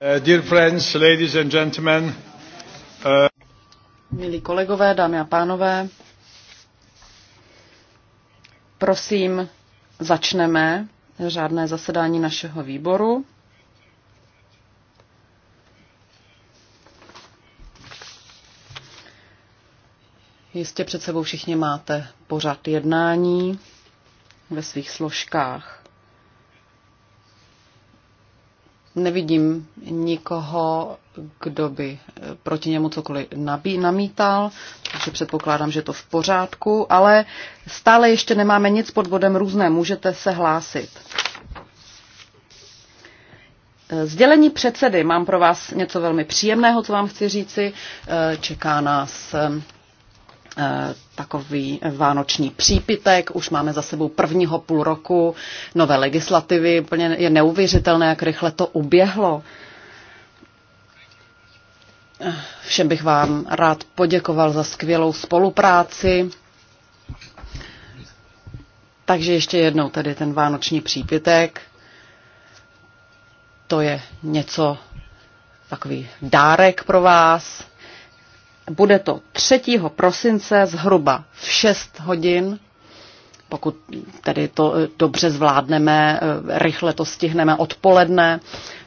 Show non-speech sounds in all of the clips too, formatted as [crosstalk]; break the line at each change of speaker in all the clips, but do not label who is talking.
Uh, uh,
Milí kolegové, dámy a pánové, prosím, začneme řádné zasedání našeho výboru. Jistě před sebou všichni máte pořad jednání ve svých složkách. Nevidím nikoho, kdo by eh, proti němu cokoliv nabí, namítal, takže předpokládám, že je to v pořádku, ale stále ještě nemáme nic pod bodem různé, můžete se hlásit. Eh, sdělení předsedy. Mám pro vás něco velmi příjemného, co vám chci říci. Eh, čeká nás takový eh, vánoční přípitek. Už máme za sebou prvního půl roku nové legislativy. Úplně je neuvěřitelné, jak rychle to uběhlo. Eh, všem bych vám rád poděkoval za skvělou spolupráci. Takže ještě jednou tedy ten vánoční přípitek. To je něco, takový dárek pro vás bude to 3. prosince zhruba v 6 hodin, pokud tedy to eh, dobře zvládneme, eh, rychle to stihneme odpoledne,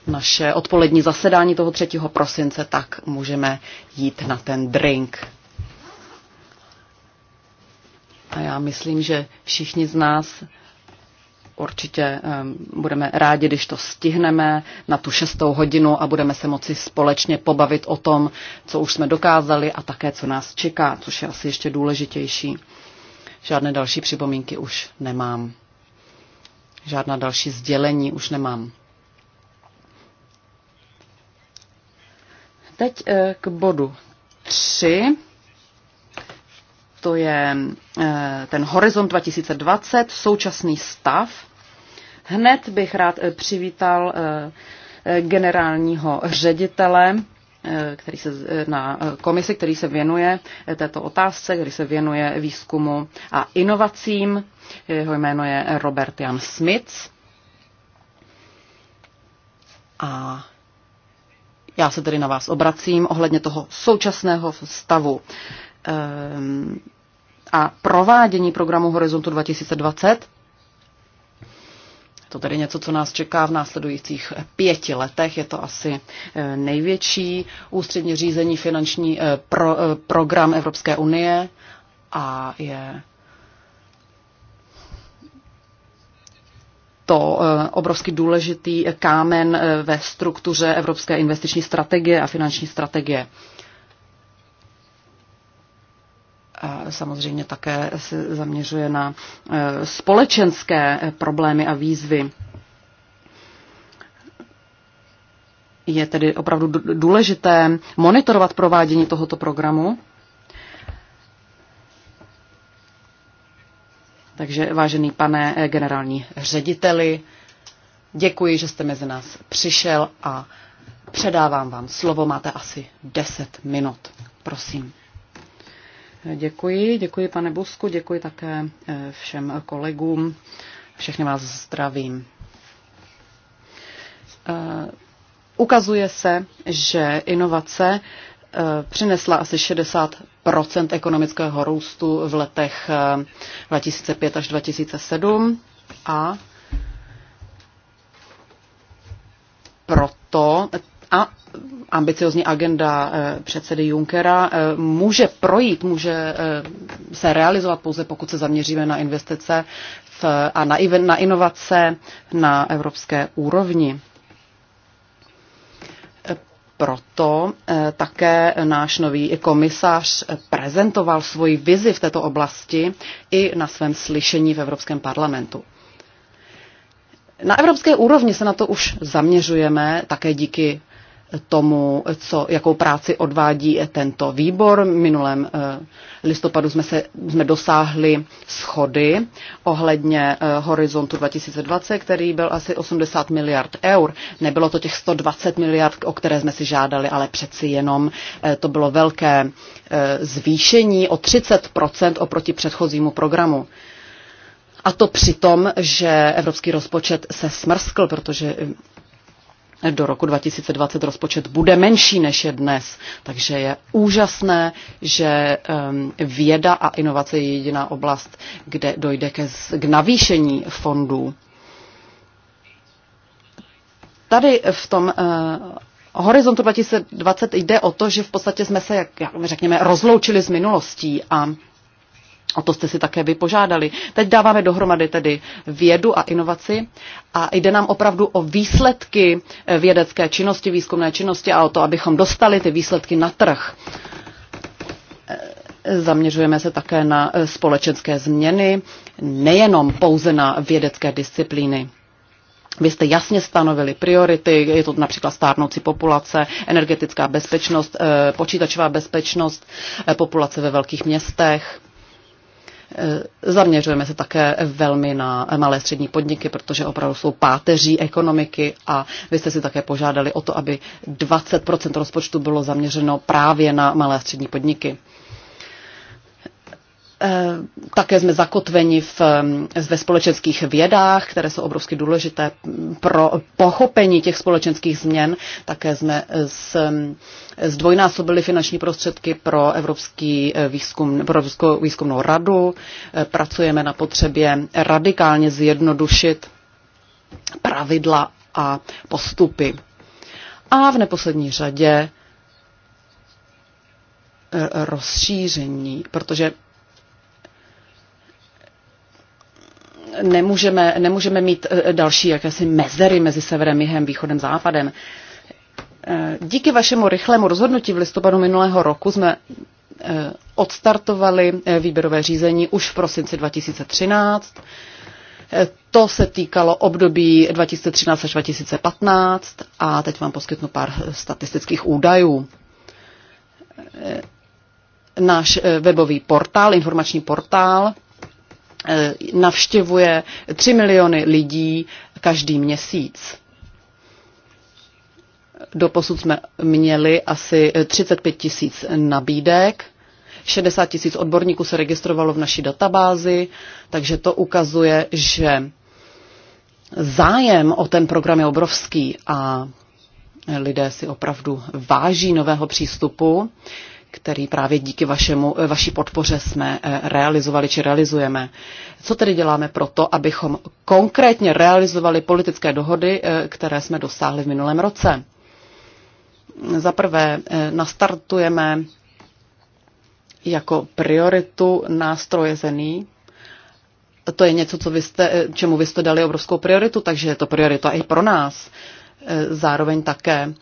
naše odpolední zasedání toho 3. prosince, tak můžeme jít na ten drink. A já myslím, že všichni z nás Určitě ehm, budeme rádi, když to stihneme na tu šestou hodinu a budeme se moci společně pobavit o tom, co už jsme dokázali a také, co nás čeká, což je asi ještě důležitější. Žádné další připomínky už nemám. Žádná další sdělení už nemám. Teď eh, k bodu 3 to je eh, ten Horizont 2020, současný stav. Hned bych rád eh, přivítal eh, generálního ředitele který se, na komisi, který se věnuje této otázce, který se věnuje výzkumu a inovacím. Jeho jméno je Robert Jan Smits. A já se tedy na vás obracím ohledně toho současného stavu. Ehm, a provádění programu Horizontu 2020. To tedy něco, co nás čeká v následujících pěti letech. Je to asi eh, největší ústředně řízení finanční eh, pro, eh, program Evropské unie a je to obrovsky důležitý kámen ve struktuře Evropské investiční strategie a finanční strategie samozřejmě také se zaměřuje na eh, společenské problémy a výzvy. Je tedy opravdu důležité monitorovat provádění tohoto programu. Takže vážený pane eh, generální řediteli, děkuji, že jste mezi nás přišel a předávám vám slovo. Máte asi 10 minut. Prosím. Děkuji, děkuji pane Busku, děkuji také eh, všem kolegům. Všechny vás zdravím. Eh, ukazuje se, že inovace eh, přinesla asi 60 ekonomického růstu v letech 2005 až 2007 a proto ambiciozní agenda eh, předsedy Junckera eh, může projít, může eh, se realizovat pouze, pokud se zaměříme na investice v, a na, na inovace na evropské úrovni. Proto také náš nový komisař prezentoval svoji vizi v této oblasti i na svém slyšení v Evropském parlamentu. Na evropské úrovni se na to už zaměřujeme také díky tomu, co, jakou práci odvádí tento výbor. Minulém eh, listopadu jsme, se, jsme dosáhli schody ohledně eh, horizontu 2020, který byl asi 80 miliard eur. Nebylo to těch 120 miliard, o které jsme si žádali, ale přeci jenom eh, to bylo velké zvýšení o 30 oproti předchozímu programu. A to přitom, že evropský rozpočet se smrskl, protože do roku 2020 rozpočet bude menší než je dnes. Takže je úžasné, že ehm, věda a inovace je jediná oblast, kde dojde ke, k navýšení fondů. Tady v tom eh, horizontu 2020 jde o to, že v podstatě jsme se, jak, jak řekněme, rozloučili s minulostí a O to jste si také vypožádali. Teď dáváme dohromady tedy vědu a inovaci a jde nám opravdu o výsledky eh, vědecké činnosti, výzkumné činnosti a o to, abychom dostali ty výsledky na trh. Eh, zaměřujeme se také na eh, společenské změny, nejenom pouze na vědecké disciplíny. Vy jste jasně stanovili priority, je to například stárnoucí populace, energetická bezpečnost, počítačová bezpečnost, populace ve velkých městech Eh, zaměřujeme se také velmi na malé střední podniky, protože opravdu jsou páteří ekonomiky a vy jste si také požádali o to, aby 20 rozpočtu bylo zaměřeno právě na malé střední podniky. Eh, také jsme zakotveni v, eh, ve společenských vědách, které jsou obrovsky důležité pro pochopení těch společenských změn. Také jsme z, eh, zdvojnásobili finanční prostředky pro Evropský výzkum, pro Evropskou výzkumnou radu. Pracujeme na potřebě radikálně zjednodušit pravidla a postupy. A v neposlední řadě rozšíření, protože nemůžeme, nemůžeme mít eh, další jakési mezery mezi severem, jihem, východem, západem. Eh, díky vašemu rychlému rozhodnutí v listopadu minulého roku jsme eh, odstartovali výběrové řízení už v prosinci 2013. To se týkalo období 2013 až 2015 a teď vám poskytnu pár statistických údajů. Náš webový portál, informační portál, Eh, navštěvuje 3 miliony lidí každý měsíc. Doposud jsme měli asi 35 tisíc nabídek, 60 tisíc odborníků se registrovalo v naší databázi, takže to ukazuje, že zájem o ten program je obrovský a lidé si opravdu váží nového přístupu který právě díky vašemu, eh, vaší podpoře jsme eh, realizovali či realizujeme. Co tedy děláme pro to, abychom konkrétně realizovali politické dohody, eh, které jsme dosáhli v minulém roce? Za prvé nastartujeme jako prioritu nástroje zený. To je něco, co vy jste, čemu vy jste dali obrovskou prioritu, takže je to priorita i pro nás. Zároveň také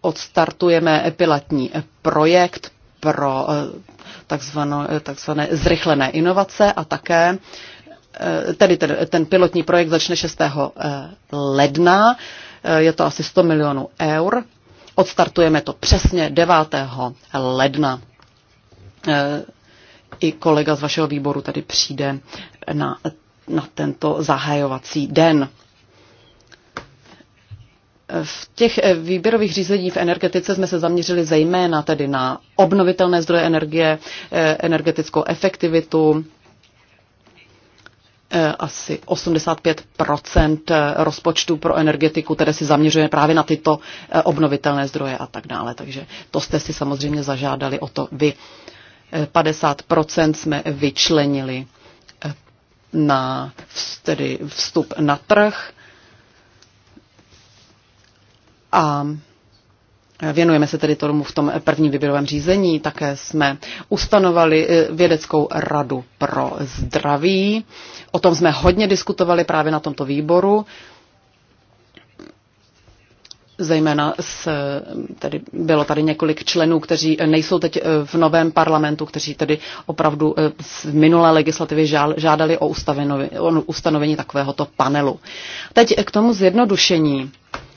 odstartujeme pilotní projekt pro eh, eh, takzvané, zrychlené inovace a také eh, tedy ten, ten pilotní projekt začne 6. ledna, je to asi 100 milionů eur. Odstartujeme to přesně 9. ledna. I kolega z vašeho výboru tady přijde na, na tento zahajovací den. V těch eh, výběrových řízení v energetice jsme se zaměřili zejména tedy na obnovitelné zdroje energie, eh, energetickou efektivitu, eh, asi 85 rozpočtu pro energetiku, které si zaměřuje právě na tyto obnovitelné zdroje a tak dále. Takže to jste si samozřejmě zažádali o to vy. 50 jsme vyčlenili na tedy vstup na trh a Věnujeme se tedy tomu v tom prvním výběrovém řízení. Také jsme ustanovali eh, vědeckou radu pro zdraví. O tom jsme hodně diskutovali právě na tomto výboru zejména s, tedy bylo tady několik členů, kteří nejsou teď eh, v novém parlamentu, kteří tedy opravdu v eh, minulé legislativě žádali o ustanovení takovéhoto panelu. Teď k tomu zjednodušení.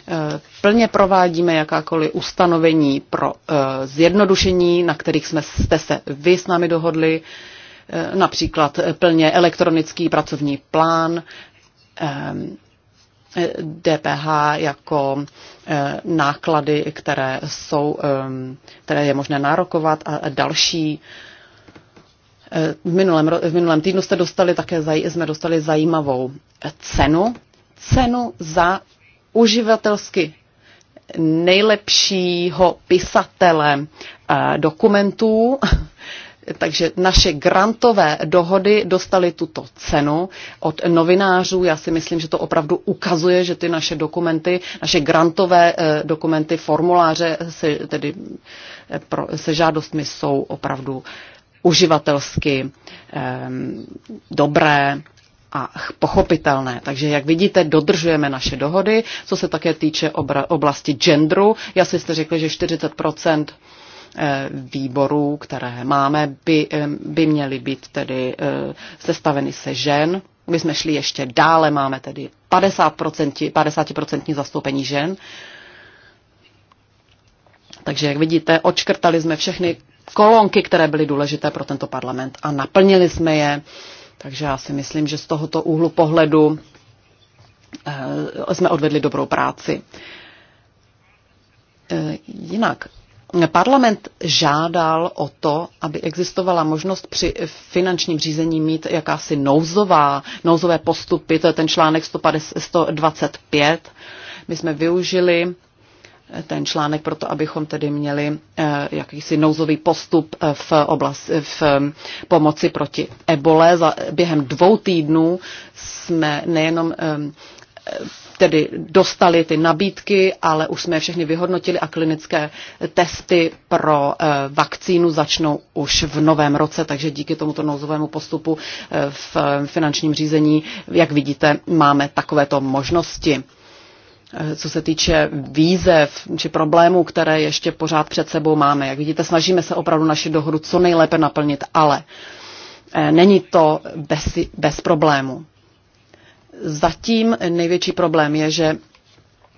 Eh, plně provádíme jakákoliv ustanovení pro eh, zjednodušení, na kterých jsme, jste se vy s námi dohodli, eh, například plně elektronický pracovní plán, DPH jako náklady, které, jsou, které je možné nárokovat a další. V minulém, v minulém týdnu jste dostali také, jsme dostali zajímavou cenu, cenu za uživatelsky nejlepšího pisatele eh, dokumentů. [laughs] Takže naše grantové dohody dostaly tuto cenu od novinářů. Já si myslím, že to opravdu ukazuje, že ty naše dokumenty, naše grantové eh, dokumenty, formuláře se, tedy, eh, pro, se žádostmi jsou opravdu uživatelsky eh, dobré, a pochopitelné. Takže jak vidíte, dodržujeme naše dohody, co se také týče oblasti genderu. Já si jste řekli, že 40 eh, výborů, které máme, by, by měly být tedy eh, sestaveny se žen. My jsme šli ještě dále, máme tedy 50%, 50% zastoupení žen. Takže jak vidíte, odškrtali jsme všechny kolonky, které byly důležité pro tento parlament a naplnili jsme je takže já si myslím, že z tohoto úhlu pohledu eh, jsme odvedli dobrou práci. Eh, jinak, parlament žádal o to, aby existovala možnost při finančním řízení mít jakási nouzová, nouzové postupy, to je ten článek 125. My jsme využili ten článek proto, abychom tedy měli eh, jakýsi nouzový postup eh, v, oblasti v eh, pomoci proti ebole. Za, během dvou týdnů jsme nejenom tedy dostali ty nabídky, ale už jsme je všechny vyhodnotili a klinické testy pro vakcínu začnou už v novém roce, takže díky tomuto nouzovému postupu v finančním řízení, jak vidíte, máme takovéto možnosti. Eh, co se týče výzev či problémů, které ještě pořád před sebou máme. Jak vidíte, snažíme se opravdu naši dohodu co nejlépe naplnit, ale eh, není to bez, bez problémů. Zatím největší problém je, že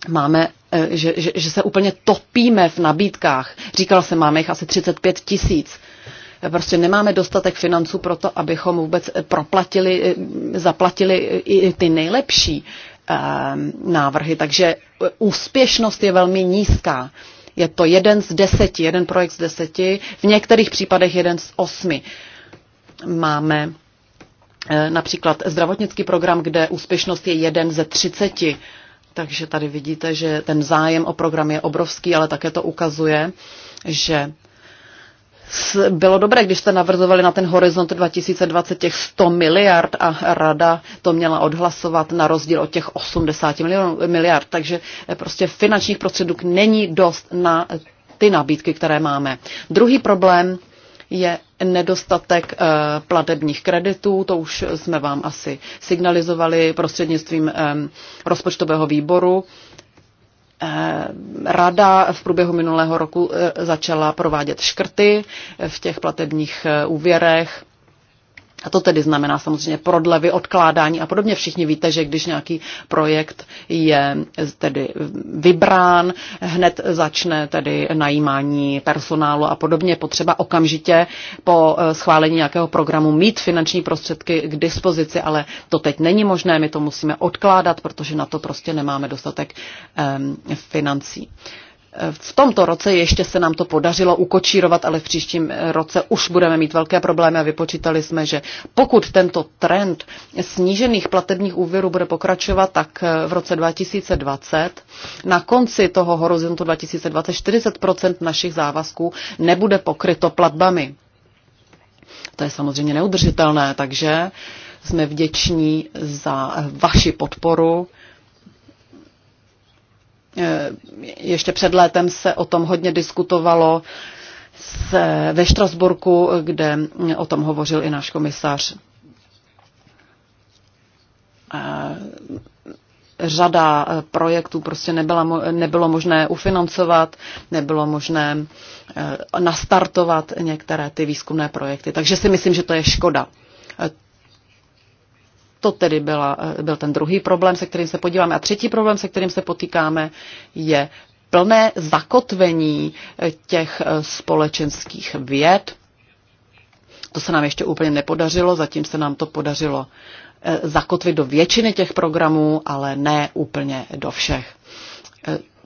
máme eh, že, že, že se úplně topíme v nabídkách. Říkal jsem, máme jich asi 35 tisíc. Prostě nemáme dostatek financů pro to, abychom vůbec proplatili, zaplatili i ty nejlepší Ehm, návrhy, takže úspěšnost je velmi nízká. Je to jeden z deseti, jeden projekt z deseti, v některých případech jeden z osmi. Máme eh, například zdravotnický program, kde úspěšnost je jeden ze třiceti. Takže tady vidíte, že ten zájem o program je obrovský, ale také to ukazuje, že bylo dobré, když jste navrzovali na ten horizont 2020 těch 100 miliard a rada to měla odhlasovat na rozdíl od těch 80 miliard. Takže eh, prostě finančních prostředků není dost na eh, ty nabídky, které máme. Druhý problém je nedostatek eh, platebních kreditů, to už jsme vám asi signalizovali prostřednictvím rozpočtového výboru. Eh, rada v průběhu minulého roku eh, začala provádět škrty v těch platebních eh, úvěrech a to tedy znamená samozřejmě prodlevy, odkládání a podobně. Všichni víte, že když nějaký projekt je tedy vybrán, hned začne tedy najímání personálu a podobně. Potřeba okamžitě po eh, schválení nějakého programu mít finanční prostředky k dispozici, ale to teď není možné, my to musíme odkládat, protože na to prostě nemáme dostatek um, financí. Uh, v tomto roce ještě se nám to podařilo ukočírovat, ale v příštím roce už budeme mít velké problémy a vypočítali jsme, že pokud tento trend snížených platebních úvěrů bude pokračovat, tak v roce 2020 na konci toho horizontu 2020 40 našich závazků nebude pokryto platbami. To je samozřejmě neudržitelné, takže jsme vděční za vaši podporu Eh, ještě před létem se o tom hodně diskutovalo se, ve Štrasburku, kde o tom hovořil i náš komisař. Eh, řada eh, projektů prostě nebyla, nebylo možné ufinancovat, nebylo možné nastartovat některé ty výzkumné projekty. Takže si myslím, že to je škoda. To tedy byla, eh, byl ten druhý problém, se kterým se podíváme. A třetí problém, se kterým se potýkáme, je plné zakotvení eh, těch eh, společenských věd. To se nám ještě úplně nepodařilo, zatím se nám to podařilo zakotvit do většiny těch programů, ale ne úplně do všech.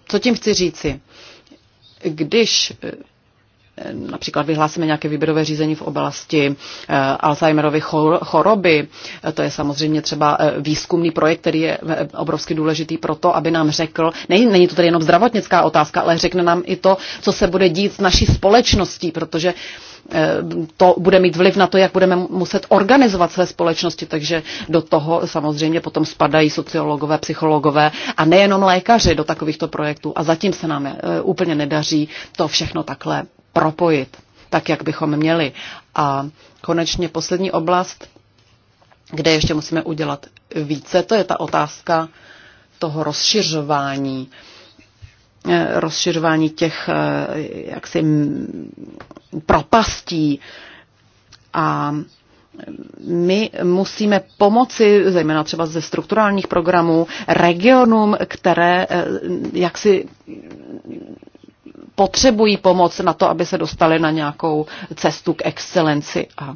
Co tím chci říci? Když například vyhlásíme nějaké výběrové řízení v oblasti eh, Alzheimerovy choroby. To je samozřejmě třeba eh, výzkumný projekt, který je eh, obrovsky důležitý pro to, aby nám řekl, ne, není to tedy jenom zdravotnická otázka, ale řekne nám i to, co se bude dít s naší společností, protože to bude mít vliv na to, jak budeme muset organizovat své společnosti, takže do toho samozřejmě potom spadají sociologové, psychologové a nejenom lékaři do takovýchto projektů a zatím se nám úplně nedaří to všechno takhle propojit tak, jak bychom měli. A konečně poslední oblast, kde ještě musíme udělat více, to je ta otázka toho rozšiřování eh, rozšiřování těch eh, jaksi propastí. A my musíme pomoci, zejména třeba ze strukturálních programů, regionům, které eh, jaksi potřebují pomoc na to, aby se dostali na nějakou cestu k excelenci. A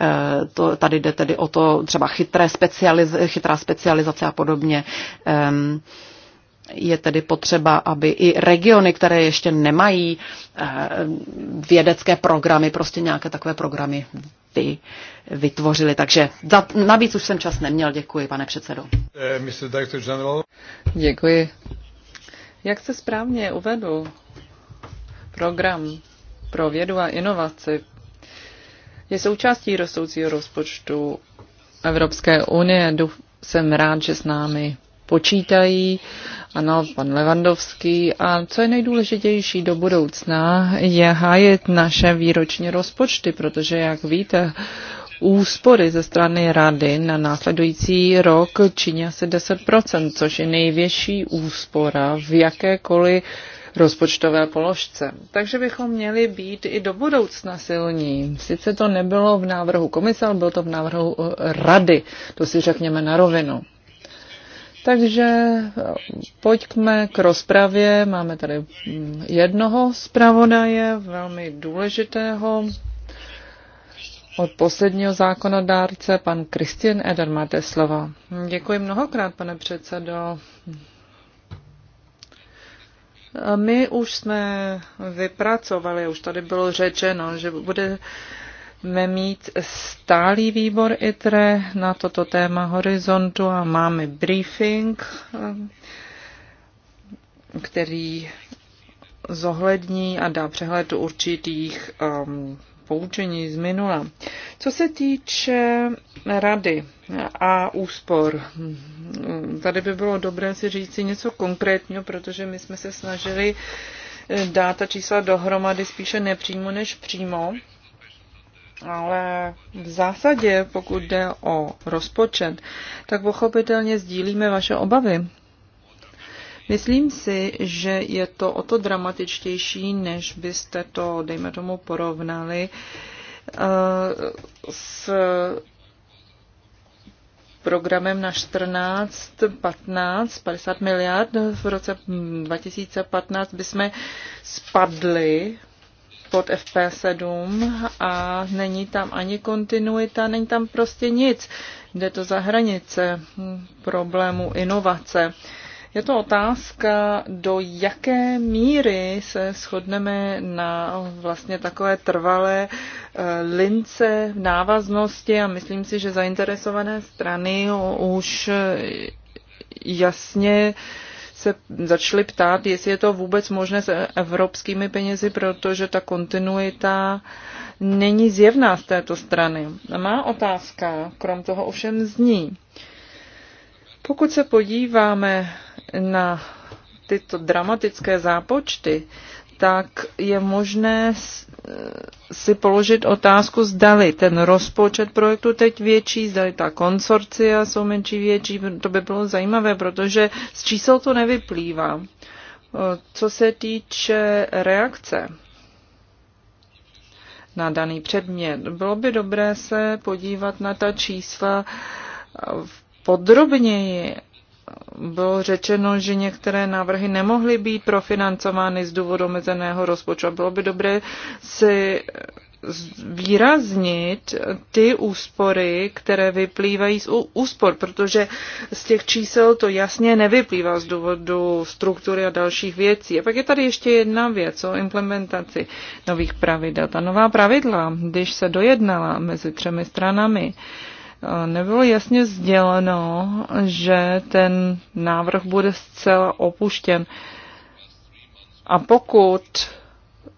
e, to, tady jde tedy o to třeba chytré specializ- chytrá specializace a podobně. Je tedy potřeba, aby i regiony, které ještě nemají e, vědecké programy, prostě nějaké takové programy vy, vytvořili. Takže za, navíc už jsem čas neměl. Děkuji, pane předsedo.
Eh,
Děkuji.
Jak se správně uvedl, program pro vědu a inovaci je součástí rostoucího rozpočtu Evropské unie. Jsem rád, že s námi počítají. Ano, pan Levandovský. A co je nejdůležitější do budoucna, je hájit naše výroční rozpočty, protože, jak víte, úspory ze strany rady na následující rok činí asi 10%, což je největší úspora v jakékoliv rozpočtové položce. Takže bychom měli být i do budoucna silní. Sice to nebylo v návrhu komise, ale bylo to v návrhu eh, rady. To si řekněme na rovinu. Takže eh, pojďme k rozpravě. Máme tady mm, jednoho zpravodaje, velmi důležitého, od posledního zákonodárce, pan Kristian Eder, máte slovo. Děkuji mnohokrát, pane předsedo. My už jsme vypracovali, už tady bylo řečeno, že budeme mít stálý výbor ITRE na toto téma horizontu a máme briefing, eh, který zohlední a dá přehled určitých um, poučení z minula. Co se týče rady a úspor, tady by bylo dobré si říct si něco konkrétního, protože my jsme se snažili dát ta čísla dohromady spíše nepřímo než přímo. Ale v zásadě, pokud jde o rozpočet, tak pochopitelně sdílíme vaše obavy Myslím si, že je to o to dramatičtější, než byste to, dejme tomu, porovnali eh, s programem na 14, 15, 50 miliard. V roce 2015 jsme spadli pod FP7 a není tam ani kontinuita, není tam prostě nic. Jde to za hranice problému inovace. Je to otázka, do jaké míry se shodneme na vlastně takové trvalé eh, lince v návaznosti a myslím si, že zainteresované strany už eh, jasně se začaly ptát, jestli je to vůbec možné s evropskými penězi, protože ta kontinuita není zjevná z této strany. Má otázka, krom toho ovšem zní, pokud se podíváme na tyto dramatické zápočty, tak je možné eh, si položit otázku, zdali ten rozpočet projektu teď větší, zdali ta konsorcia jsou menší, větší. To by bylo zajímavé, protože z čísel to nevyplývá. Eh, co se týče reakce na daný předmět, bylo by dobré se podívat na ta čísla v podrobněji. Bylo řečeno, že některé návrhy nemohly být profinancovány z důvodu omezeného rozpočtu. Bylo by dobré si výraznit ty úspory, které vyplývají z úspor, protože z těch čísel to jasně nevyplývá z důvodu struktury a dalších věcí. A pak je tady ještě jedna věc o implementaci nových pravidel. Ta nová pravidla, když se dojednala mezi třemi stranami, nebylo jasně sděleno, že ten návrh bude zcela opuštěn. A pokud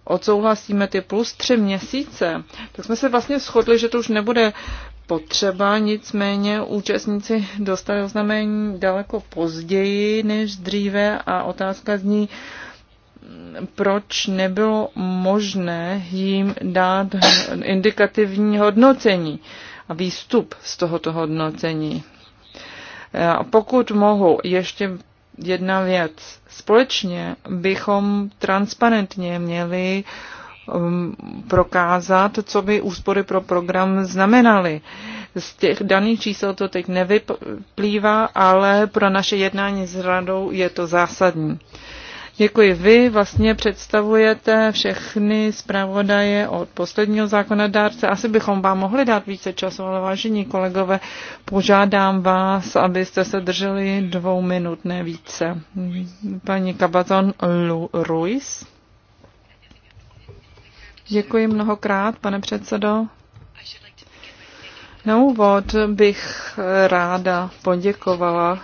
odsouhlasíme ty plus tři měsíce, tak jsme se vlastně shodli, že to už nebude potřeba, nicméně účastníci dostali oznámení daleko později než dříve a otázka zní, proč nebylo možné jim dát indikativní hodnocení. Uh, výstup z tohoto hodnocení. E, pokud mohu, ještě jedna věc. Společně bychom transparentně měli um, prokázat, co by úspory pro program znamenaly. Z těch daných čísel to teď nevyplývá, ale pro naše jednání s radou je to zásadní. Děkuji. Vy vlastně představujete všechny zpravodaje od posledního zákonodárce. Asi bychom vám mohli dát více času, ale vážení kolegové, požádám vás, abyste se drželi dvou minut, ne více. Paní Kabaton Ruiz. Děkuji mnohokrát, pane předsedo. Na úvod bych ráda poděkovala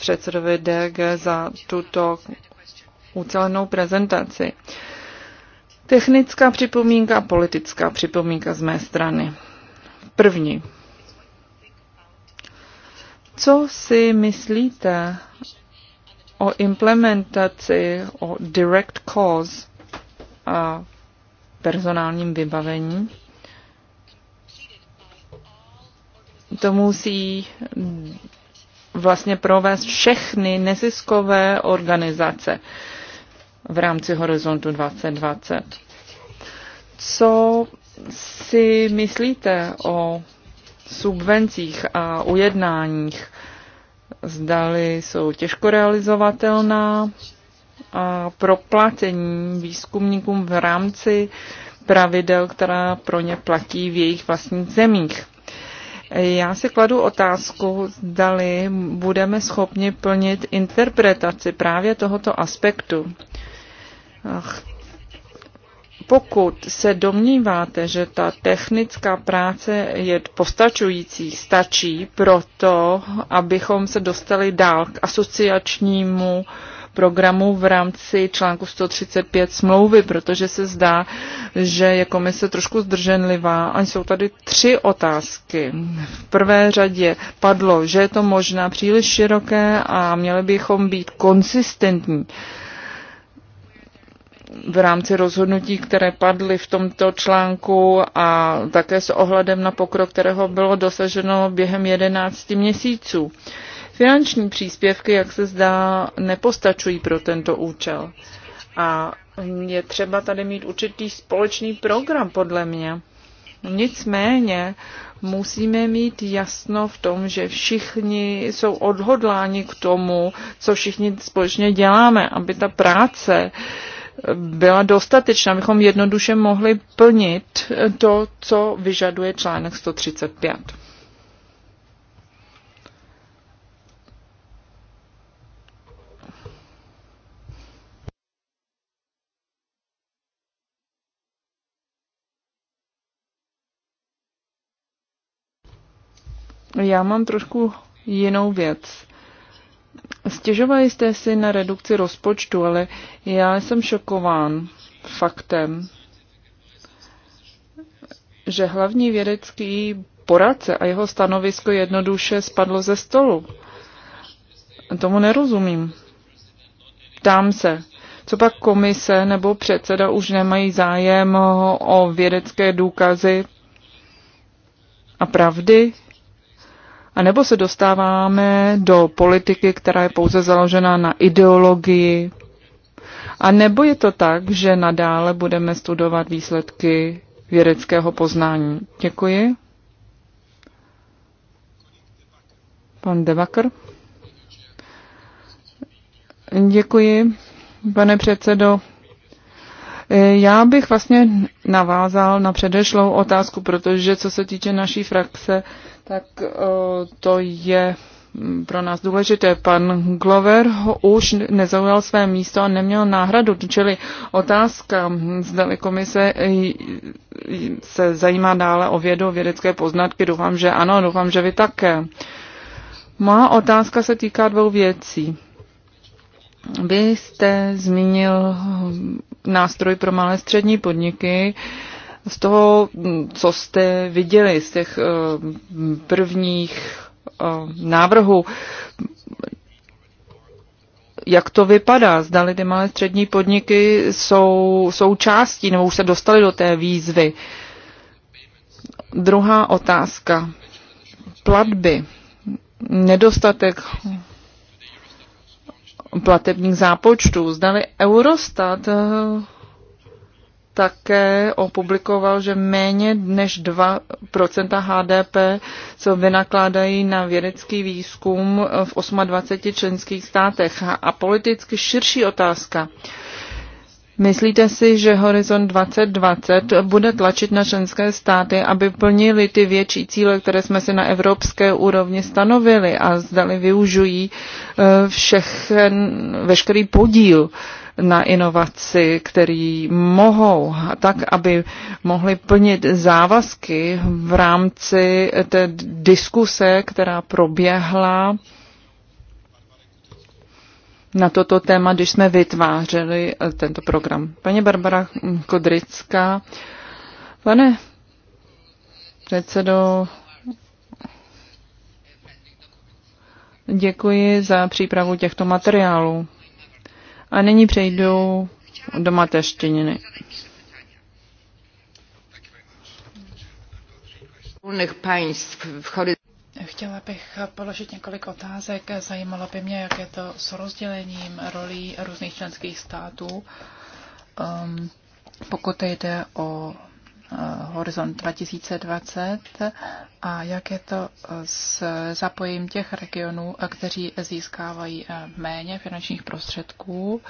předsedovi DG za tuto ucelenou prezentaci. Technická připomínka a politická připomínka z mé strany. První. Co si myslíte o implementaci, o direct cause a personálním vybavení? To musí vlastně provést všechny neziskové organizace v rámci Horizontu 2020. Co si myslíte o subvencích a ujednáních? Zdali jsou těžko realizovatelná a proplacení výzkumníkům v rámci pravidel, která pro ně platí v jejich vlastních zemích. Já si kladu otázku, zdali budeme schopni plnit interpretaci právě tohoto aspektu. Ach, pokud se domníváte, že ta technická práce je postačující, stačí proto, abychom se dostali dál k asociačnímu uh, programu v rámci článku 135 smlouvy, protože se zdá, že je komise trošku zdrženlivá. A jsou tady tři otázky. V prvé řadě padlo, že je to možná příliš široké a měli bychom být konsistentní v rámci rozhodnutí, které padly v tomto článku a také s ohledem na pokrok, kterého bylo dosaženo během 11 měsíců. Uh, Finanční příspěvky, jak se zdá, nepostačují pro tento účel. A je třeba tady mít určitý společný program, podle mě. Nicméně musíme mít jasno v tom, že všichni jsou odhodláni k tomu, co všichni společně děláme, aby ta práce byla dostatečná, abychom jednoduše mohli plnit to, co vyžaduje článek 135. Já mám trošku jinou věc. Stěžovali jste si na redukci rozpočtu, ale já jsem šokován faktem, že hlavní vědecký poradce a jeho stanovisko jednoduše spadlo ze stolu. Tomu nerozumím. Ptám se, co pak komise nebo předseda už nemají zájem o vědecké důkazy a pravdy? A nebo se dostáváme do politiky, která je pouze založena na ideologii. A nebo je to tak, že nadále budeme studovat výsledky vědeckého poznání. Děkuji. Pan Devakr. Děkuji, pane předsedo. Já bych vlastně navázal na předešlou otázku, protože co se týče naší frakce, tak eh, to je pro nás důležité. Pan Glover ho už nezaujal své místo a neměl náhradu, čili otázka, zda komise se zajímá dále o vědu, vědecké poznatky, doufám, že ano, doufám, že vy také. Má otázka se týká dvou věcí. Vy jste zmínil nástroj pro malé střední podniky. Z toho, mm, co jste viděli, z těch eh, prvních eh, návrhů, jak to vypadá? Zdali ty malé střední podniky jsou součástí nebo už se dostali do té výzvy? Druhá otázka. Platby. Nedostatek platebních zápočtů. Zdali Eurostat eh, také opublikoval, že méně než 2% HDP se vynakládají na vědecký výzkum v 28 členských státech. A politicky širší otázka. Myslíte si, že Horizon 2020 bude tlačit na členské státy, aby plnili ty větší cíle, které jsme si na evropské úrovni stanovili a zdali využují eh, všech, veškerý podíl uh, na inovaci, který mohou, tak aby mohli plnit závazky v rámci té diskuse, která proběhla na toto téma, když jsme vytvářeli eh, tento program. Paní Barbara Kodrická, pane předsedo, děkuji za přípravu těchto materiálů. A nyní přejdu do mateřštiny.
Chtěla bych položit několik otázek. Zajímalo by mě, jak je to s rozdělením rolí různých členských států, um, pokud jde o Eh, Horizont 2020 a jak je to eh, s zapojím těch regionů, eh, kteří získávají méně finančních prostředků.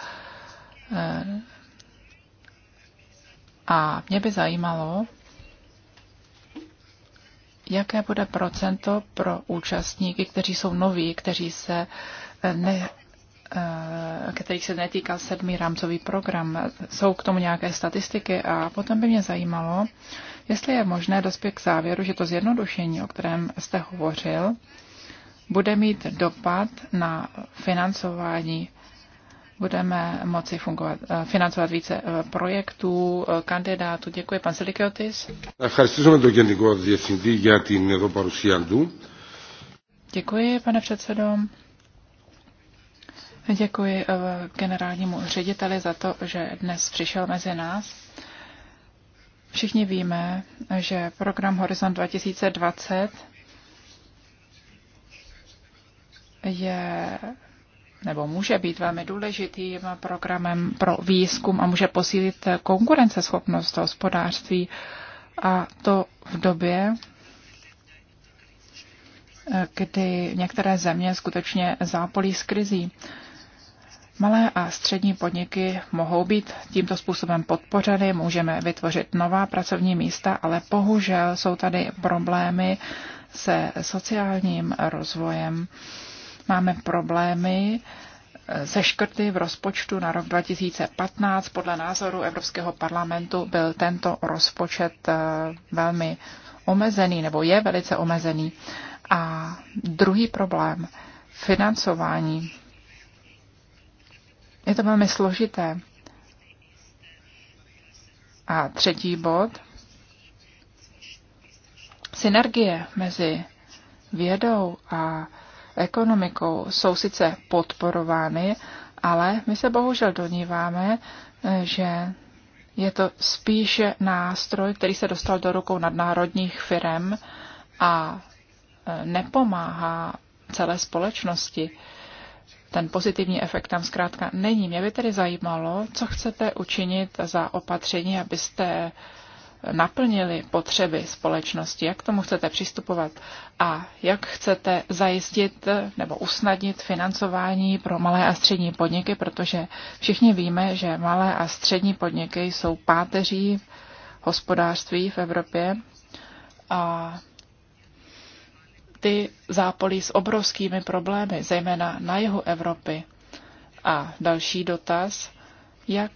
A mě by zajímalo, jaké bude procento pro účastníky, kteří jsou noví, kteří se ne, Eh, kterých se netýkal sedmý rámcový program. Jsou k tomu nějaké statistiky a potom by mě zajímalo, jestli je možné dospět k závěru, že to zjednodušení, o kterém jste hovořil, bude mít dopad na financování. Budeme moci fungovat, eh, financovat více eh, projektů, kandidátů. Děkuji, pan Silikiotis. Děkuji, pane předsedo. Děkuji eh, generálnímu řediteli za to, že dnes přišel mezi nás. Všichni víme, že program Horizont 2020 je nebo může být velmi důležitým programem pro výzkum a může posílit konkurenceschopnost hospodářství a to v době, eh, kdy některé země skutečně zápolí s krizí. Malé a střední podniky mohou být tímto způsobem podpořeny, můžeme vytvořit nová pracovní místa, ale bohužel jsou tady problémy se sociálním rozvojem. Máme problémy eh, se škrty v rozpočtu na rok 2015. Podle názoru Evropského parlamentu byl tento rozpočet eh, velmi omezený, nebo je velice omezený. A druhý problém, financování je to velmi složité. A třetí bod. Synergie mezi vědou a ekonomikou jsou sice podporovány, ale my se bohužel doníváme, že je to spíše nástroj, který se dostal do rukou nadnárodních firm a nepomáhá celé společnosti ten pozitivní efekt tam zkrátka není. Mě by tedy zajímalo, co chcete učinit za opatření, abyste naplnili potřeby společnosti, jak k tomu chcete přistupovat a jak chcete zajistit nebo usnadnit financování pro malé a střední podniky, protože všichni víme, že malé a střední podniky jsou páteří hospodářství v Evropě a ty zápolí s obrovskými problémy, zejména na jihu Evropy. A další dotaz, jak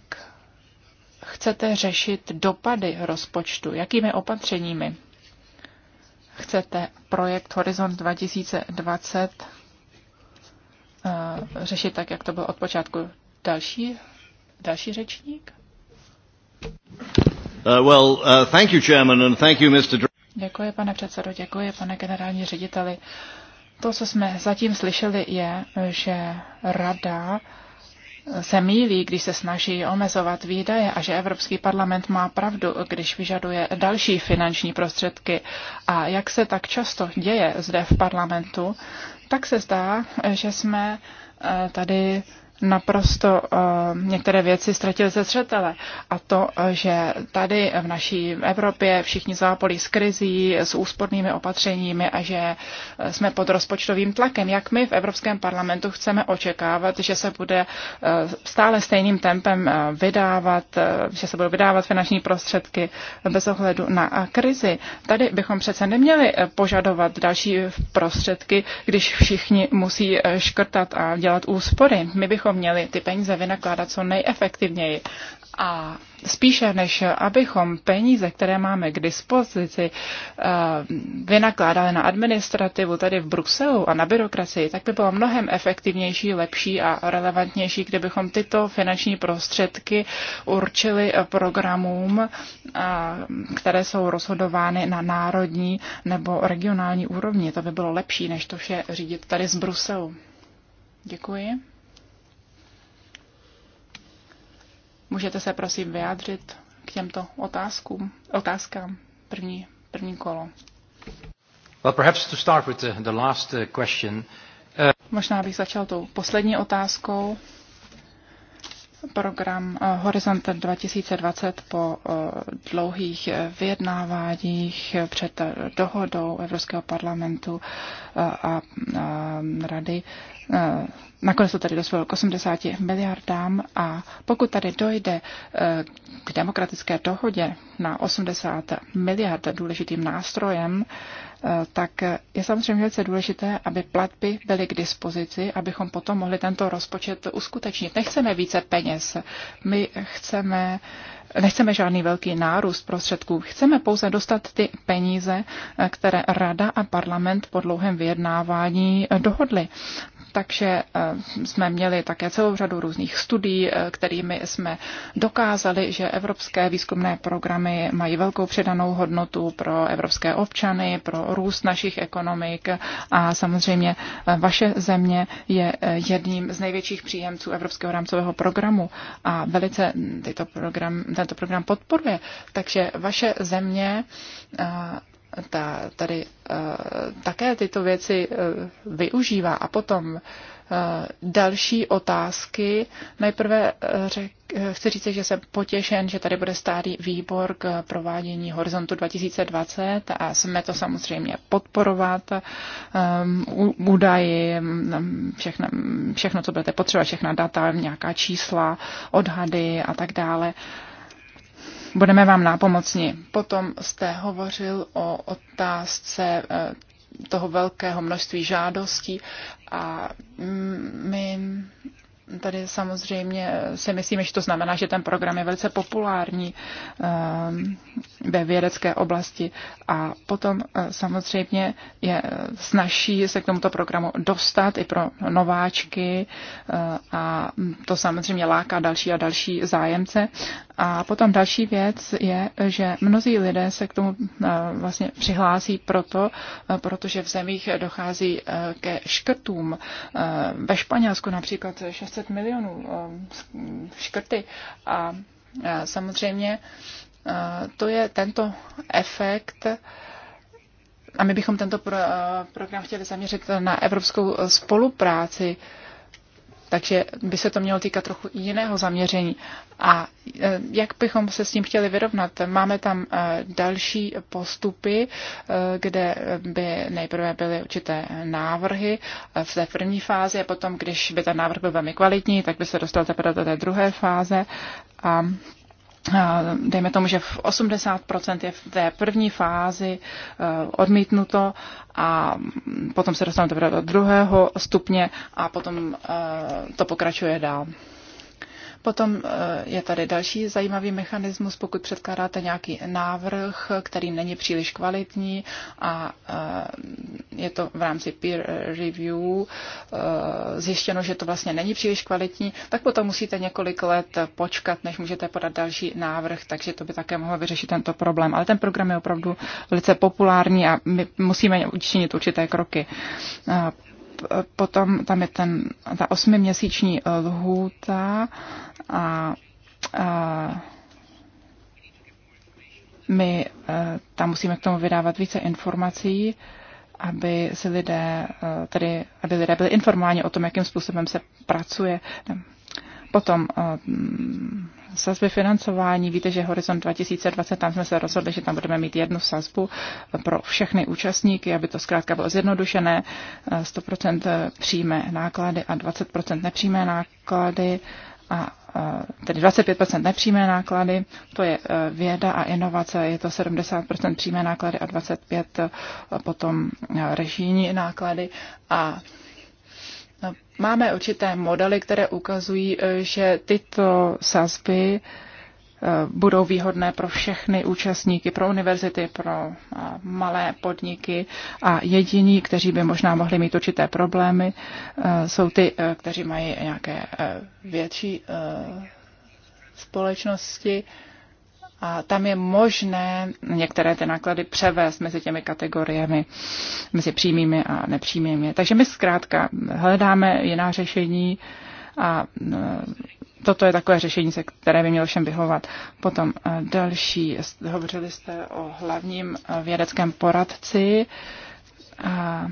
chcete řešit dopady rozpočtu, jakými opatřeními chcete projekt Horizont 2020 eh, řešit tak, jak to bylo od počátku. Další, další řečník?
Uh, well, uh, thank you, Chairman, and thank you, Mr.
Děkuji, pane předsedo, děkuji, pane generální řediteli. To, co jsme zatím slyšeli, je, že rada se mílí, když se snaží omezovat výdaje a že Evropský parlament má pravdu, když vyžaduje další finanční prostředky. A jak se tak často děje zde v parlamentu, tak se zdá, že jsme eh, tady naprosto uh, některé věci ztratil ze zřetele. A to, eh, že tady v naší Evropě všichni zápolí s krizí, s úspornými opatřeními a že eh, jsme pod rozpočtovým tlakem. Jak my v Evropském parlamentu chceme očekávat, že se bude uh, stále stejným tempem uh, vydávat, uh, že se budou vydávat finanční prostředky bez ohledu na uh, krizi. Tady bychom přece neměli uh, požadovat další prostředky, když všichni musí uh, škrtat a dělat úspory. My bychom bychom měli ty peníze vynakládat co nejefektivněji. A spíše než abychom peníze, které máme k dispozici, eh, vynakládali na administrativu tady v Bruselu a na byrokracii, tak by bylo mnohem efektivnější, lepší a relevantnější, kdybychom tyto finanční prostředky určili eh, programům, eh, které jsou rozhodovány na národní nebo regionální úrovni. To by bylo lepší, než to vše řídit tady z Bruselu. Děkuji. Můžete se prosím vyjádřit k těmto otázkům, otázkám první, první kolo. Well, perhaps to start with the, the last uh, question. Uh... Možná bych začal tou poslední otázkou. Program uh, Horizont 2020 po uh, dlouhých vyjednáváních před dohodou Evropského parlamentu a Rady Eh, nakonec to tady dospělo k 80 miliardám a pokud tady dojde eh, k demokratické dohodě na 80 miliard důležitým nástrojem, eh, tak je samozřejmě velice důležité, aby platby byly k dispozici, abychom potom mohli tento rozpočet uskutečnit. Nechceme více peněz, my chceme, nechceme žádný velký nárůst prostředků, chceme pouze dostat ty peníze, které Rada a parlament po dlouhém vyjednávání dohodly. Takže eh, jsme měli také celou řadu různých studií, eh, kterými jsme dokázali, že evropské výzkumné programy mají velkou přidanou hodnotu pro evropské občany, pro růst našich ekonomik a samozřejmě eh, vaše země je jedním z největších příjemců Evropského rámcového programu a velice tyto program, tento program podporuje. Takže vaše země ta, tady eh, také tyto věci eh, využívá. A potom eh, další otázky. Nejprve řek, chci říct, že jsem potěšen, že tady bude stálý výbor k provádění Horizontu 2020 a jsme to samozřejmě podporovat. Um, údaji, ehm, všechno, všechno, co budete potřebovat, všechna data, nějaká čísla, odhady a tak dále budeme vám nápomocní. Potom jste hovořil o otázce eh, toho velkého množství žádostí a mm, my tady samozřejmě si myslíme, že to znamená, že ten program je velice populární ehm, ve vědecké oblasti a potom eh, samozřejmě je snaží se k tomuto programu dostat i pro nováčky eh, a to samozřejmě láká další a další zájemce. A potom další věc je, že mnozí lidé se k tomu eh, vlastně přihlásí proto, protože v zemích dochází ke škrtům. Ve Španělsku například 600 500 milionů eh, škrty a eh, samozřejmě eh, to je tento efekt, a my bychom tento program chtěli zaměřit na evropskou spolupráci takže by se to mělo týkat trochu jiného zaměření. A e, jak bychom se s tím chtěli vyrovnat? Máme tam e, další postupy, e, kde by nejprve byly určité návrhy v té první fázi a potom, když by ten návrh byl velmi kvalitní, tak by se dostal teprve do té druhé fáze. A dejme tomu, že v 80% je v té první fázi e, odmítnuto a potom se dostaneme do druhého stupně a potom e, to pokračuje dál. Potom eh, je tady další zajímavý mechanismus, pokud předkládáte nějaký návrh, který není příliš kvalitní a eh, je to v rámci peer review eh, zjištěno, že to vlastně není příliš kvalitní, tak potom musíte několik let počkat, než můžete podat další návrh, takže to by také mohlo vyřešit tento problém. Ale ten program je opravdu velice populární a my musíme učinit určité kroky potom tam je ten, ta osmiměsíční eh, lhůta a, a eh, my eh, tam musíme k tomu vydávat více informací, aby si lidé, tedy aby lidé byli informováni o tom, jakým způsobem se pracuje. Potom sazby financování. Víte, že Horizont 2020, tam jsme se rozhodli, že tam budeme mít jednu sazbu pro všechny účastníky, aby to zkrátka bylo zjednodušené. 100% přímé náklady a 20% nepřímé náklady a tedy 25% nepřímé náklady, to je e, věda a inovace, je to 70% přímé náklady a 25% e, potom e, režijní náklady a Máme určité modely, které ukazují, eh, že tyto sazby eh, budou výhodné pro všechny účastníky, pro univerzity, pro eh, malé podniky a jediní, kteří by možná mohli mít určité problémy, jsou ty, kteří mají nějaké větší společnosti a tam je možné některé ty náklady převést mezi těmi kategoriemi, mezi přímými a nepřímými. Takže my zkrátka hledáme jiná řešení a e, toto je takové řešení, se které by mělo všem vyhovovat. Potom e, další, hovořili jste o hlavním e, vědeckém poradci a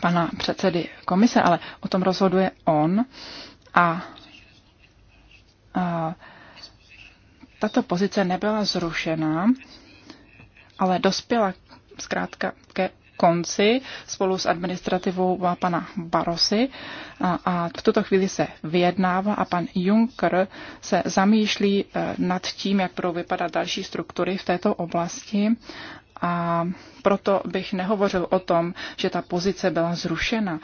pana předsedy komise, ale o tom rozhoduje on a, a tato pozice nebyla zrušena, ale dospěla zkrátka ke konci spolu s administrativou pana Barosy a, a v tuto chvíli se vyjednává a pan Juncker se zamýšlí eh, nad tím, jak budou vypadat další struktury v této oblasti a proto bych nehovořil o tom, že ta pozice byla zrušena.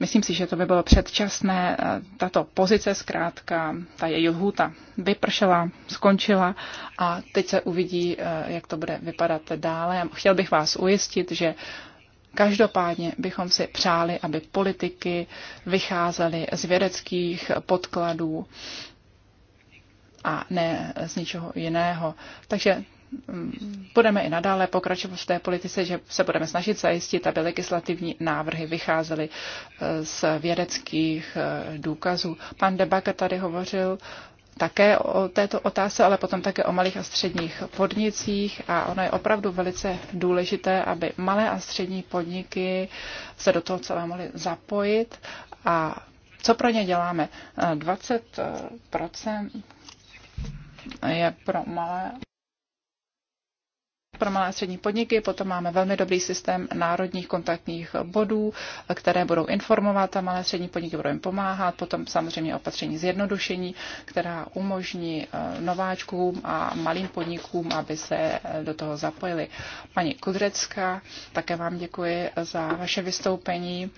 Myslím si, že to by bylo předčasné. Tato pozice zkrátka, ta její lhůta vypršela, skončila a teď se uvidí, jak to bude vypadat dále. Chtěl bych vás ujistit, že Každopádně bychom si přáli, aby politiky vycházely z vědeckých podkladů a ne z ničeho jiného. Takže budeme i nadále pokračovat v té politice, že se budeme snažit zajistit, aby legislativní návrhy vycházely eh, z vědeckých eh, důkazů. Pan Debaka tady hovořil také o této otázce, ale potom také o malých a středních podnicích a ono je opravdu velice důležité, aby malé a střední podniky se do toho celé mohly zapojit a co pro ně děláme? 20% eh, je pro malé pro malé a střední podniky, potom máme velmi dobrý systém národních kontaktních bodů, které budou informovat a malé a střední podniky budou jim pomáhat, potom samozřejmě opatření zjednodušení, která umožní eh, nováčkům a malým podnikům, aby se eh, do toho zapojili. Paní Kudrecka, také vám děkuji za vaše vystoupení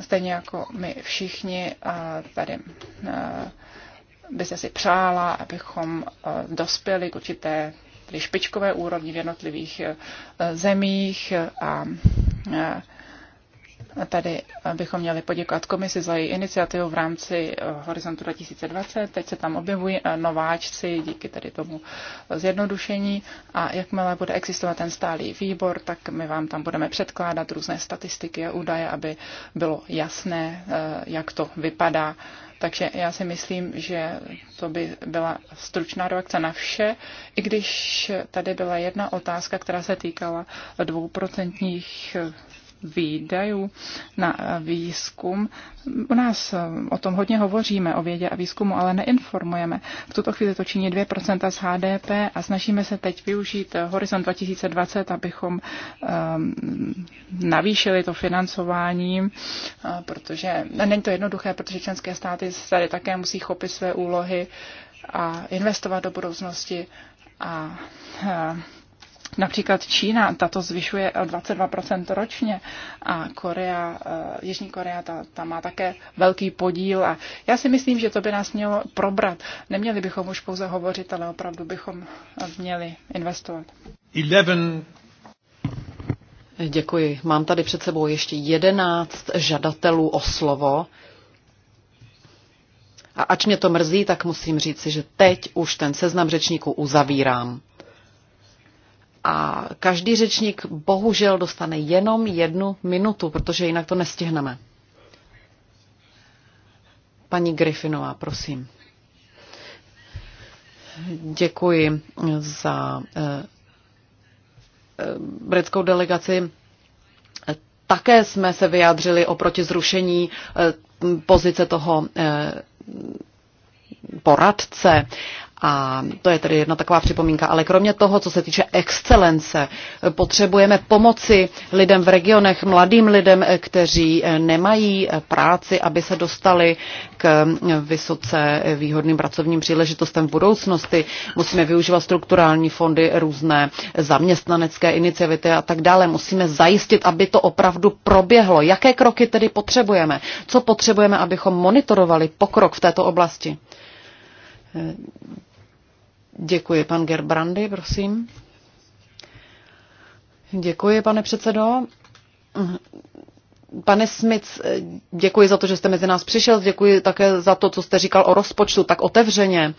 stejně jako my všichni eh, tady byste si přála, abychom dospěli k určité tedy špičkové úrovni v jednotlivých eh, zemích a eh, Tady bychom měli poděkovat komisi za její iniciativu v rámci eh, Horizontu 2020. Teď se tam objevují nováčci díky tady tomu zjednodušení a jakmile bude existovat ten stálý výbor, tak my vám tam budeme předkládat různé statistiky a údaje, aby bylo jasné, jak to vypadá takže já si myslím, že to by byla stručná reakce na vše, i když tady byla jedna otázka, která se týkala dvouprocentních výdajů na výzkum. U nás o tom hodně hovoříme, o vědě a výzkumu, ale neinformujeme. V tuto chvíli to činí 2% z HDP a snažíme se teď využít Horizont 2020, abychom ehm, navýšili to financování, eh, protože není to jednoduché, protože členské státy tady také musí chopit své úlohy a investovat do budoucnosti a eh, Například Čína, ta to zvyšuje 22% ročně a Korea, eh, Jižní Korea, ta, ta má také velký podíl a já si myslím, že to by nás mělo probrat. Neměli bychom už pouze hovořit, ale opravdu bychom měli investovat.
11.
Děkuji. Mám tady před sebou ještě 11 žadatelů o slovo. A ač mě to mrzí, tak musím říci, že teď už ten seznam řečníků uzavírám a každý řečník bohužel dostane jenom jednu minutu, protože jinak to nestihneme. Paní Griffinová, prosím. Děkuji za eh, eh, britskou delegaci. Také jsme se vyjádřili oproti zrušení eh, pozice toho poradce a to je tedy jedna taková připomínka. Ale kromě toho, co se týče excelence, potřebujeme pomoci lidem v regionech, mladým lidem, kteří nemají práci, aby se dostali k vysoce výhodným pracovním příležitostem v budoucnosti. Musíme využívat strukturální fondy, různé zaměstnanecké iniciativy a tak dále. Musíme zajistit, aby to opravdu proběhlo. Jaké kroky tedy potřebujeme? Co potřebujeme, abychom monitorovali pokrok v této oblasti? Děkuji, pan Gerbrandy, prosím. Děkuji, pane předsedo. Pane Smith, děkuji za to, že jste mezi nás přišel, děkuji také za to, co jste říkal o rozpočtu tak otevřeně.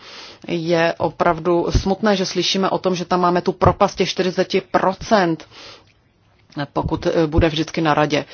Je opravdu smutné, že slyšíme o tom, že tam máme tu propast těch 40%, pokud bude vždycky na radě. Uh,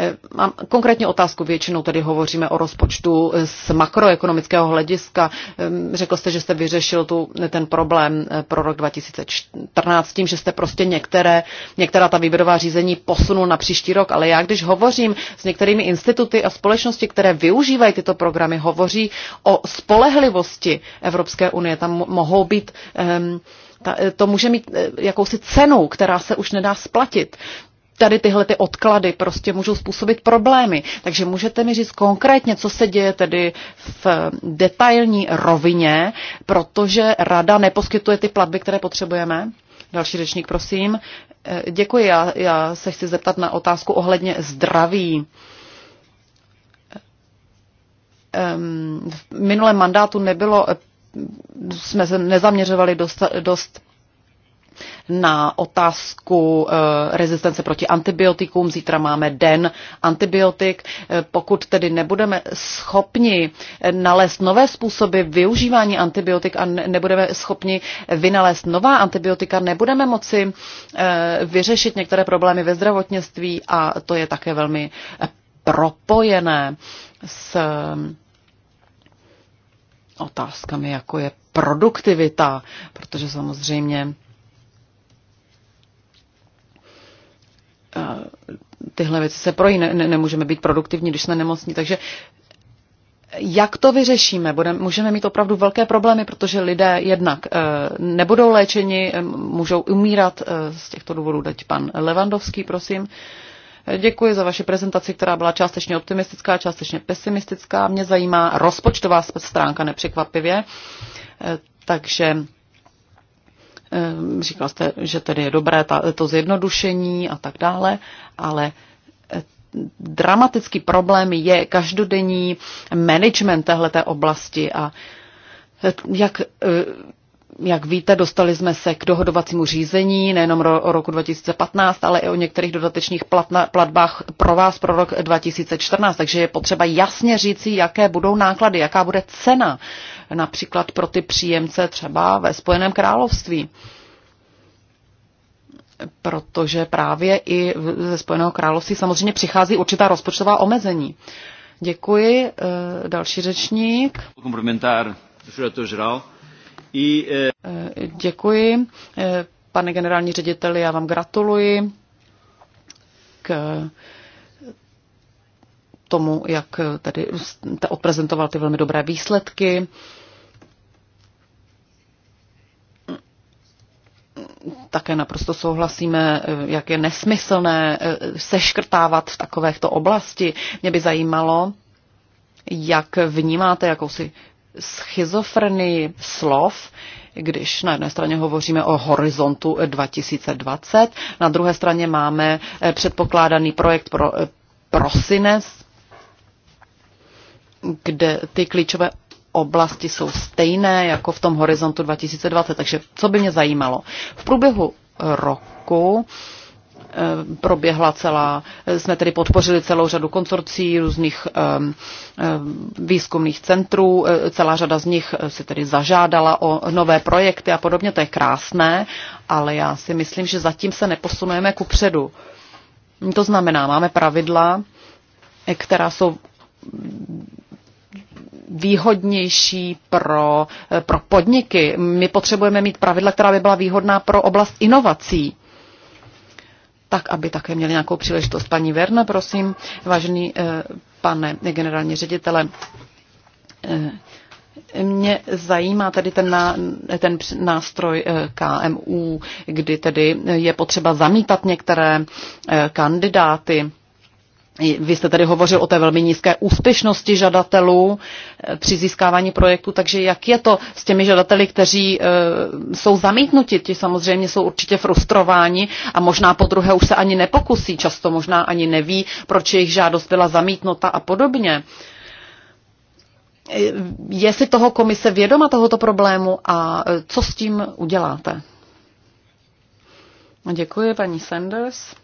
Eh, mám konkrétně otázku, většinou tedy hovoříme o rozpočtu eh, z makroekonomického hlediska. Ehm, řekl jste, že jste vyřešil tu, ten problém eh, pro rok 2014 tím, že jste prostě některé, některá ta výběrová řízení posunul na příští rok, ale já když hovořím s některými instituty a společnosti, které využívají tyto programy, hovoří o spolehlivosti Evropské unie. Tam mohou být um, ta, to může mít jakousi cenu, která se už nedá splatit tady tyhle ty odklady prostě můžou způsobit problémy. Takže můžete mi říct konkrétně, co se děje tedy v detailní rovině, protože rada neposkytuje ty platby, které potřebujeme? Další řečník, prosím. Eh, děkuji, já, já se chci zeptat na otázku ohledně zdraví. Ehm, v minulém mandátu nebylo, eh, jsme se nezaměřovali dost, dost na otázku eh, rezistence proti antibiotikům. Zítra máme den antibiotik. Eh, pokud tedy nebudeme schopni eh, nalézt nové způsoby využívání antibiotik a nebudeme schopni vynalézt nová antibiotika, nebudeme moci vyřešit některé problémy ve zdravotnictví a to je také velmi propojené s otázkami, jako je produktivita, protože samozřejmě tyhle věci se projí, ne, ne, nemůžeme být produktivní, když jsme nemocní. Takže jak to vyřešíme? Budeme, můžeme mít opravdu velké problémy, protože lidé jednak eh, nebudou léčeni, eh, můžou umírat eh, z těchto důvodů. Teď pan Levandovský, prosím. Děkuji za vaši prezentaci, která byla částečně optimistická, částečně pesimistická. Mě zajímá rozpočtová stránka nepřekvapivě. Takže Ehm, říkal jste, že tedy je dobré to zjednodušení a tak dále, ale eh, dramatický problém je každodenní management téhleté oblasti a eh, jak eh, jak víte, dostali jsme se k dohodovacímu řízení nejenom o roku 2015, ale i o některých dodatečných platna, platbách pro vás pro rok 2014. Takže je potřeba jasně říci, jaké budou náklady, jaká bude cena například pro ty příjemce třeba ve Spojeném království. Protože právě i ze Spojeného království samozřejmě přichází určitá rozpočtová omezení. Děkuji. Eh, další řečník. Eh, eh, děkuji. Pane generální řediteli, já vám gratuluji k tomu, jak tady te odprezentoval ty velmi dobré výsledky. Také naprosto souhlasíme, jak je nesmyslné eh, seškrtávat v takovéchto oblasti. Mě by zajímalo, jak vnímáte jakousi schizofrenii slov, když na jedné straně hovoříme o horizontu 2020, na druhé straně máme eh, předpokládaný projekt pro eh, prosinec kde ty klíčové oblasti jsou stejné jako v tom horizontu 2020. Takže co by mě zajímalo? V průběhu roku eh, proběhla celá, jsme tedy podpořili celou řadu konsorcí, různých eh, eh, výzkumných centrů, celá řada z nich se tedy zažádala o nové projekty a podobně, to je krásné, ale já si myslím, že zatím se neposunujeme ku předu. To znamená, máme pravidla, která jsou výhodnější pro, eh, pro podniky. My potřebujeme mít pravidla, která by byla výhodná pro oblast inovací tak, aby také měli nějakou příležitost. Paní Verna, prosím, vážený eh, pane generální ředitele, eh, mě zajímá tedy ten, ná, ten nástroj KMU, kdy tedy je potřeba zamítat některé kandidáty. Vy jste tady hovořil o té velmi nízké úspěšnosti žadatelů eh, při získávání projektu, takže jak je to s těmi žadateli, kteří eh, jsou zamítnuti, ti samozřejmě jsou určitě frustrováni a možná po druhé už se ani nepokusí, často možná ani neví, proč jejich žádost byla zamítnuta a podobně. Eh, je si toho komise vědoma tohoto problému a co s tím uděláte? Děkuji, paní Sanders.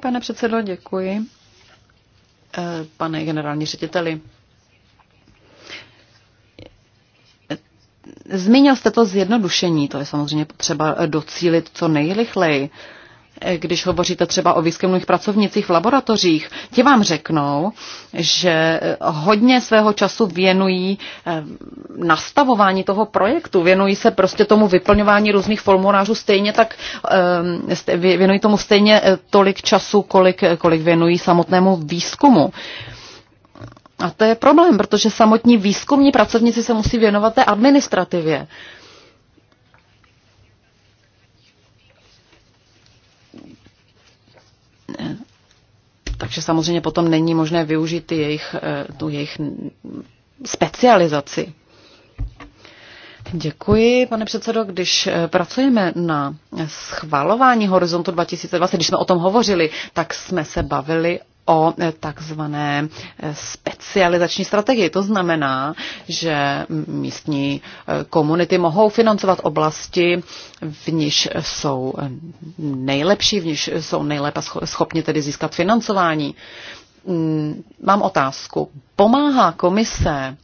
pane předsedo, děkuji, eh, pane generální řediteli. Zmínil jste to zjednodušení, to je samozřejmě potřeba docílit co nejrychleji když hovoříte třeba o výzkumných pracovnicích v laboratořích, ti vám řeknou, že hodně svého času věnují eh, nastavování toho projektu, věnují se prostě tomu vyplňování různých formulářů stejně tak, ehm, věnují tomu stejně eh, tolik času, kolik, eh, kolik věnují samotnému výzkumu. A to je problém, protože samotní výzkumní pracovníci se musí věnovat té administrativě. takže samozřejmě potom není možné využít jejich, eh, tu jejich specializaci. Děkuji, pane předsedo. Když eh, pracujeme na schvalování Horizontu 2020, když jsme o tom hovořili, tak jsme se bavili o e, takzvané e, specializační strategii. To znamená, že místní e, komunity mohou financovat oblasti, v níž jsou nejlepší, v níž jsou nejlépe schopni tedy získat financování. Mm, mám otázku. Pomáhá komise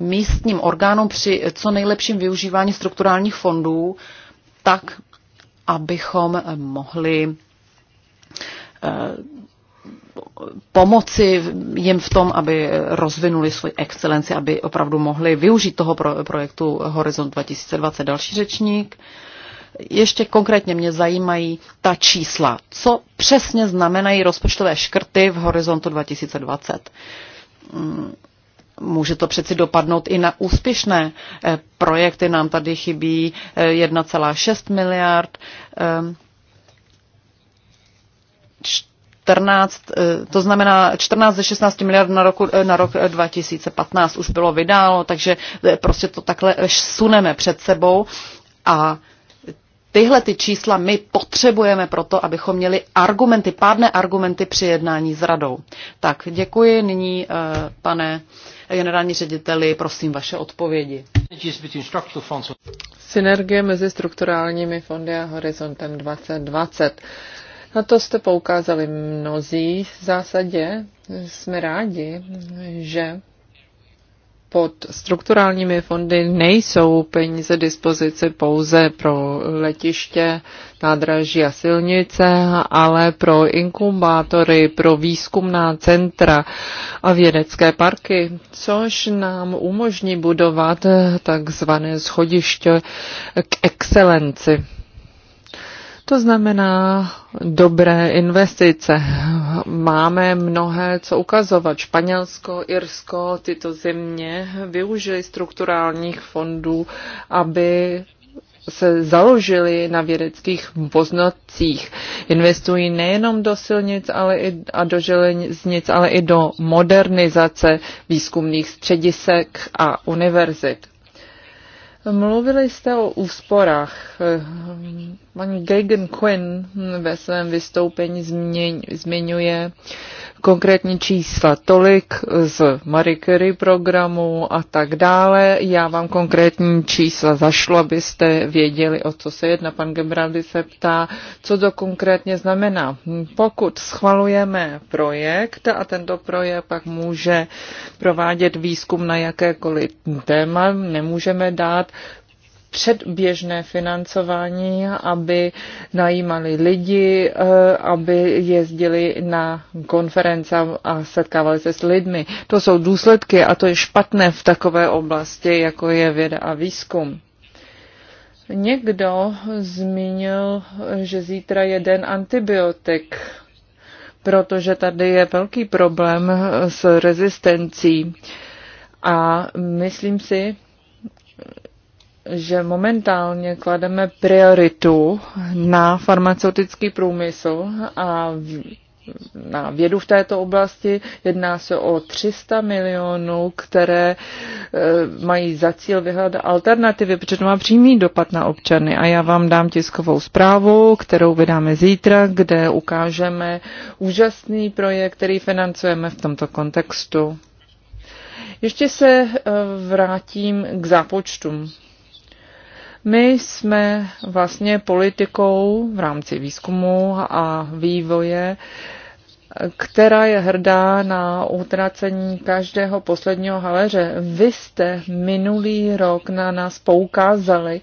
místním orgánům při co nejlepším využívání strukturálních fondů tak, abychom mohli Eh, pomoci jim v tom, aby rozvinuli svoji excelenci, aby opravdu mohli využít toho pro, projektu Horizont 2020. Další řečník. Ještě konkrétně mě zajímají ta čísla. Co přesně znamenají rozpočtové škrty v Horizontu 2020? Mm, může to přeci dopadnout i na úspěšné eh, projekty. Nám tady chybí 1,6 eh, miliard. Ehm, 14, eh, to znamená 14 ze 16 miliard na, roku, eh, na rok 2015 eh, už bylo vydáno, takže prostě to takhle suneme před sebou a tyhle ty čísla my potřebujeme proto, abychom měli argumenty, pádné argumenty při jednání s radou. Tak děkuji nyní, pane generální řediteli, prosím vaše odpovědi.
Synergie mezi strukturálními fondy a horizontem 2020. Na to jste poukázali mnozí. V zásadě jsme rádi, že pod strukturálními fondy nejsou peníze dispozici pouze pro letiště, nádraží a silnice, ale pro inkubátory, pro výzkumná centra a vědecké parky, což nám umožní budovat takzvané schodiště k excelenci. To znamená dobré investice. Máme mnohé co ukazovat. Španělsko, Irsko, tyto země využili strukturálních fondů, aby se založili na vědeckých poznatcích. Investují nejenom do silnic ale i, a do železnic, ale i do modernizace výzkumných středisek a univerzit. Mluvili jste o úsporách. Paní Gagan Quinn ve svém vystoupení zmiň, zmiňuje konkrétní čísla, tolik z Marie Curie programu a tak dále. Já vám konkrétní čísla zašlu, abyste věděli, o co se jedná. Pan Gebrady se ptá, co to konkrétně znamená. Pokud schvalujeme projekt a tento projekt pak může provádět výzkum na jakékoliv téma, nemůžeme dát předběžné financování, aby najímali lidi, eh, aby jezdili na konference a setkávali se s lidmi. To jsou důsledky a to je špatné v takové oblasti, jako je věda a výzkum. Někdo zmínil, že zítra je den antibiotik, protože tady je velký problém s rezistencí. A myslím si, že momentálně klademe prioritu na farmaceutický průmysl a na vědu v této oblasti. Jedná se o 300 milionů, které eh, mají za cíl vyhledat alternativy, protože to má přímý dopad na občany. A já vám dám tiskovou zprávu, kterou vydáme zítra, kde ukážeme úžasný projekt, který financujeme v tomto kontextu. Ještě se eh, vrátím k zápočtům. My jsme vlastně politikou v rámci výzkumu a vývoje, která je hrdá na utracení každého posledního haleře. Vy jste minulý rok na nás poukázali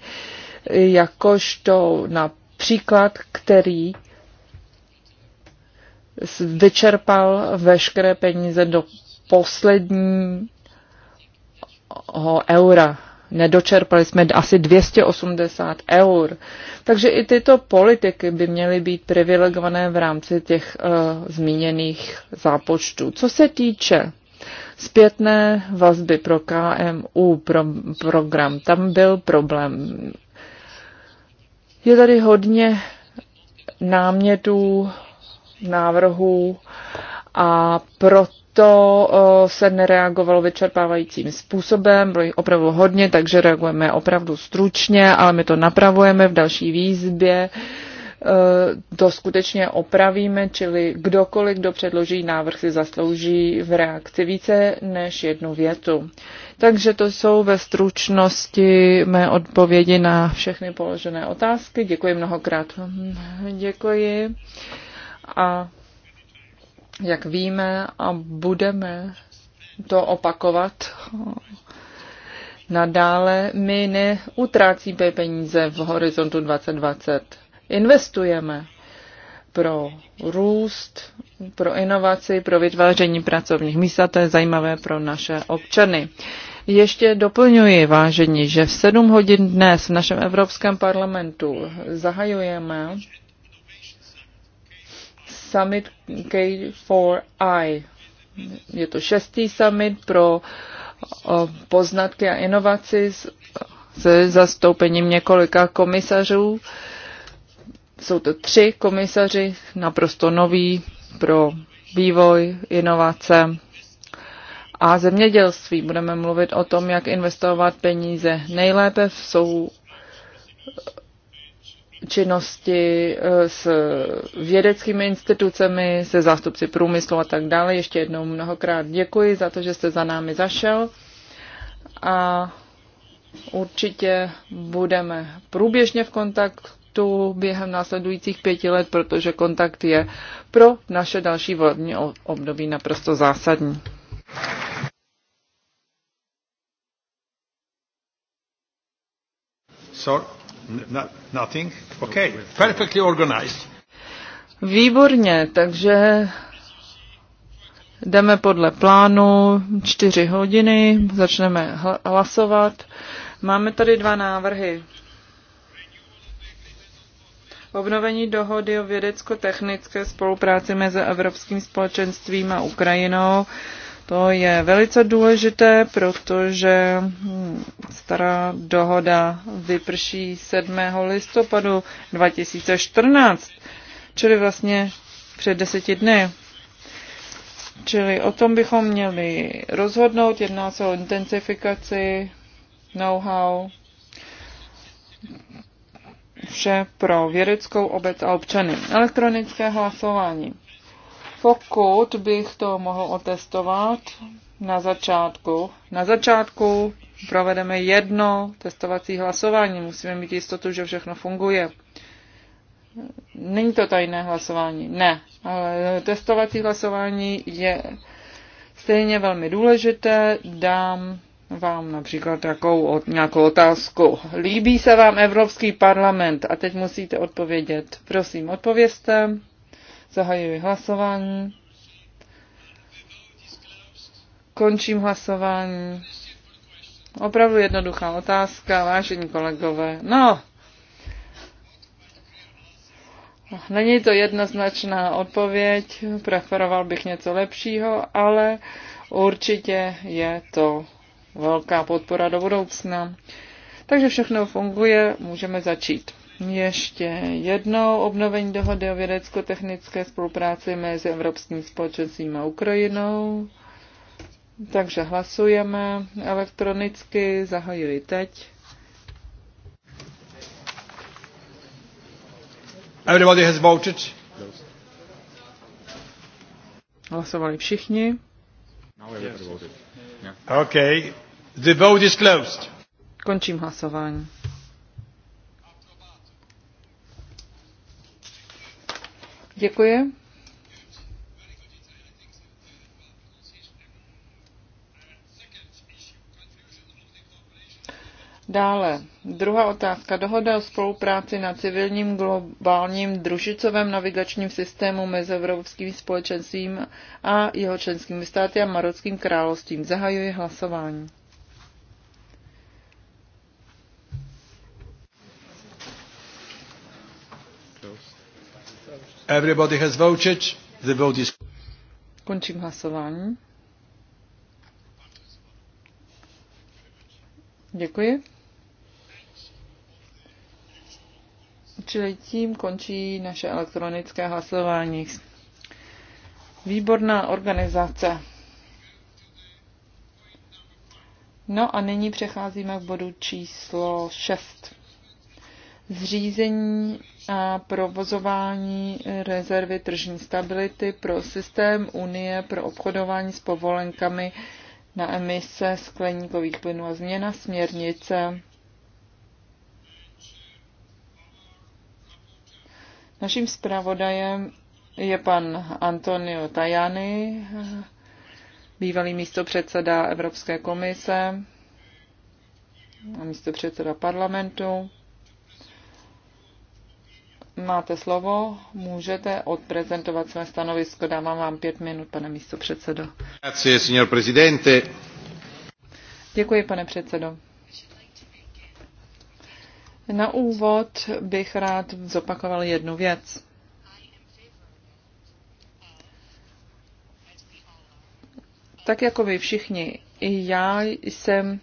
jakožto na příklad, který vyčerpal veškeré peníze do posledního eura nedočerpali jsme asi 280 eur. Takže i tyto politiky by měly být privilegované v rámci těch uh, zmíněných zápočtů. Co se týče zpětné vazby pro KMU pro, program, tam byl problém. Je tady hodně námětů, návrhů a proto to se nereagovalo vyčerpávajícím způsobem, bylo jich opravdu hodně, takže reagujeme opravdu stručně, ale my to napravujeme v další výzbě, e, to skutečně opravíme, čili kdokoliv, kdo předloží návrh, si zaslouží v reakci více než jednu větu. Takže to jsou ve stručnosti mé odpovědi na všechny položené otázky. Děkuji mnohokrát. Děkuji. A jak víme a budeme to opakovat nadále, my neutrácíme peníze v horizontu 2020. Investujeme pro růst, pro inovaci, pro vytváření pracovních míst a to je zajímavé pro naše občany. Ještě doplňuji, vážení, že v 7 hodin dnes v našem Evropském parlamentu zahajujeme summit K4I. Je to šestý summit pro poznatky a inovaci se zastoupením několika komisařů. Jsou to tři komisaři, naprosto noví pro vývoj, inovace a zemědělství. Budeme mluvit o tom, jak investovat peníze nejlépe v sou činnosti eh, s vědeckými institucemi, se zástupci průmyslu a tak dále. Ještě jednou mnohokrát děkuji za to, že jste za námi zašel a určitě budeme průběžně v kontaktu během následujících pěti let, protože kontakt je pro naše další volební období naprosto zásadní.
Sorry. No, nothing? Okay, perfectly organized.
Výborně, takže jdeme podle plánu, čtyři hodiny, začneme hlasovat. Máme tady dva návrhy. Obnovení dohody o vědecko-technické spolupráci mezi Evropským společenstvím a Ukrajinou to je velice důležité, protože hm, stará dohoda vyprší 7. listopadu 2014, čili vlastně před deseti dny. Čili o tom bychom měli rozhodnout. Jedná se o intensifikaci know-how, vše pro vědeckou obec a občany. Elektronické hlasování. Pokud bych to mohl otestovat na začátku, na začátku provedeme jedno testovací hlasování. Musíme mít jistotu, že všechno funguje. Není to tajné hlasování, ne. Ale testovací hlasování je stejně velmi důležité. Dám vám například takovou, nějakou otázku. Líbí se vám Evropský parlament? A teď musíte odpovědět. Prosím, odpověste. Zahajuji hlasování. Končím hlasování. Opravdu jednoduchá otázka, vážení kolegové. No, není to jednoznačná odpověď, preferoval bych něco lepšího, ale určitě je to velká podpora do budoucna. Takže všechno funguje, můžeme začít ještě jednou obnovení dohody o vědecko-technické spolupráci mezi Evropským společenstvím a Ukrajinou. Takže hlasujeme elektronicky, zahajuji teď.
Everybody has voted.
Hlasovali všichni.
Okay. The vote is closed.
Končím hlasování. Děkuji. Dále, druhá otázka. Dohoda o spolupráci na civilním globálním družicovém navigačním systému mezi Evropským společenstvím a jeho členskými státy a Marockým královstvím. Zahajuji hlasování.
Everybody has voted. The vote is...
Končím hlasování. Děkuji. Čili tím končí naše elektronické hlasování. Výborná organizace. No a nyní přecházíme k bodu číslo 6 zřízení a provozování rezervy tržní stability pro systém Unie pro obchodování s povolenkami na emise skleníkových plynů a změna směrnice. Naším zpravodajem je pan Antonio Tajani, bývalý místopředseda Evropské komise a místopředseda parlamentu. Máte slovo, můžete odprezentovat své stanovisko. Dávám vám pět minut, pane místo předsedo. Děkuji, pane předsedo. Na úvod bych rád zopakoval jednu věc. Tak jako vy všichni, i já jsem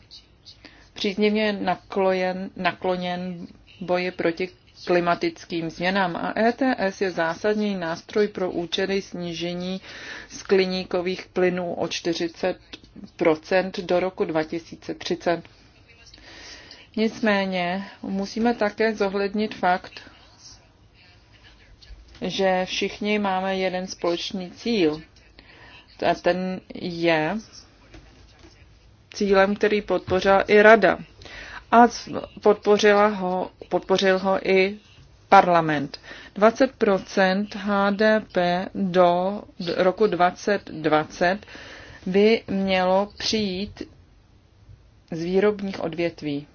příznivě nakloněn, nakloněn boji proti klimatickým změnám a ETS je zásadní nástroj pro účely snížení skliníkových plynů o 40 do roku 2030. Nicméně musíme také zohlednit fakt, že všichni máme jeden společný cíl. A ten je cílem, který podpořila i Rada a podpořila ho, podpořil ho i parlament. 20 HDP do roku 2020 by mělo přijít z výrobních odvětví.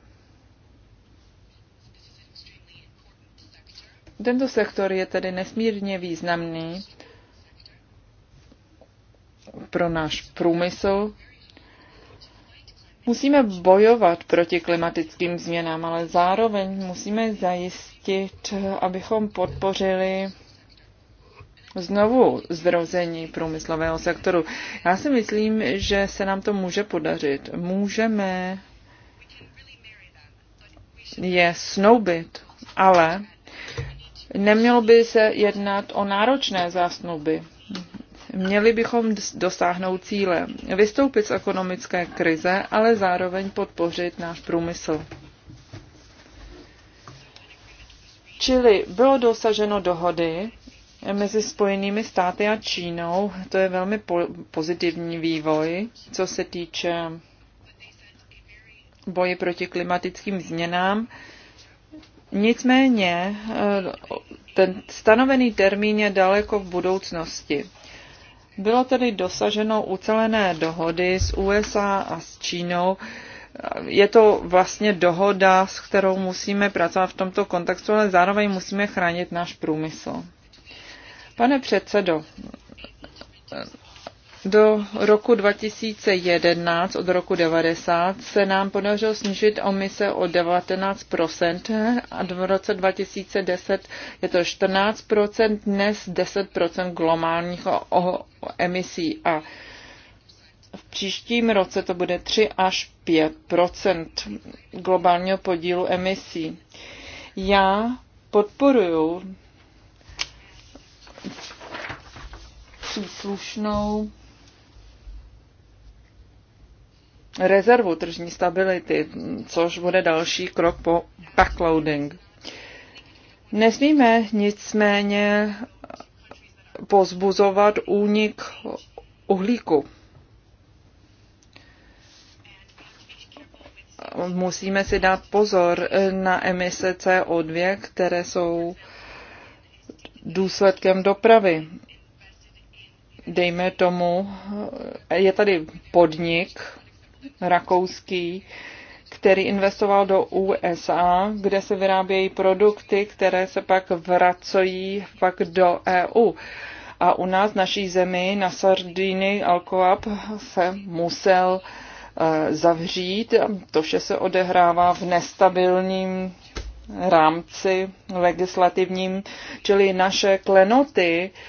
Tento sektor je tedy nesmírně významný pro náš průmysl, Musíme bojovat proti klimatickým změnám, ale zároveň musíme zajistit, abychom podpořili znovu zrození průmyslového sektoru. Já si myslím, že se nám to může podařit. Můžeme je snoubit, ale nemělo by se jednat o náročné zásnuby. Měli bychom dosáhnout cíle vystoupit z ekonomické krize, ale zároveň podpořit náš průmysl. Čili bylo dosaženo dohody mezi Spojenými státy a Čínou. To je velmi po- pozitivní vývoj, co se týče boji proti klimatickým změnám. Nicméně eh, ten stanovený termín je daleko v budoucnosti. Bylo tedy dosaženo ucelené dohody s USA a s Čínou. Je to vlastně dohoda, s kterou musíme pracovat v tomto kontextu, ale zároveň musíme chránit náš průmysl. Pane předsedo, do roku 2011, od roku 90, se nám podařilo snížit omise o 19% a v roce 2010 je to 14%, dnes 10% globálních emisí a v příštím roce to bude 3 až 5 globálního podílu emisí. Já podporuju příslušnou rezervu tržní stability, což bude další krok po backloading. Nesmíme nicméně pozbuzovat únik uhlíku. Musíme si dát pozor na emise CO2, které jsou důsledkem dopravy. Dejme tomu, je tady podnik, rakouský, který investoval do USA, kde se vyrábějí produkty, které se pak vracojí pak do EU. A u nás, naší zemi, na Sardiny Alcoab se musel eh, zavřít. To vše se odehrává v nestabilním rámci legislativním, čili naše klenoty uh,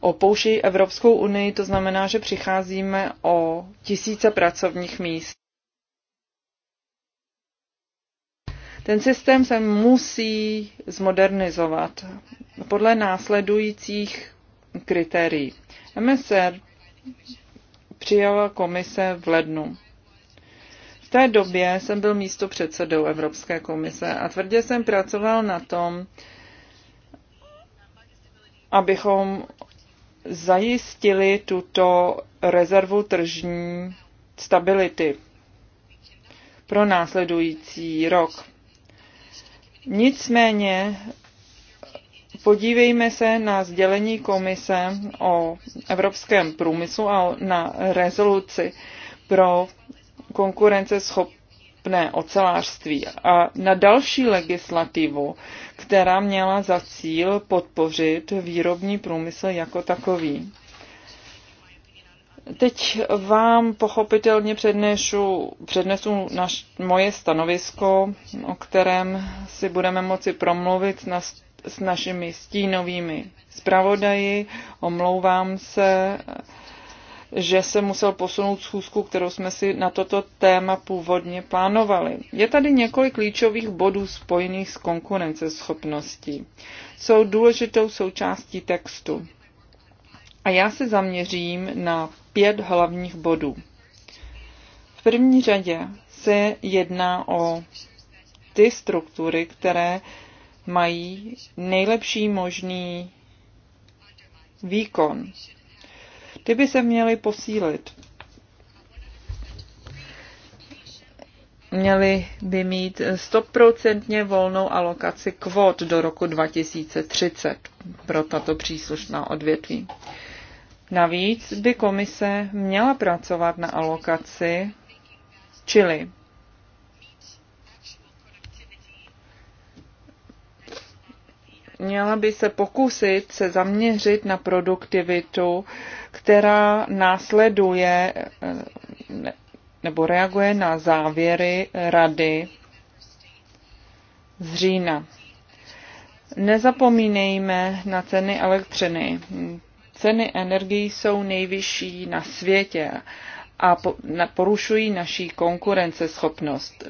opouštějí Evropskou unii, to znamená, že přicházíme o tisíce pracovních míst. Ten systém se musí zmodernizovat podle následujících kritérií. MSR přijala komise v lednu. V té době jsem byl místo předsedou Evropské komise a tvrdě jsem pracoval na tom, abychom zajistili tuto rezervu tržní stability pro následující rok. Nicméně podívejme se na sdělení komise o evropském průmyslu a na rezoluci pro konkurenceschopnost pné ocelářství a na další legislativu, která měla za cíl podpořit výrobní průmysl jako takový. Teď vám pochopitelně přednesu, přednesu naš, moje stanovisko, o kterém si budeme moci promluvit na, s našimi stínovými zpravodaji. Omlouvám se že se musel posunout schůzku, kterou jsme si na toto téma původně plánovali. Je tady několik klíčových bodů spojených s konkurenceschopností. Jsou důležitou součástí textu. A já se zaměřím na pět hlavních bodů. V první řadě se jedná o ty struktury, které mají nejlepší možný výkon ty by se měly posílit. Měly by mít stoprocentně volnou alokaci kvot do roku 2030 pro tato příslušná odvětví. Navíc by komise měla pracovat na alokaci, čili měla by se pokusit se zaměřit na produktivitu, která následuje eh, nebo reaguje na závěry rady z října. Nezapomínejme na ceny elektřiny. Ceny energií jsou nejvyšší na světě a porušují naší konkurenceschopnost.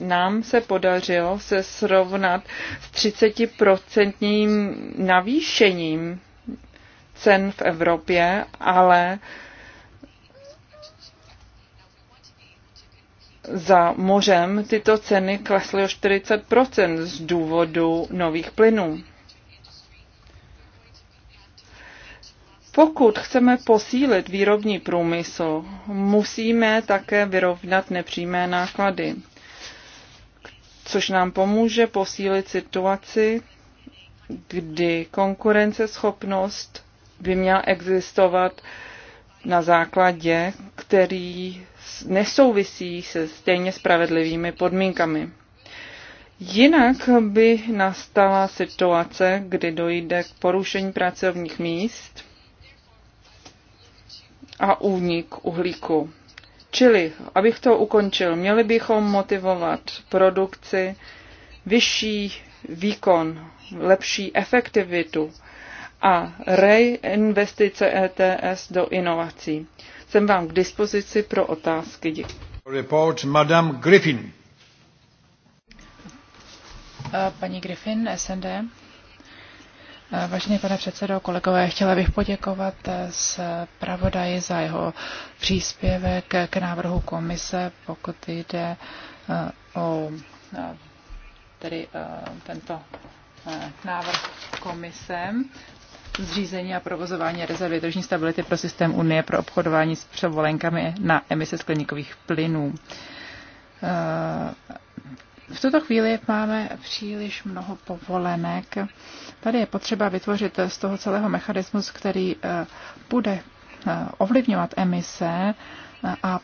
Nám se podařilo se srovnat s 30% navýšením cen v Evropě, ale za mořem tyto ceny klesly o 40% z důvodu nových plynů. Pokud chceme posílit výrobní průmysl, musíme také vyrovnat nepřímé náklady, což nám pomůže posílit situaci, kdy konkurenceschopnost by měla existovat na základě, který nesouvisí se stejně spravedlivými podmínkami. Jinak by nastala situace, kdy dojde k porušení pracovních míst a únik uhlíku. Čili, abych to ukončil, měli bychom motivovat produkci, vyšší výkon, lepší efektivitu a reinvestice ETS do inovací. Jsem vám k dispozici pro otázky.
Report, Madame Griffin.
Paní Griffin, SND. Eh, vážený pane předsedo, kolegové, chtěla bych poděkovat eh, s zpravodaji za jeho příspěvek eh, k návrhu komise, pokud jde o tedy tento návrh komise zřízení a provozování rezervy tržní stability pro systém Unie pro obchodování s převolenkami na emise skleníkových plynů. V tuto chvíli máme příliš mnoho povolenek. Tady je potřeba vytvořit z toho celého mechanismus, který eh, bude eh, ovlivňovat emise eh, a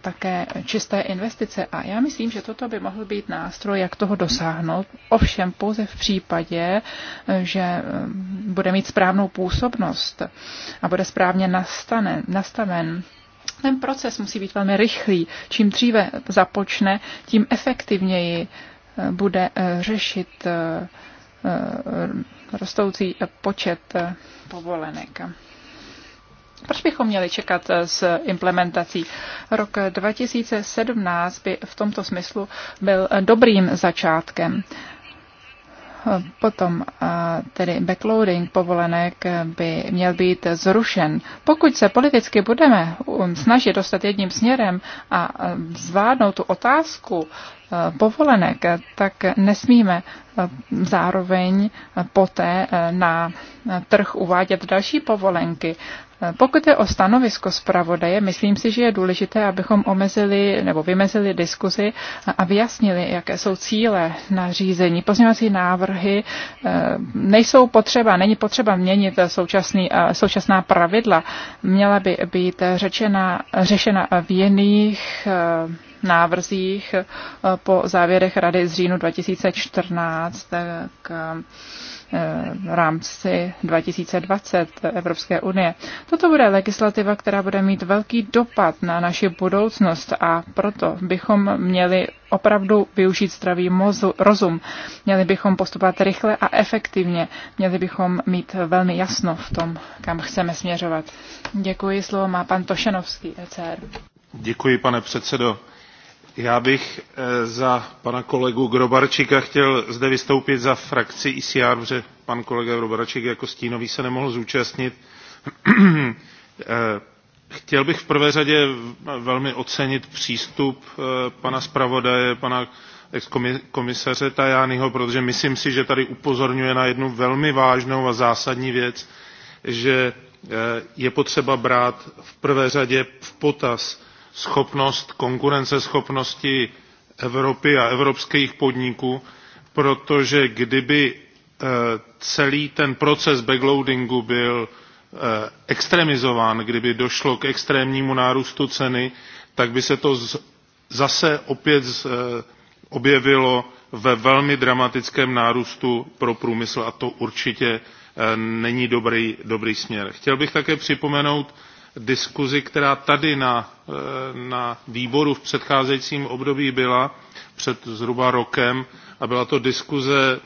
také čisté investice. A já myslím, že toto by mohl být nástroj, jak toho dosáhnout. Ovšem pouze v případě, že bude mít správnou působnost a bude správně nastaven. nastaven ten proces musí být velmi rychlý. Čím dříve započne, tím efektivněji eh, bude eh, řešit eh, rostoucí počet povolenek. Proč bychom měli čekat s implementací? Rok 2017 by v tomto smyslu byl dobrým začátkem. Potom tedy backloading povolenek e, by měl být zrušen. Pokud se politicky budeme um, snažit dostat jedním směrem a e, zvládnout tu otázku Eh, povolenek, tak nesmíme eh, zároveň poté eh, na trh uvádět další povolenky. Pokud je o stanovisko zpravodaje, myslím si, že je důležité, abychom omezili nebo vymezili diskuzi a vyjasnili, jaké jsou cíle na řízení. Pozměňovací návrhy nejsou potřeba, není potřeba měnit současný, současná pravidla. Měla by být řečena, řešena v jiných návrzích eh, po závěrech Rady z říjnu 2014 eh, k eh, rámci 2020 Evropské unie. Toto bude legislativa, která bude mít velký dopad na naši budoucnost a proto bychom měli opravdu využít zdravý mozu, rozum. Měli bychom postupovat rychle a efektivně. Měli bychom mít velmi jasno v tom, kam chceme směřovat. Děkuji, slovo má pan Tošenovský, ECR.
Děkuji, pane předsedo já bych eh, za pana kolegu Grobarčíka chtěl zde vystoupit za frakci ICR, protože pan kolega Grobarčík jako stínový se nemohl zúčastnit. Eh, chtěl bych v prvé řadě velmi ocenit přístup eh, pana zpravodaje, pana komisaře Tajányho, protože myslím si, že tady upozorňuje na jednu velmi vážnou a zásadní věc, že je potřeba brát v prvé řadě v potaz schopnost konkurenceschopnosti Evropy a evropských podniků, protože kdyby eh, celý ten proces backloadingu byl eh, extremizován, kdyby došlo k extrémnímu nárůstu ceny, tak by se to zase opět eh, objevilo ve velmi dramatickém nárůstu pro průmysl a to určitě není dobrý, dobrý směr. Chtěl bych také připomenout diskuzi, která tady na, eh, na výboru v předcházejícím období byla před zhruba rokem a byla to diskuze,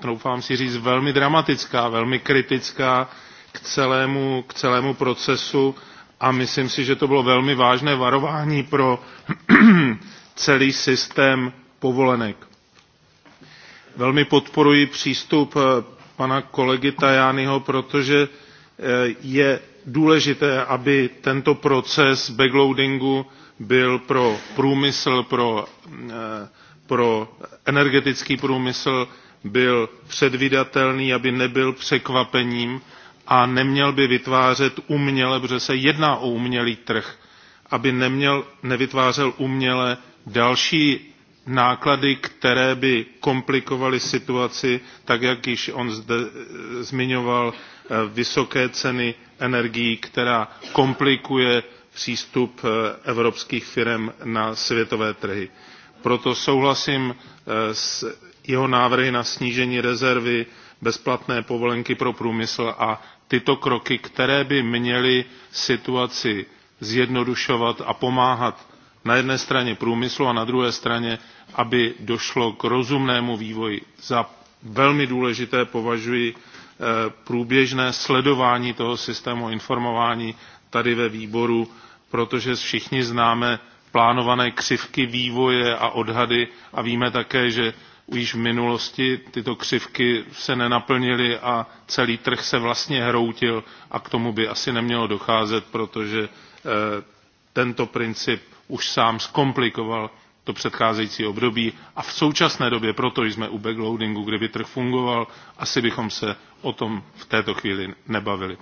troufám si říct, velmi dramatická, velmi kritická k celému, k celému procesu a myslím si, že to bylo velmi vážné varování pro [clears throat] celý systém povolenek. Velmi podporuji přístup eh, pana kolegy Tajányho, protože eh, je důležité, aby tento proces backloadingu byl pro průmysl, pro, eh, pro energetický průmysl byl předvídatelný, aby nebyl překvapením a neměl by vytvářet uměle, protože se jedná o umělý trh, aby neměl, nevytvářel uměle další náklady, které by komplikovaly situaci, tak jak již on zde eh, zmiňoval, Eh, vysoké ceny energií, která komplikuje přístup eh, evropských firm na světové trhy. Proto souhlasím eh, s jeho návrhy na snížení rezervy, bezplatné povolenky pro průmysl a tyto kroky, které by měly situaci zjednodušovat a pomáhat na jedné straně průmyslu a na druhé straně, aby došlo k rozumnému vývoji. Za velmi důležité považuji průběžné sledování toho systému informování tady ve výboru, protože všichni známe plánované křivky vývoje a odhady a víme také, že už v minulosti tyto křivky se nenaplnily a celý trh se vlastně hroutil a k tomu by asi nemělo docházet, protože eh, tento princip už sám zkomplikoval to předcházející období a v současné době proto jsme u backloadingu, kde by trh fungoval, asi bychom se o tom v této chvíli nebavili.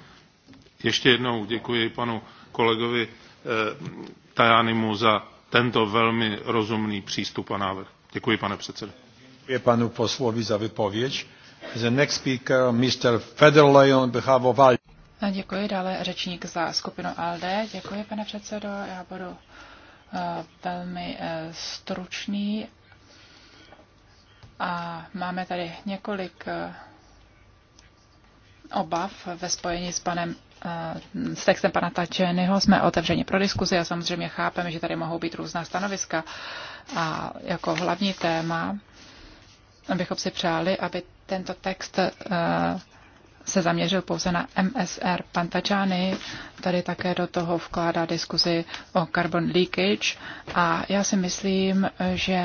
Ještě jednou děkuji panu kolegovi eh, Tajanimu za tento velmi rozumný přístup a návrh. Děkuji, pane předsedo. Děkuji panu poslovi za vypověď. The next speaker, Mr. Federley on behalf of Děkuji,
dále řečník za skupinu ALDE. Děkuji, pane předsedo. Já budu Eh, velmi eh, stručný a máme tady několik eh, obav ve spojení s panem s textem pana Tačenyho jsme otevřeni pro diskuzi a samozřejmě chápeme, že tady mohou být různá stanoviska. A jako hlavní téma bychom si přáli, aby tento text se zaměřil pouze na MSR Pantačány, tady také do toho vkládá diskuzi o carbon leakage a já si myslím, že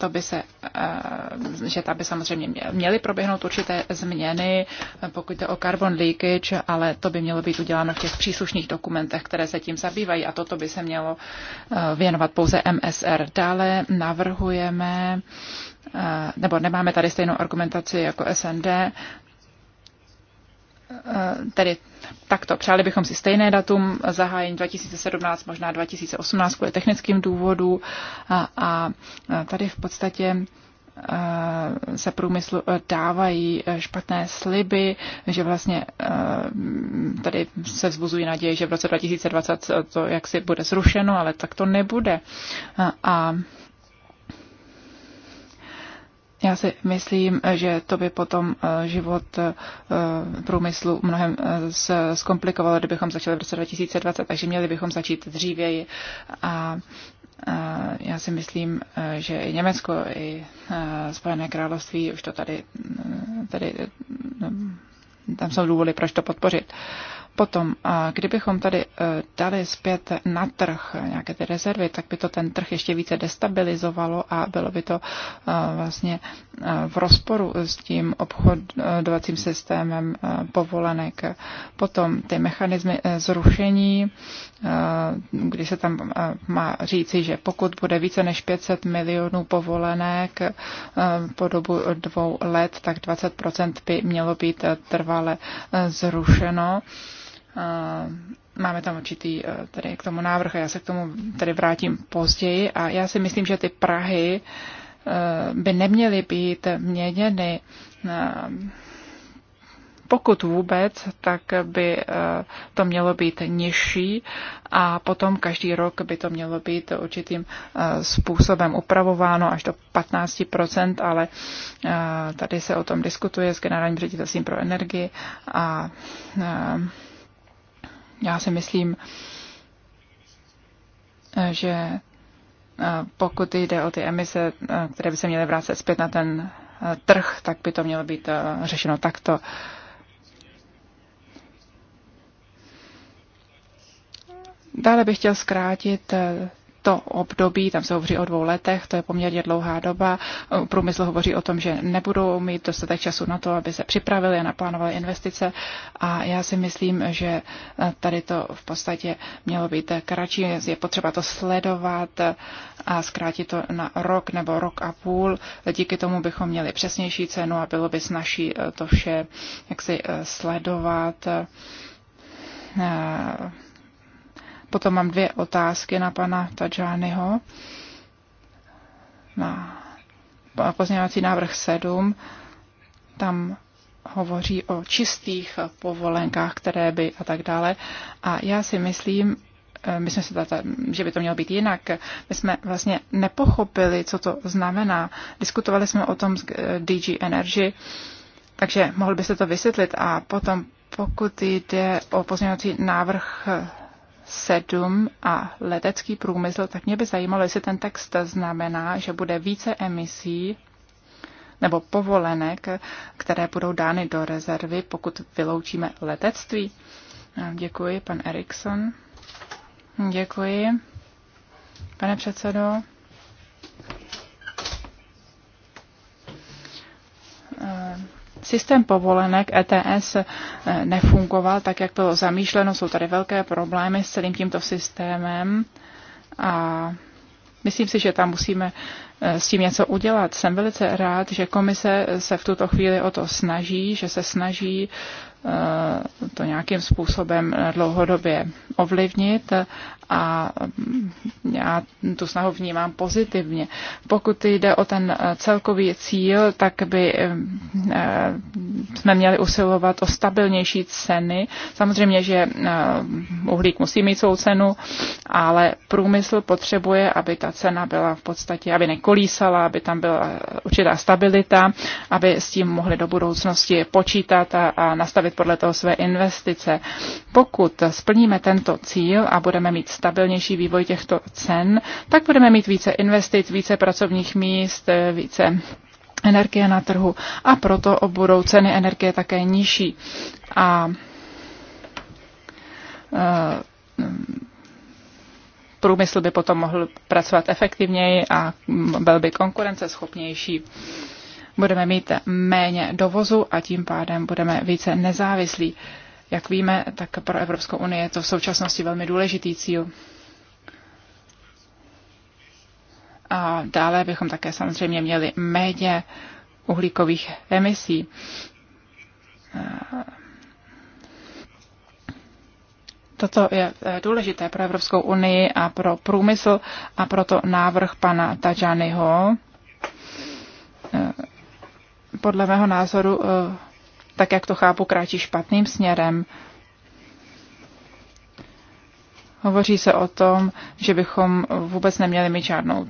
to by se, eh, že ta by samozřejmě měly proběhnout určité změny, pokud jde o carbon leakage, ale to by mělo být uděláno v těch příslušných dokumentech, které se tím zabývají a toto by se mělo eh, věnovat pouze MSR. Dále navrhujeme eh, nebo nemáme tady stejnou argumentaci jako SND, Eh, tedy takto. Přáli bychom si stejné datum zahájení 2017, možná 2018 kvůli technickým důvodům a, a eh, tady v podstatě eh, se průmyslu dávají špatné sliby, že vlastně tady se vzbuzují naděje, že v roce 2020 to jaksi bude zrušeno, ale tak to nebude. A, a já si myslím, že to by potom eh, život eh, průmyslu mnohem eh, zkomplikovalo, kdybychom začali v roce 2020, takže měli bychom začít dřívěji. A já si myslím, že i Německo, i Spojené království už to tady, tady tam jsou důvody, proč to podpořit. Uh, Potom, kdybychom tady e, dali zpět na trh nějaké ty rezervy, tak by to ten trh ještě více destabilizovalo a bylo by to e, vlastně e, v rozporu s tím obchodovacím systémem povolenek. Potom ty mechanismy zrušení, kdy se tam má říci, že pokud bude více než 500 milionů povolenek po dobu dvou let, tak 20% by mělo být trvale zrušeno. Eh, máme tam určitý eh, tady k tomu návrh a já se k tomu tady vrátím později. A já si myslím, že ty Prahy eh, by neměly být měněny pokud vůbec, tak by to mělo být nižší a potom každý rok by to mělo být určitým způsobem upravováno až do 15%, ale tady se o tom diskutuje s generálním ředitelstvím pro energii a já si myslím, že eh, pokud jde o ty emise, eh, které by se měly vrátit zpět na ten eh, trh, tak by to mělo být řešeno takto. Dále bych chtěl zkrátit to období, tam se hovoří o dvou letech, to je poměrně dlouhá doba. Průmysl hovoří o tom, že nebudou mít dostatek času na to, aby se připravili a naplánovali investice. A já si myslím, že tady to v podstatě mělo být kratší. Je potřeba to sledovat a zkrátit to na rok nebo rok a půl. Díky tomu bychom měli přesnější cenu a bylo by snažší to vše jaksi sledovat Potom mám dvě otázky na pana Tajányho. Na pozměňovací návrh 7. Tam hovoří o čistých povolenkách, které by a tak dále. A já si myslím, eh, my jsme se tato, že by to mělo být jinak. My jsme vlastně nepochopili, co to znamená. Diskutovali jsme o tom s eh, DG Energy, takže mohl byste to vysvětlit. A potom, pokud jde o pozměňovací návrh eh, 7 a letecký průmysl, tak mě by zajímalo, jestli ten text znamená, že bude více emisí nebo povolenek, které budou dány do rezervy, pokud vyloučíme letectví. Děkuji, pan Erikson. Děkuji, pane předsedo. systém povolenek ETS eh, nefungoval tak, jak bylo zamýšleno. Jsou tady velké problémy s celým tímto systémem a myslím si, že tam musíme eh, s tím něco udělat. Jsem velice rád, že komise se v tuto chvíli o to snaží, že se snaží Eh, to nějakým způsobem dlouhodobě ovlivnit a mm, já tu snahu vnímám pozitivně. Pokud jde o ten eh, celkový cíl, tak by eh, jsme měli usilovat o stabilnější ceny. Samozřejmě, že uhlík musí mít svou cenu, ale průmysl potřebuje, aby ta cena byla v podstatě, aby nekolísala, aby tam byla určitá stabilita, aby s tím mohli do budoucnosti počítat a, a nastavit podle toho své investice. Pokud splníme tento cíl a budeme mít stabilnější vývoj těchto cen, tak budeme mít více investic, více pracovních míst, více energie na trhu a proto budou ceny energie také nižší. A eh, průmysl by potom mohl pracovat efektivněji a byl by konkurenceschopnější budeme mít méně dovozu a tím pádem budeme více nezávislí. Jak víme, tak pro Evropskou unii je to v současnosti velmi důležitý cíl. A dále bychom také samozřejmě měli méně uhlíkových emisí. Toto je eh, důležité pro Evropskou unii a pro průmysl a proto návrh pana Tajaniho eh, podle mého názoru, eh, tak jak to chápu, kráčí špatným směrem. Hovoří se o tom, že bychom vůbec neměli mít žádnou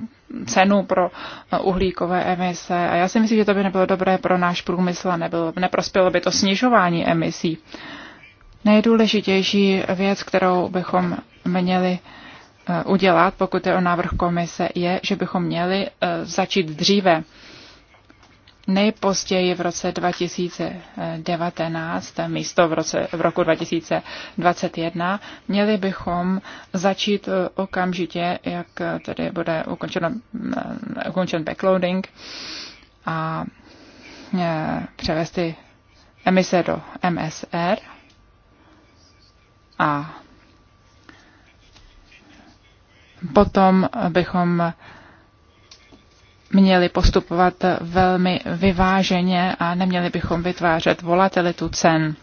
cenu pro eh, uhlíkové emise. A já si myslím, že to by nebylo dobré pro náš průmysl a nebylo, neprospělo by to snižování emisí. Nejdůležitější věc, kterou bychom měli eh, udělat, pokud je o návrh komise, je, že bychom měli začít dříve nejpozději v roce 2019, místo v, roce, v roku 2021, měli bychom začít eh, okamžitě, jak eh, tedy bude ukončeno, eh, ukončen backloading a převést ty emise do MSR a potom bychom měli postupovat velmi vyváženě a neměli bychom vytvářet volatilitu cen.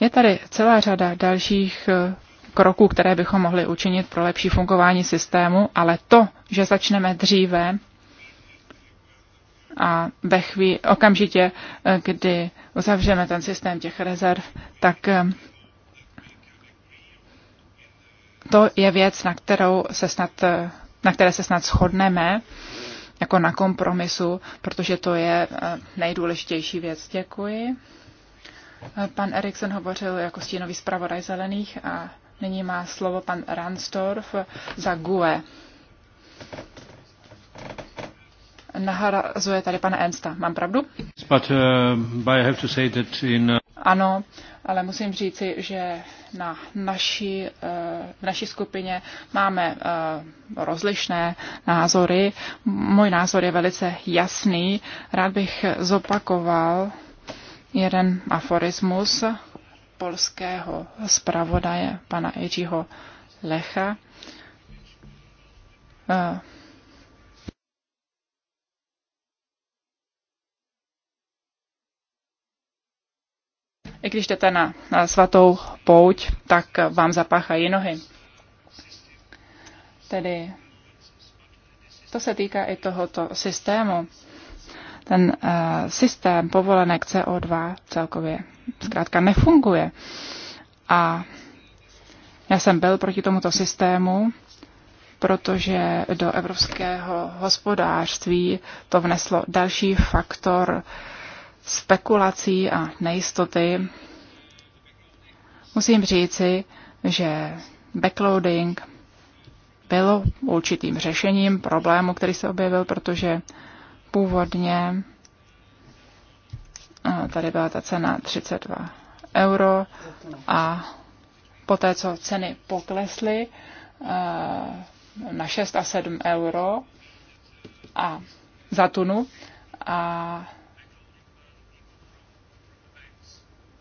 Je tady celá řada dalších eh, kroků, které bychom mohli učinit pro lepší fungování systému, ale to, že začneme dříve a ve chvíli, okamžitě, eh, kdy uzavřeme ten systém těch rezerv, tak eh, to je věc, na kterou se snad na které se snad shodneme, jako na kompromisu, protože to je eh, nejdůležitější věc. Děkuji. Eh, pan Eriksen hovořil jako stínový zpravodaj zelených a nyní má slovo pan Ransdorf za GUE. Nahrazuje tady pana Ensta. Mám pravdu?
But, uh, but I have to say that in, uh...
Ano, ale musím říci, že na naší, eh, v naší skupině máme eh, rozlišné názory. Můj názor je velice jasný. Rád bych zopakoval jeden aforismus polského zpravodaje pana Jiřího Lecha eh, I když jdete na svatou pouť, tak vám zapáchají nohy. Tedy to se týká i tohoto systému. Ten uh, systém povolenek CO2 celkově zkrátka nefunguje. A já jsem byl proti tomuto systému, protože do evropského hospodářství to vneslo další faktor uh, spekulací a nejistoty, musím říci, že backloading bylo určitým řešením problému, který se objevil, protože původně eh, tady byla ta cena 32 euro a poté, co ceny poklesly eh, na 6 a 7 euro a za tunu a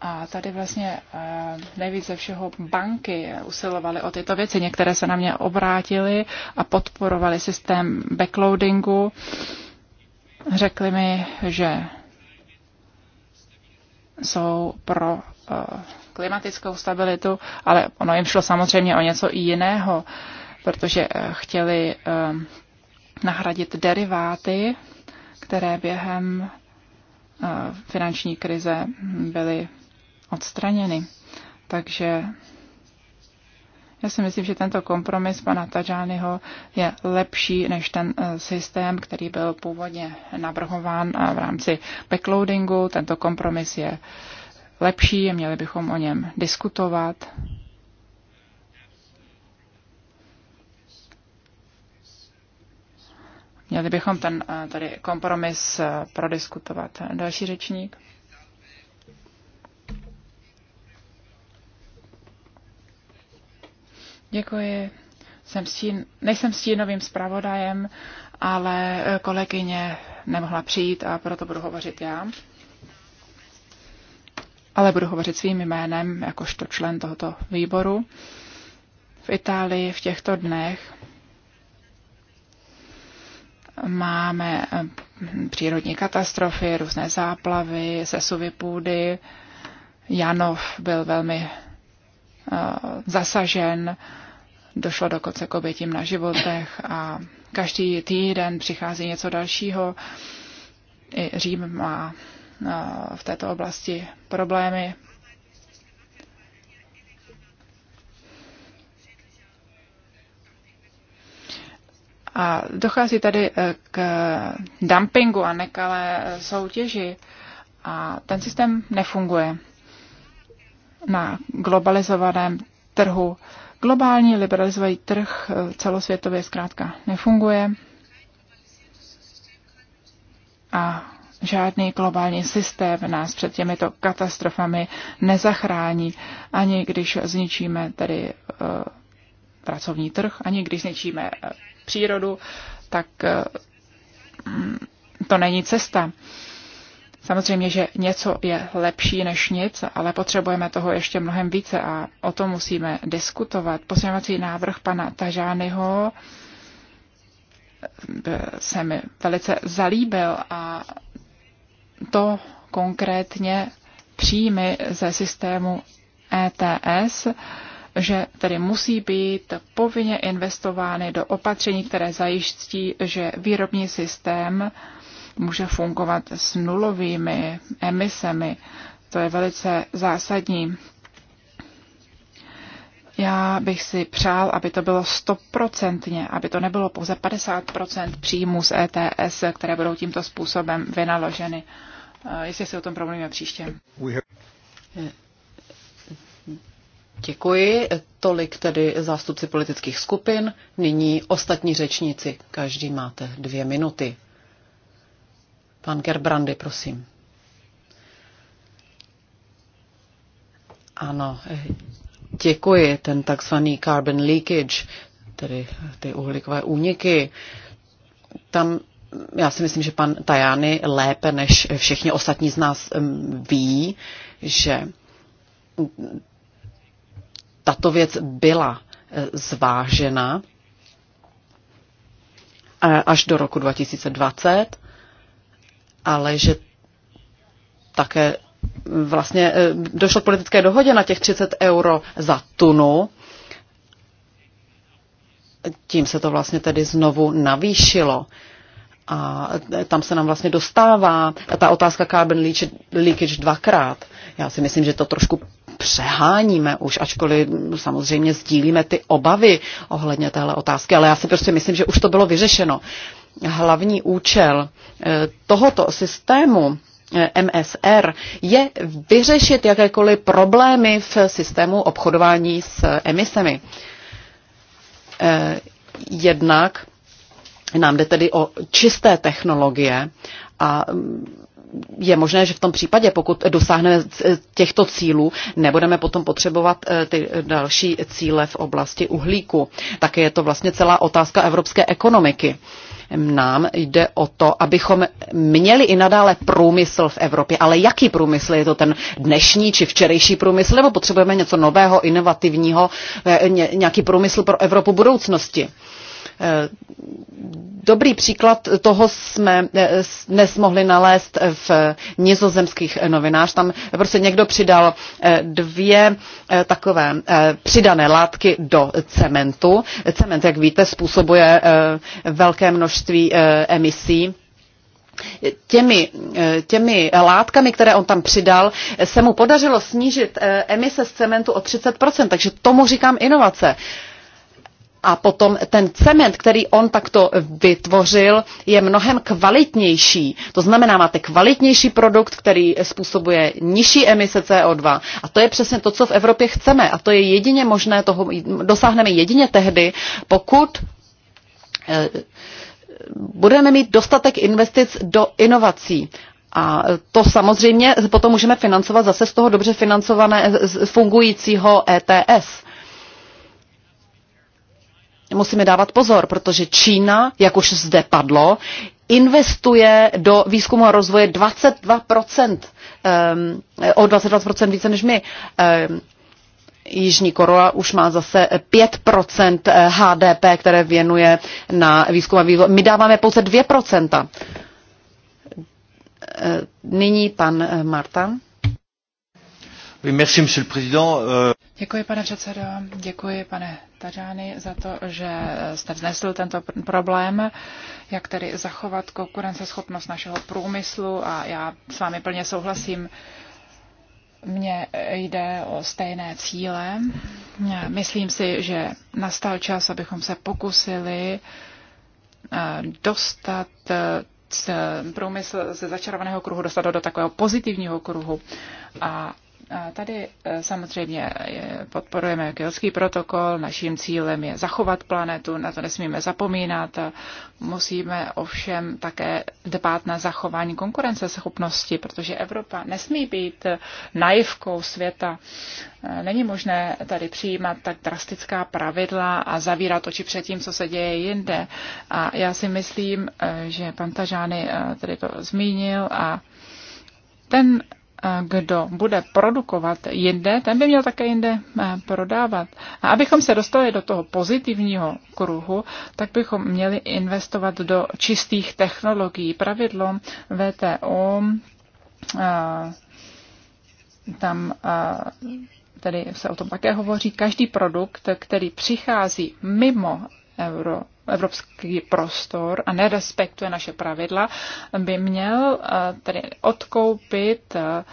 A tady vlastně eh, nejvíc ze všeho banky usilovaly o tyto věci. Některé se na mě obrátily a podporovaly systém backloadingu. Řekli mi, že jsou pro eh, klimatickou stabilitu, ale ono jim šlo samozřejmě o něco jiného, protože eh, chtěli nahradit deriváty, které během finanční krize byly odstraněny. Takže já si myslím, že tento kompromis pana Tajányho je lepší než ten eh, systém, který byl původně navrhován eh, v rámci backloadingu. Tento kompromis je lepší, měli bychom o něm diskutovat. Měli bychom ten eh, tady kompromis prodiskutovat. Další řečník. Děkuji. Jsem stín, nejsem stínovým zpravodajem, ale eh, kolegyně nemohla přijít a proto budu hovořit já. Ale budu hovořit svým jménem, jakožto člen tohoto výboru. V Itálii v těchto dnech máme eh, přírodní katastrofy, různé záplavy, sesuvy půdy. Janov byl velmi Eh, zasažen, došlo dokonce k obětím na životech a každý týden přichází něco dalšího. I Řím má eh, v této oblasti problémy. A dochází tady eh, k dumpingu a nekalé soutěži a ten systém nefunguje na globalizovaném trhu. Globální liberalizovaný trh eh, celosvětově zkrátka nefunguje a žádný globální systém nás před těmito katastrofami nezachrání, ani když zničíme tedy eh, pracovní trh, ani když zničíme eh, přírodu, tak mm, to není cesta. Samozřejmě, že něco je lepší než nic, ale potřebujeme toho ještě mnohem více a o tom musíme diskutovat. Posměvací návrh pana Tažányho eh, se mi velice zalíbil a to konkrétně příjmy ze systému ETS, že tedy musí být povinně investovány do opatření, které zajistí, že výrobní systém může fungovat s nulovými emisemi. To je velice zásadní. Já bych si přál, aby to bylo stoprocentně, aby to nebylo pouze 50% příjmů z ETS, které budou tímto způsobem vynaloženy. Eh, jestli si o tom promluvíme příště.
Děkuji. Tolik tedy zástupci politických skupin. Nyní ostatní řečníci. Každý máte dvě minuty. Pan Gerbrandy, prosím. Ano, eh, děkuji. Ten takzvaný carbon leakage, tedy ty uhlíkové úniky, tam já si myslím, že pan Tajany lépe než všichni ostatní z nás ví, že tato věc byla eh, zvážena eh, až do roku 2020 ale že také mm, vlastně e, došlo k politické dohodě na těch 30 euro za tunu. Tím se to vlastně tedy znovu navýšilo. A tam se nám vlastně dostává ta otázka carbon leakage dvakrát. Já si myslím, že to trošku přeháníme už, ačkoliv samozřejmě sdílíme ty obavy ohledně téhle otázky, ale já si prostě myslím, že už to bylo vyřešeno hlavní účel eh, tohoto systému eh, MSR je vyřešit jakékoliv problémy v systému obchodování s eh, emisemi. Jednak nám jde tedy o čisté technologie a mm, je možné, že v tom případě, pokud dosáhneme těchto cílů, nebudeme potom potřebovat e, ty další cíle v oblasti uhlíku. Také je to vlastně celá otázka evropské ekonomiky. Nám jde o to, abychom měli i nadále průmysl v Evropě. Ale jaký průmysl? Je to ten dnešní či včerejší průmysl? Nebo potřebujeme něco nového, inovativního, e, nějaký průmysl pro Evropu budoucnosti? Eh, dobrý příklad toho jsme eh, dnes mohli nalézt v nizozemských novinách. Tam prostě někdo přidal eh, dvě takové přidané látky do cementu. Cement, jak víte, způsobuje velké množství emisí těmi, těmi látkami, které on tam přidal, se mu podařilo snížit emise z cementu o 30%, takže tomu říkám inovace. A potom ten cement, který on takto vytvořil, je mnohem kvalitnější. To znamená, máte kvalitnější produkt, který způsobuje nižší emise CO2. A to je přesně to, co v Evropě chceme. A to je jedině možné, toho dosáhneme jedině tehdy, pokud eh, budeme mít dostatek investic do inovací. A to samozřejmě potom můžeme financovat zase z toho dobře financované fungujícího ETS musíme dávat pozor, protože Čína, jak už zde padlo, investuje do výzkumu a rozvoje 22%, um, ehm, o 22% více než my. Um, Jižní Korea už má zase 5% eh, HDP, které věnuje na výzkum a vývoj. My dáváme pouze 2%. Eh,
nyní pan eh, Martin.
Oui, merci, monsieur le président. Euh,
Děkuji, pane předsedo, děkuji, pane Tažány, za to, že jste vznesl tento problém, jak tedy zachovat konkurenceschopnost našeho průmyslu a já s vámi plně souhlasím. Mně jde o stejné cíle. Myslím si, že nastal čas, abychom se pokusili eh, dostat eh, průmysl ze začarovaného kruhu, dostat ho do takového pozitivního kruhu. A Tady e, samozřejmě e, podporujeme Kyotský protokol, naším cílem je zachovat planetu, na to nesmíme zapomínat. Musíme ovšem také dbát na zachování konkurenceschopnosti, protože Evropa nesmí být naivkou světa. E, není možné tady přijímat tak drastická pravidla a zavírat oči před tím, co se děje jinde. A já si myslím, že pan Tažány tady to zmínil a ten kdo bude produkovat jinde, ten by měl také jinde eh, prodávat. A abychom se dostali do toho pozitivního kruhu, tak bychom měli investovat do čistých technologií. Pravidlo VTO eh, tam eh, tedy se o tom také hovoří, každý produkt, který přichází mimo euro, evropský prostor a nerespektuje naše pravidla, by měl eh, tedy odkoupit eh,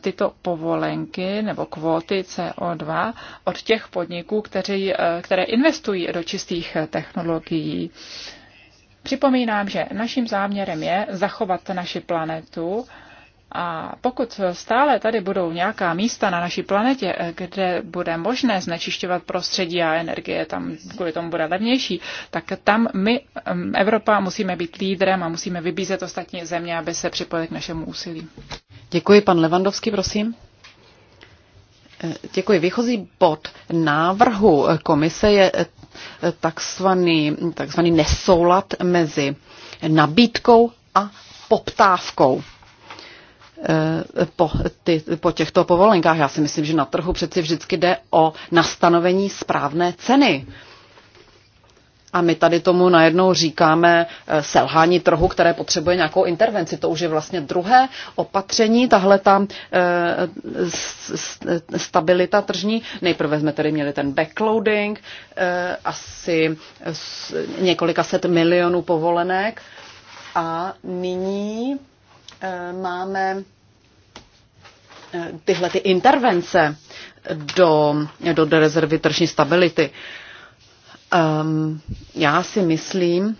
tyto povolenky nebo kvóty CO2 od těch podniků, kteří, eh, které investují do čistých technologií. Připomínám, že naším záměrem je zachovat naši planetu a pokud stále tady budou nějaká místa na naší planetě, kde bude možné znečišťovat prostředí a energie, tam kvůli tomu bude levnější, tak tam my, Evropa, musíme být lídrem a musíme vybízet ostatní země, aby se připojili k našemu úsilí.
Děkuji, pan Levandovský, prosím. Eh, děkuji. Výchozí bod návrhu komise je eh, takzvaný, takzvaný nesoulad mezi nabídkou a poptávkou. Eh, po, ty, po těchto povolenkách. Já si myslím, že na trhu přeci vždycky jde o nastanovení správné ceny. A my tady tomu najednou říkáme eh, selhání trhu, které potřebuje nějakou intervenci. To už je vlastně druhé opatření, tahle ta eh, stabilita tržní. Nejprve jsme tady měli ten backloading, asi několika set milionů povolenek. A nyní Eh, máme eh, tyhle ty intervence do, do, rezervy tržní stability. Um, já si myslím,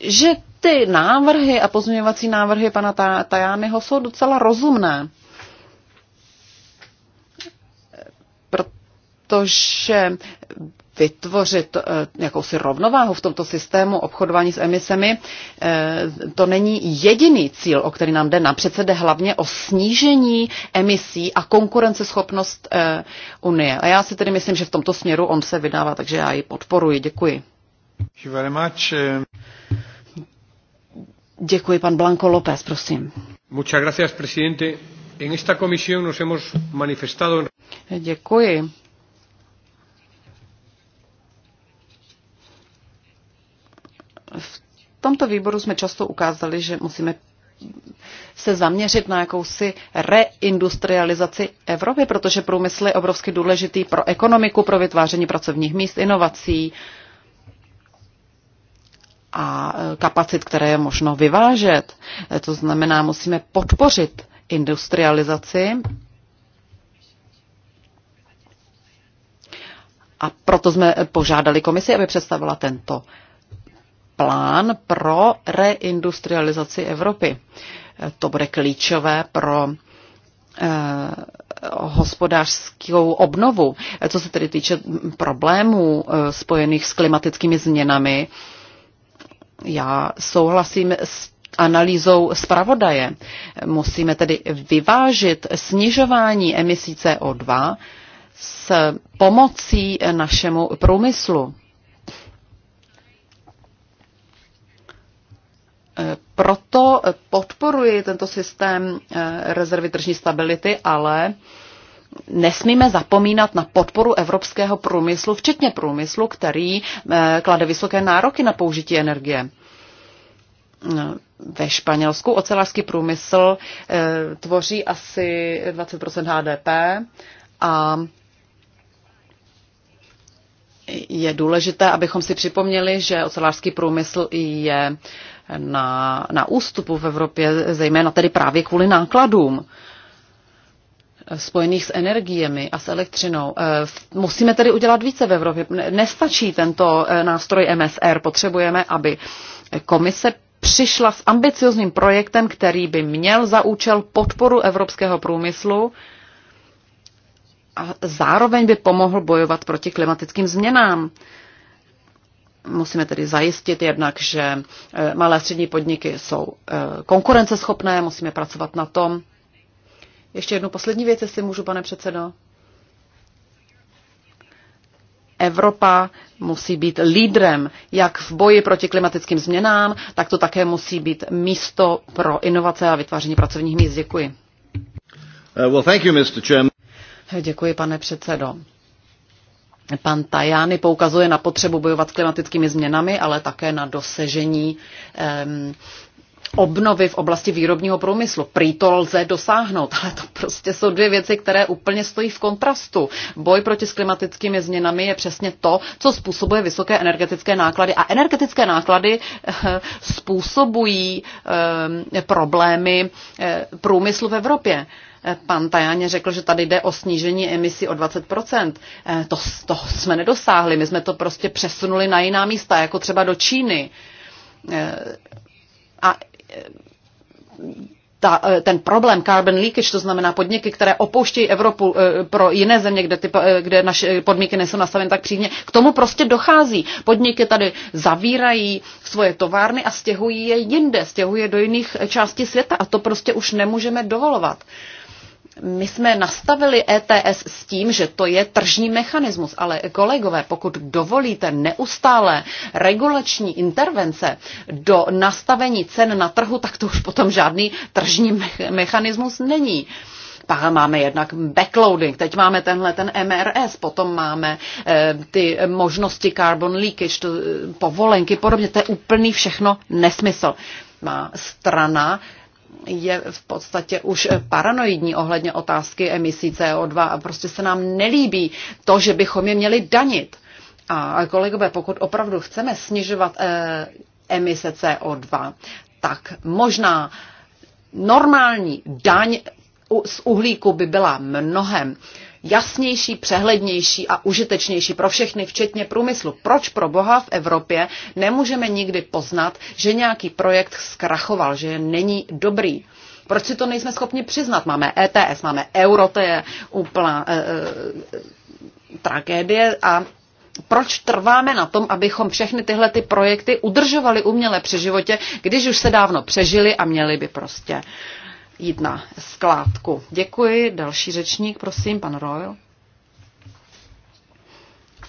že ty návrhy a pozměňovací návrhy pana Tajányho jsou docela rozumné. Protože vytvořit eh, jakousi rovnováhu v tomto systému obchodování s emisemi, eh, to není jediný cíl, o který nám jde. na přece jde hlavně o snížení emisí a konkurenceschopnost eh, Unie. A já si tedy myslím, že v tomto směru on se vydává, takže já ji podporuji. Děkuji. Děkuji, pan Blanco López, prosím.
Muchas gracias, presidente. En esta comisión nos hemos manifestado.
Děkuji. V tomto výboru jsme často ukázali, že musíme se zaměřit na jakousi reindustrializaci Evropy, protože průmysl je obrovsky důležitý pro ekonomiku, pro vytváření pracovních míst, inovací a kapacit, které je možno vyvážet. To znamená, musíme podpořit industrializaci a proto jsme požádali komisi, aby představila tento plán pro reindustrializaci Evropy. To bude klíčové pro eh, hospodářskou obnovu. Co se tedy týče problémů eh, spojených s klimatickými změnami, já souhlasím s analýzou zpravodaje. Musíme tedy vyvážit snižování emisí CO2 s pomocí našemu průmyslu. Proto podporuji tento systém eh, rezervy tržní stability, ale nesmíme zapomínat na podporu evropského průmyslu, včetně průmyslu, který eh, klade vysoké nároky na použití energie. Eh, ve Španělsku ocelářský průmysl tvoří asi 20 HDP a je důležité, abychom si připomněli, že ocelářský průmysl je na, na ústupu v Evropě, zejména tedy právě kvůli nákladům spojených s energiemi a s elektřinou. Eh, musíme tedy udělat více v Evropě. Nestačí tento eh, nástroj MSR. Potřebujeme, aby komise přišla s ambiciozním projektem, který by měl za účel podporu evropského průmyslu a zároveň by pomohl bojovat proti klimatickým změnám. Musíme tedy zajistit jednak, že eh, malé a střední podniky jsou eh, konkurenceschopné, musíme pracovat na tom. Ještě jednu poslední věc, jestli můžu, pane předsedo. Evropa musí být lídrem jak v boji proti klimatickým změnám, tak to také musí být místo pro inovace a vytváření pracovních míst. Děkuji.
Uh, well, thank you, Mr.
Děkuji, pane předsedo. Pan Tajány poukazuje na potřebu bojovat s klimatickými změnami, ale také na dosežení um, obnovy v oblasti výrobního průmyslu. Prý to lze dosáhnout, ale to prostě jsou dvě věci, které úplně stojí v kontrastu. Boj proti s klimatickými změnami je přesně to, co způsobuje vysoké energetické náklady. A energetické náklady eh, způsobují problémy eh, průmyslu v Evropě. Pan Tajáně řekl, že tady jde o snížení emisí o 20%. Eh, to, to jsme nedosáhli, my jsme to prostě přesunuli na jiná místa, jako třeba do Číny. Eh, a eh, ta, ten problém carbon leakage, to znamená podniky, které opouštějí Evropu pro jiné země, kde, ty, kde naše podmínky nejsou nastaveny tak přímě, k tomu prostě dochází. Podniky tady zavírají svoje továrny a stěhují je jinde, stěhují je do jiných částí světa a to prostě už nemůžeme dovolovat my jsme nastavili ETS s tím, že to je tržní mechanismus, ale kolegové, pokud dovolíte neustále regulační intervence do nastavení cen na trhu, tak to už potom žádný tržní mechanismus není. Pak máme jednak backloading, teď máme tenhle ten MRS, potom máme e, ty možnosti carbon leakage, to, eh, povolenky, podobně, to je úplný všechno nesmysl. Má strana je v podstatě už paranoidní ohledně otázky emisí CO2 a prostě se nám nelíbí to, že bychom je měli danit. A kolegové, pokud opravdu chceme snižovat eh, emise CO2, tak možná normální daň z uhlíku by byla mnohem eh, jasnější, přehlednější a užitečnější pro všechny, včetně průmyslu. Proč pro boha v Evropě nemůžeme nikdy poznat, že nějaký projekt zkrachoval, že není dobrý? Proč si to nejsme schopni přiznat? Máme ETS, máme euro, to je úplná e, e, tragédie a proč trváme na tom, abychom všechny tyhle ty projekty udržovali uměle při životě, když už se dávno přežili a měli by prostě jít na skládku. Děkuji. Další řečník, prosím, pan Royal.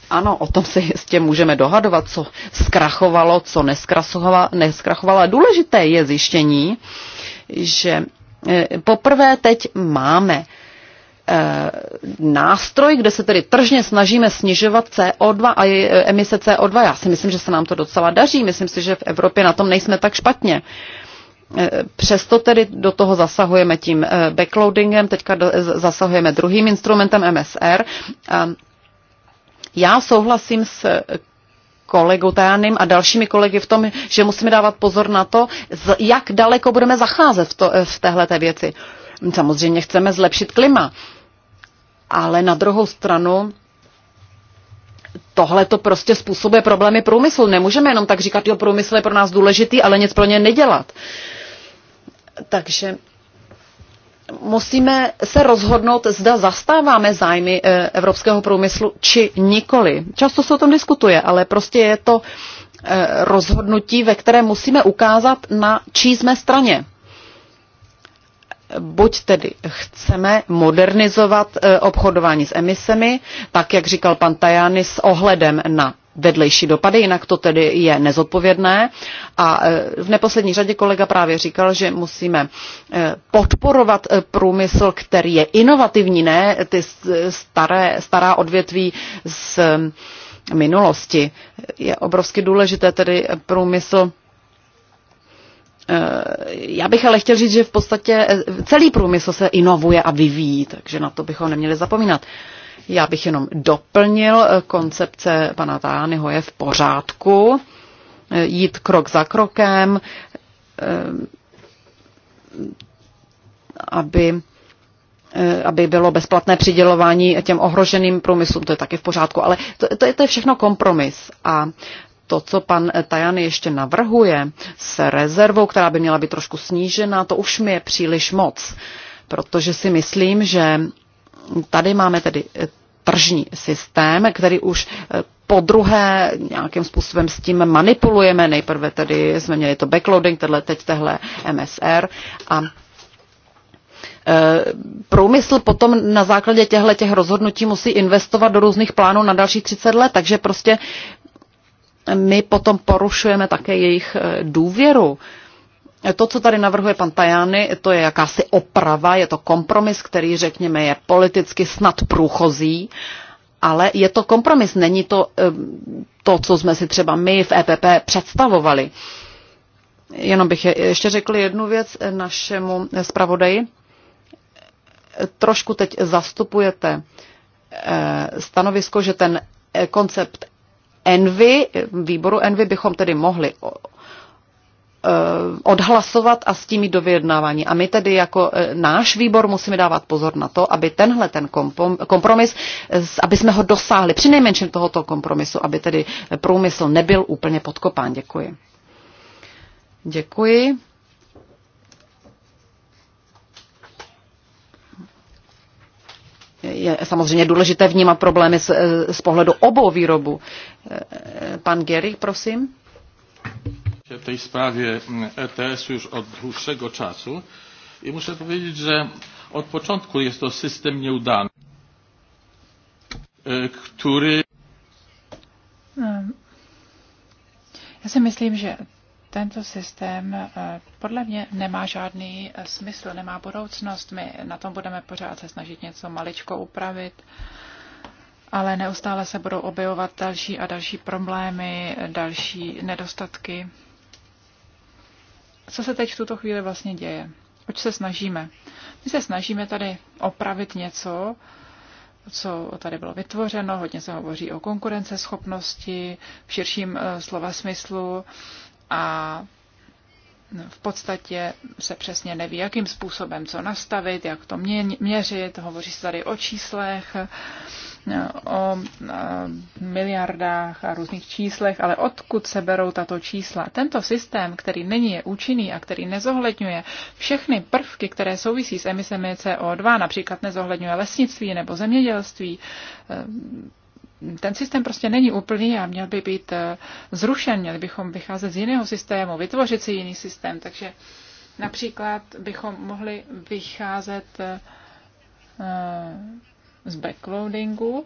Ano, o tom se jistě můžeme dohadovat, co zkrachovalo, co neskrachovalo. důležité je zjištění, že e, poprvé teď máme e, nástroj, kde se tedy tržně snažíme snižovat CO2 a e, emise CO2. Já si myslím, že se nám to docela daří. Myslím si, že v Evropě na tom nejsme tak špatně. Uh, Eh, přesto tedy do toho zasahujeme tím eh, backloadingem, teďka eh, zasahujeme druhým instrumentem MSR. Já souhlasím s kolegou Tajanem a dalšími kolegy v tom, že musíme dávat pozor na to, jak daleko budeme zacházet v, to, v téhle té věci. Samozřejmě chceme zlepšit klima, ale na druhou stranu tohle to prostě způsobuje problémy průmyslu. Nemůžeme jenom tak říkat, jo, průmysl je pro nás důležitý, ale nic pro ně nedělat. Uh, takže musíme se rozhodnout, zda zastáváme zájmy eh, evropského průmyslu či nikoli. Často se o tom diskutuje, ale prostě je to eh, rozhodnutí, ve které musíme ukázat, na čí jsme straně. Buď tedy chceme modernizovat eh, obchodování s emisemi, tak jak říkal pan Tajani, s ohledem na vedlejší dopady, jinak to tedy je nezodpovědné. A e, v neposlední řadě kolega právě říkal, že musíme e, podporovat e, průmysl, který je inovativní, ne ty staré, stará odvětví z minulosti. Je obrovsky důležité tedy průmysl já bych ale chtěl říct, že v podstatě celý průmysl se inovuje a vyvíjí, takže na to bychom neměli zapomínat. Já bych jenom doplnil eh, koncepce pana Tajányho je v pořádku, eh, jít krok za krokem, eh, aby aby bylo bezplatné přidělování těm ohroženým průmyslům, to je taky v pořádku, ale to, to, je, to je všechno kompromis. A to, co pan Tajan ještě navrhuje s rezervou, která by měla být trošku snížena, to už mi je příliš moc, protože si myslím, že tady máme tedy eh, tržní systém, který už eh, po druhé nějakým způsobem s tím manipulujeme. Nejprve tedy jsme měli to backloading, tedy teď tehle MSR a eh, průmysl potom na základě těchto těch rozhodnutí musí investovat do různých plánů na další 30 let, takže prostě my potom porušujeme také jejich důvěru to, co tady navrhuje pan Tajány, to je jakási oprava, je to kompromis, který, řekněme, je politicky snad průchozí, ale je to kompromis, není to eh, to, co jsme si třeba my v EPP představovali. Jenom bych ještě řekl jednu věc našemu zpravodaji. Trošku teď zastupujete eh, stanovisko, že ten eh, koncept Envy, výboru Envy bychom tedy mohli Eh, odhlasovat a s tím jít do vyjednávání. A my tedy jako eh, náš výbor musíme dávat pozor na to, aby tenhle ten kompromis, eh, aby jsme ho dosáhli, při nejmenším tohoto kompromisu, aby tedy průmysl nebyl úplně podkopán. Děkuji. Děkuji. je samozřejmě důležité vnímat problémy z, z pohledu obou výrobu. Pan Gerich, prosím
v tej sprawie mm, ETS już od dłuższego czasu i muszę powiedzieć, że od początku jest to system nieudany, e, który...
Já si myslím, že tento systém e, podle mě nemá žádný e, smysl, nemá budoucnost. My na tom budeme pořád se snažit něco maličko upravit, ale neustále se budou objevovat další a další problémy, další nedostatky co se teď v tuto chvíli vlastně děje? Oč se snažíme? My se snažíme tady opravit něco, co tady bylo vytvořeno, hodně se hovoří o konkurenceschopnosti v širším eh, slova smyslu a v podstatě se přesně neví, jakým způsobem co nastavit, jak to měřit. Hovoří se tady o číslech, o miliardách a různých číslech, ale odkud se berou tato čísla? Tento systém, který není je účinný a který nezohledňuje všechny prvky, které souvisí s emisemi CO2, například nezohledňuje lesnictví nebo zemědělství, ten systém prostě není úplný a měl by být eh, zrušen, měli bychom vycházet z jiného systému, vytvořit si jiný systém, takže například bychom mohli vycházet eh, z backloadingu,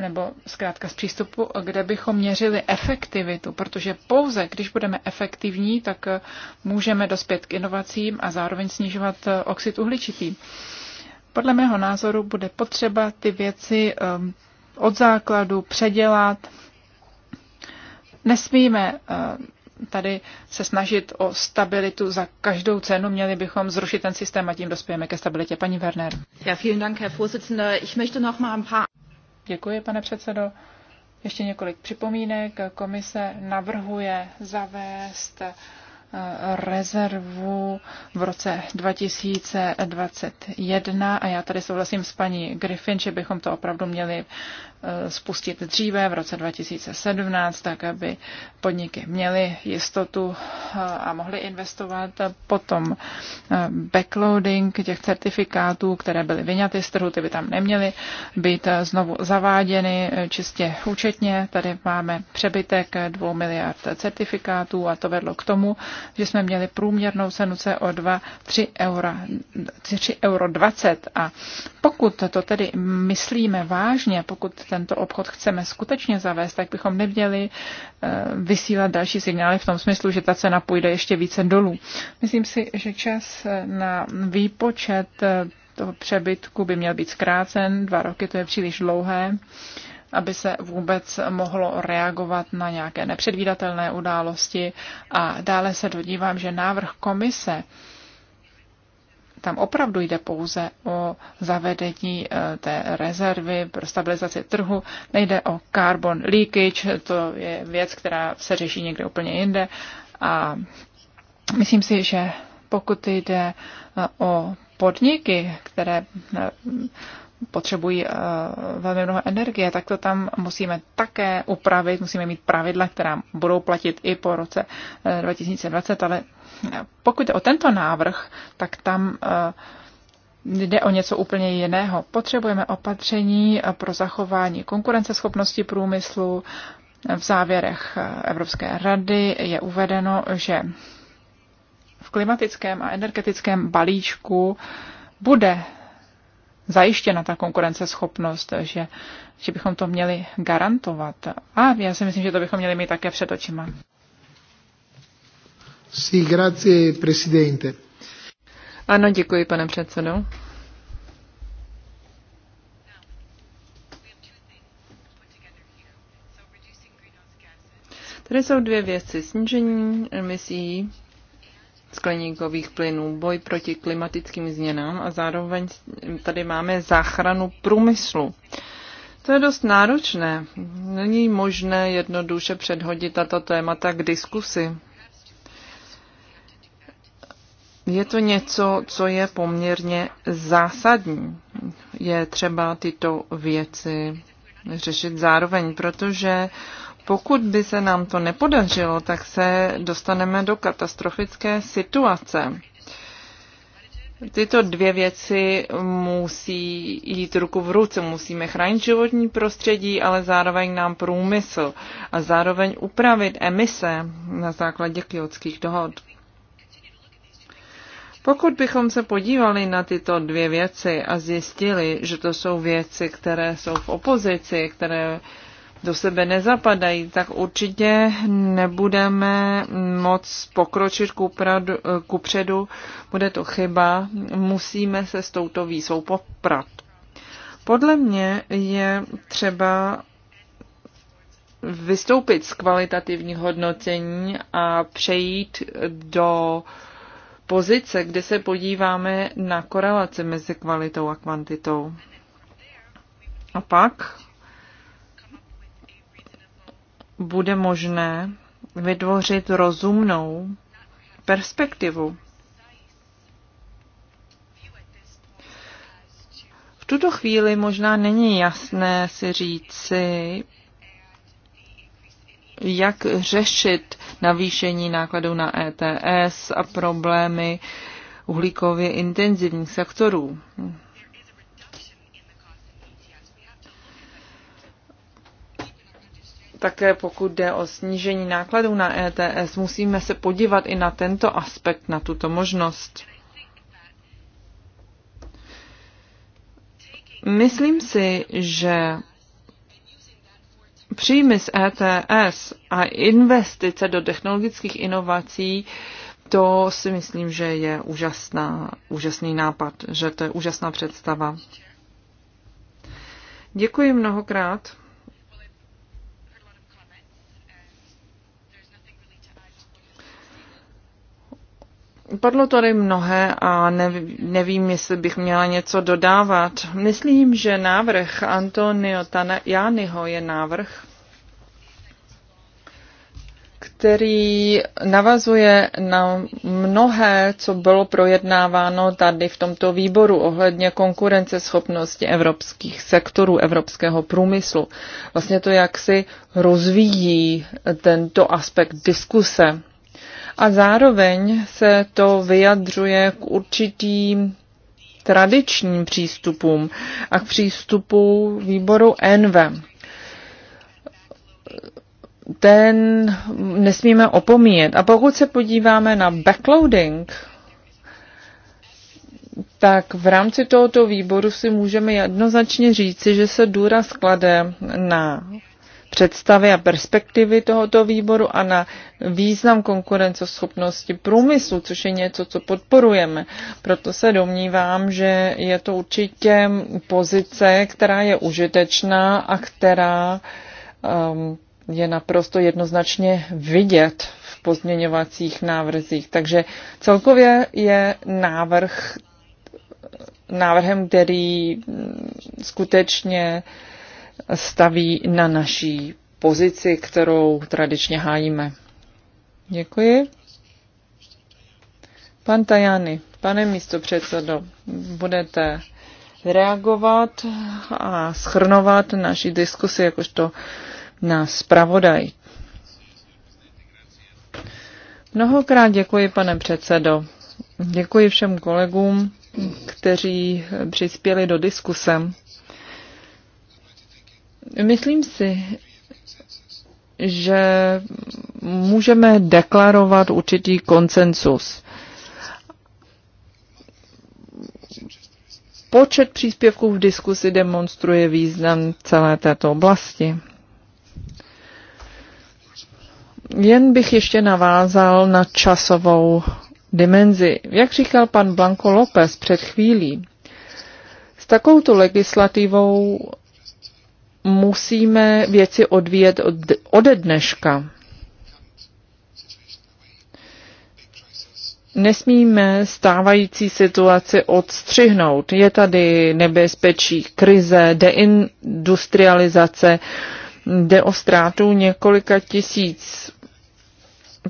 nebo zkrátka z přístupu, kde bychom měřili efektivitu, protože pouze když budeme efektivní, tak eh, můžeme dospět k inovacím a zároveň snižovat oxid uhličitý. Podle mého názoru bude potřeba ty věci um, od základu předělat. Nesmíme uh, tady se snažit o stabilitu za každou cenu, měli bychom zrušit ten systém a tím dospějeme ke stabilitě. Paní Werner. Ja, vielen Dank, Herr Ich möchte noch mal ein paar... Děkuji, pane předsedo. Ještě několik připomínek. Komise navrhuje zavést rezervu v roce 2021 a já tady souhlasím s paní Griffin, že bychom to opravdu měli eh, spustit dříve v roce 2017, tak aby podniky měly jistotu eh, a mohly investovat. Potom eh, backloading těch certifikátů, které byly vyňaty z trhu, ty by tam neměly být znovu zaváděny čistě účetně. Tady máme přebytek 2 miliard certifikátů a to vedlo k tomu, tomu, že jsme měli průměrnou cenu CO2 3 euro, 3 euro 20. A pokud to tedy myslíme vážně, pokud tento obchod chceme skutečně zavést, tak bychom neměli eh, vysílat další signály v tom smyslu, že ta cena půjde ještě více dolů. Myslím si, že čas eh, na výpočet eh, toho přebytku by měl být zkrácen. Dva roky to je příliš dlouhé aby se vůbec mohlo reagovat na nějaké nepředvídatelné události. A dále se dodívám, že návrh komise tam opravdu jde pouze o zavedení eh, té rezervy pro stabilizaci trhu. Nejde o carbon leakage, to je věc, která se řeší někde úplně jinde. A myslím si, že pokud jde eh, o podniky, které eh, potřebují eh, velmi mnoho energie, tak to tam musíme také upravit, musíme mít pravidla, která budou platit i po roce 2020, eh, ale pokud jde o tento návrh, tak tam eh, jde o něco úplně jiného. Potřebujeme opatření pro zachování konkurenceschopnosti průmyslu. V závěrech Evropské rady je uvedeno, že v klimatickém a energetickém balíčku bude zajištěna ta konkurenceschopnost, že, že bychom to měli garantovat. A já si myslím, že to bychom měli mít také před očima.
Sí, grazie, presidente.
Ano, děkuji, pane předsedo.
Tady jsou dvě věci. Snížení emisí skleníkových plynů, boj proti klimatickým změnám a zároveň tady máme záchranu průmyslu. To je dost náročné. Není možné jednoduše předhodit tato témata k diskusi. Je to něco, co je poměrně zásadní. Je třeba tyto věci řešit zároveň, protože pokud by se nám to nepodařilo, tak se dostaneme do katastrofické situace. Tyto dvě věci musí jít ruku v ruce. Musíme chránit životní prostředí, ale zároveň nám průmysl a zároveň upravit emise na základě kyotských dohod. Pokud bychom se podívali na tyto dvě věci a zjistili, že to jsou věci, které jsou v opozici, které do sebe nezapadají, tak určitě nebudeme moc pokročit ku, pradu, ku předu. Bude to chyba. Musíme se s touto výzvou poprat. Podle mě je třeba vystoupit z kvalitativní hodnocení a přejít do pozice, kde se podíváme na korelace mezi kvalitou a kvantitou. A pak bude možné vytvořit rozumnou perspektivu. V tuto chvíli možná není jasné si říci, jak řešit navýšení nákladů na ETS a problémy uhlíkově intenzivních sektorů. Také pokud jde o snížení nákladů na ETS, musíme se podívat i na tento aspekt, na tuto možnost. Myslím si, že příjmy z ETS a investice do technologických inovací, to si myslím, že je úžasná, úžasný nápad, že to je úžasná představa. Děkuji mnohokrát. Padlo tady mnohé a nevím, jestli bych měla něco dodávat. Myslím, že návrh Antonio Janiho je návrh, který navazuje na mnohé, co bylo projednáváno tady v tomto výboru ohledně konkurenceschopnosti evropských sektorů, evropského průmyslu. Vlastně to, jak si rozvíjí tento aspekt diskuse. A zároveň se to vyjadřuje k určitým tradičním přístupům a k přístupu výboru NV. Ten nesmíme opomíjet. A pokud se podíváme na backloading, tak v rámci tohoto výboru si můžeme jednoznačně říci, že se důraz klade na představy a perspektivy tohoto výboru a na význam konkurenceschopnosti průmyslu, což je něco, co podporujeme. Proto se domnívám, že je to určitě pozice, která je užitečná a která um, je naprosto jednoznačně vidět v pozměňovacích návrzích. Takže celkově je návrh návrhem, který skutečně uh, staví na naší pozici, kterou tradičně hájíme. Děkuji. Pan Tajany, pane místopředsedo, budete reagovat a schrnovat naši diskusi jakožto na zpravodaj. Mnohokrát děkuji, pane předsedo. Děkuji všem kolegům, kteří přispěli do diskuse. Myslím si, že můžeme deklarovat určitý konsensus. Počet příspěvků v diskusi demonstruje význam celé této oblasti. Jen bych ještě navázal na časovou dimenzi. Jak říkal pan Blanco López před chvílí, s takovou legislativou musíme věci odvíjet od, ode dneška. Nesmíme stávající situaci odstřihnout. Je tady nebezpečí krize, deindustrializace, jde o ztrátu několika tisíc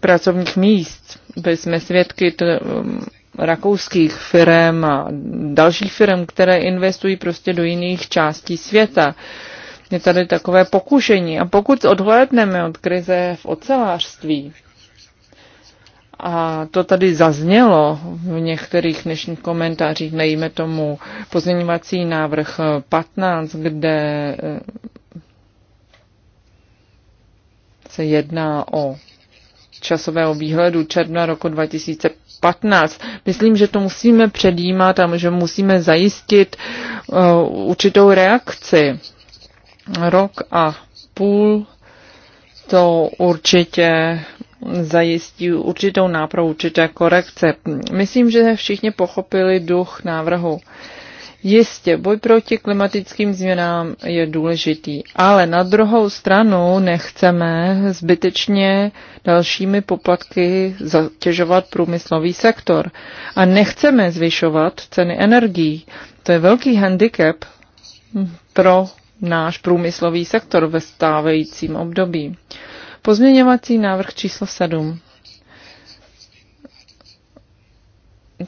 pracovních míst. Byli jsme svědky t- um, rakouských firm a dalších firm, které investují prostě do jiných částí světa je tady takové pokušení. A pokud odhlédneme od krize v ocelářství, a to tady zaznělo v některých dnešních komentářích, nejme tomu pozměňovací návrh 15, kde eh, se jedná o časového výhledu června roku 2015. Myslím, že to musíme předjímat a že musíme zajistit eh, určitou reakci rok a půl to určitě zajistí určitou nápravu, určité korekce. Myslím, že všichni pochopili duch návrhu. Jistě, boj proti klimatickým změnám je důležitý, ale na druhou stranu nechceme zbytečně dalšími poplatky zatěžovat průmyslový sektor a nechceme zvyšovat ceny energií. To je velký handicap pro náš průmyslový sektor ve stávajícím období. Pozměňovací návrh číslo 7.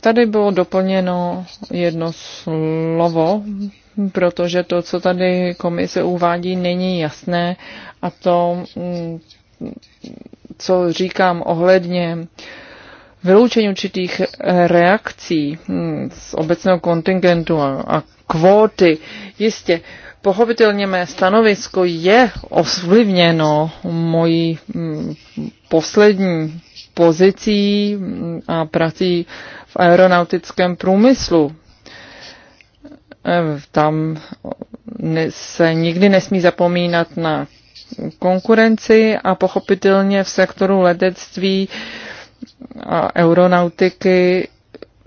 Tady bylo doplněno jedno slovo, protože to, co tady komise uvádí, není jasné a to, co říkám ohledně vyloučení určitých reakcí z obecného kontingentu a kvóty, jistě Pochopitelně mé stanovisko je ovlivněno mojí mm, poslední pozicí mm, a prací v aeronautickém průmyslu. Ehm, tam se nikdy nesmí zapomínat na konkurenci a pochopitelně v sektoru letectví a aeronautiky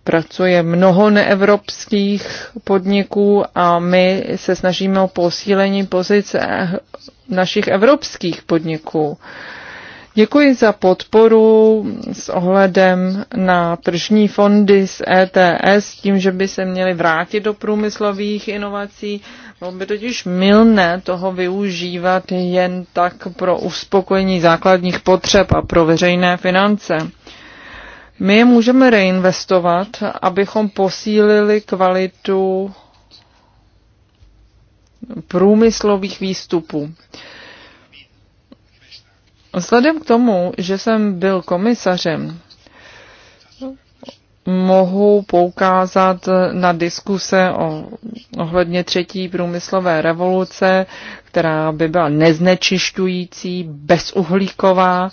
pracuje mnoho neevropských podniků a my se snažíme o posílení pozice eh, našich evropských podniků. Děkuji za podporu s ohledem na tržní fondy z ETS, tím, že by se měly vrátit do průmyslových inovací. Bylo by totiž milné toho využívat jen tak pro uspokojení základních potřeb a pro veřejné finance. My je můžeme reinvestovat, abychom posílili kvalitu průmyslových výstupů. Vzhledem k tomu, že jsem byl komisařem mohu poukázat na diskuse o, ohledně třetí průmyslové revoluce, která by byla neznečišťující, bezuhlíková,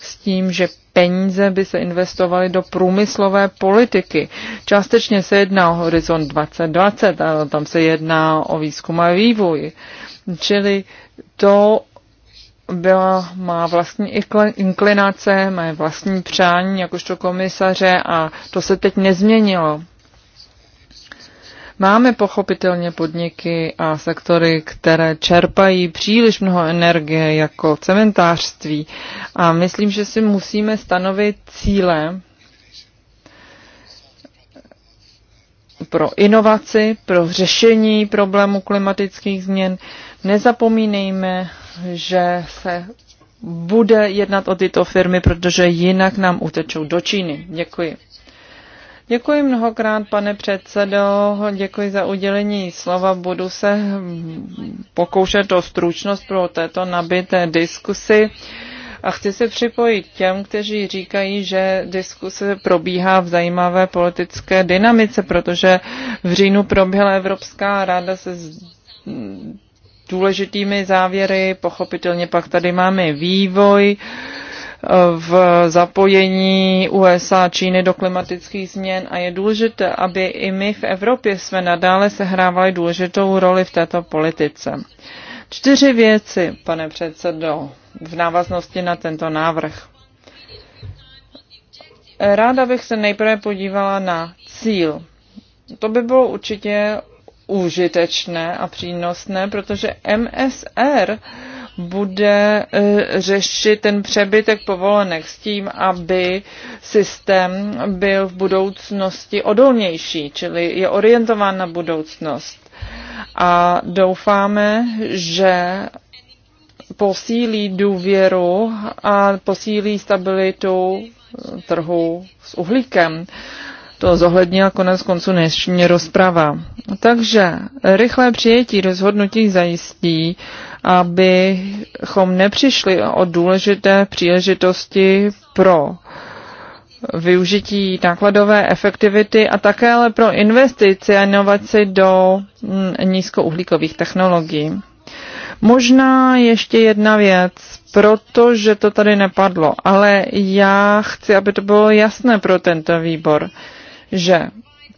s tím, že peníze by se investovaly do průmyslové politiky. Částečně se jedná o horizont 2020, ale tam se jedná o výzkum a vývoj. Čili to byla má vlastní inklinace, mé vlastní přání jakožto komisaře a to se teď nezměnilo. Máme pochopitelně podniky a sektory, které čerpají příliš mnoho energie, jako cementářství. A myslím, že si musíme stanovit cíle pro inovaci, pro řešení problému klimatických změn. Nezapomínejme že se bude jednat o tyto firmy, protože jinak nám utečou do Číny. Děkuji. Děkuji mnohokrát, pane předsedo, děkuji za udělení slova. Budu se pokoušet o stručnost pro této nabité diskusy. A chci se připojit těm, kteří říkají, že diskuse probíhá v zajímavé politické dynamice, protože v říjnu proběhla Evropská rada se důležitými závěry. Pochopitelně pak tady máme vývoj eh, v zapojení USA, Číny do klimatických změn a je důležité, aby i my v Evropě jsme nadále sehrávali důležitou roli v této politice. Čtyři věci, pane předsedo, v návaznosti na tento návrh. Ráda bych se nejprve podívala na cíl. To by bylo určitě užitečné a přínosné, protože MSR bude eh, řešit ten přebytek povolenek s tím, aby systém byl v budoucnosti odolnější, čili je orientován na budoucnost. A doufáme, že posílí důvěru a posílí stabilitu trhu s uhlíkem to zohlednila konec konců dnešní rozprava. Takže rychlé přijetí rozhodnutí zajistí, abychom nepřišli o důležité příležitosti pro využití nákladové efektivity a také ale pro investici a inovaci do mm, nízkouhlíkových technologií. Možná ještě jedna věc, protože to tady nepadlo, ale já chci, aby to bylo jasné pro tento výbor že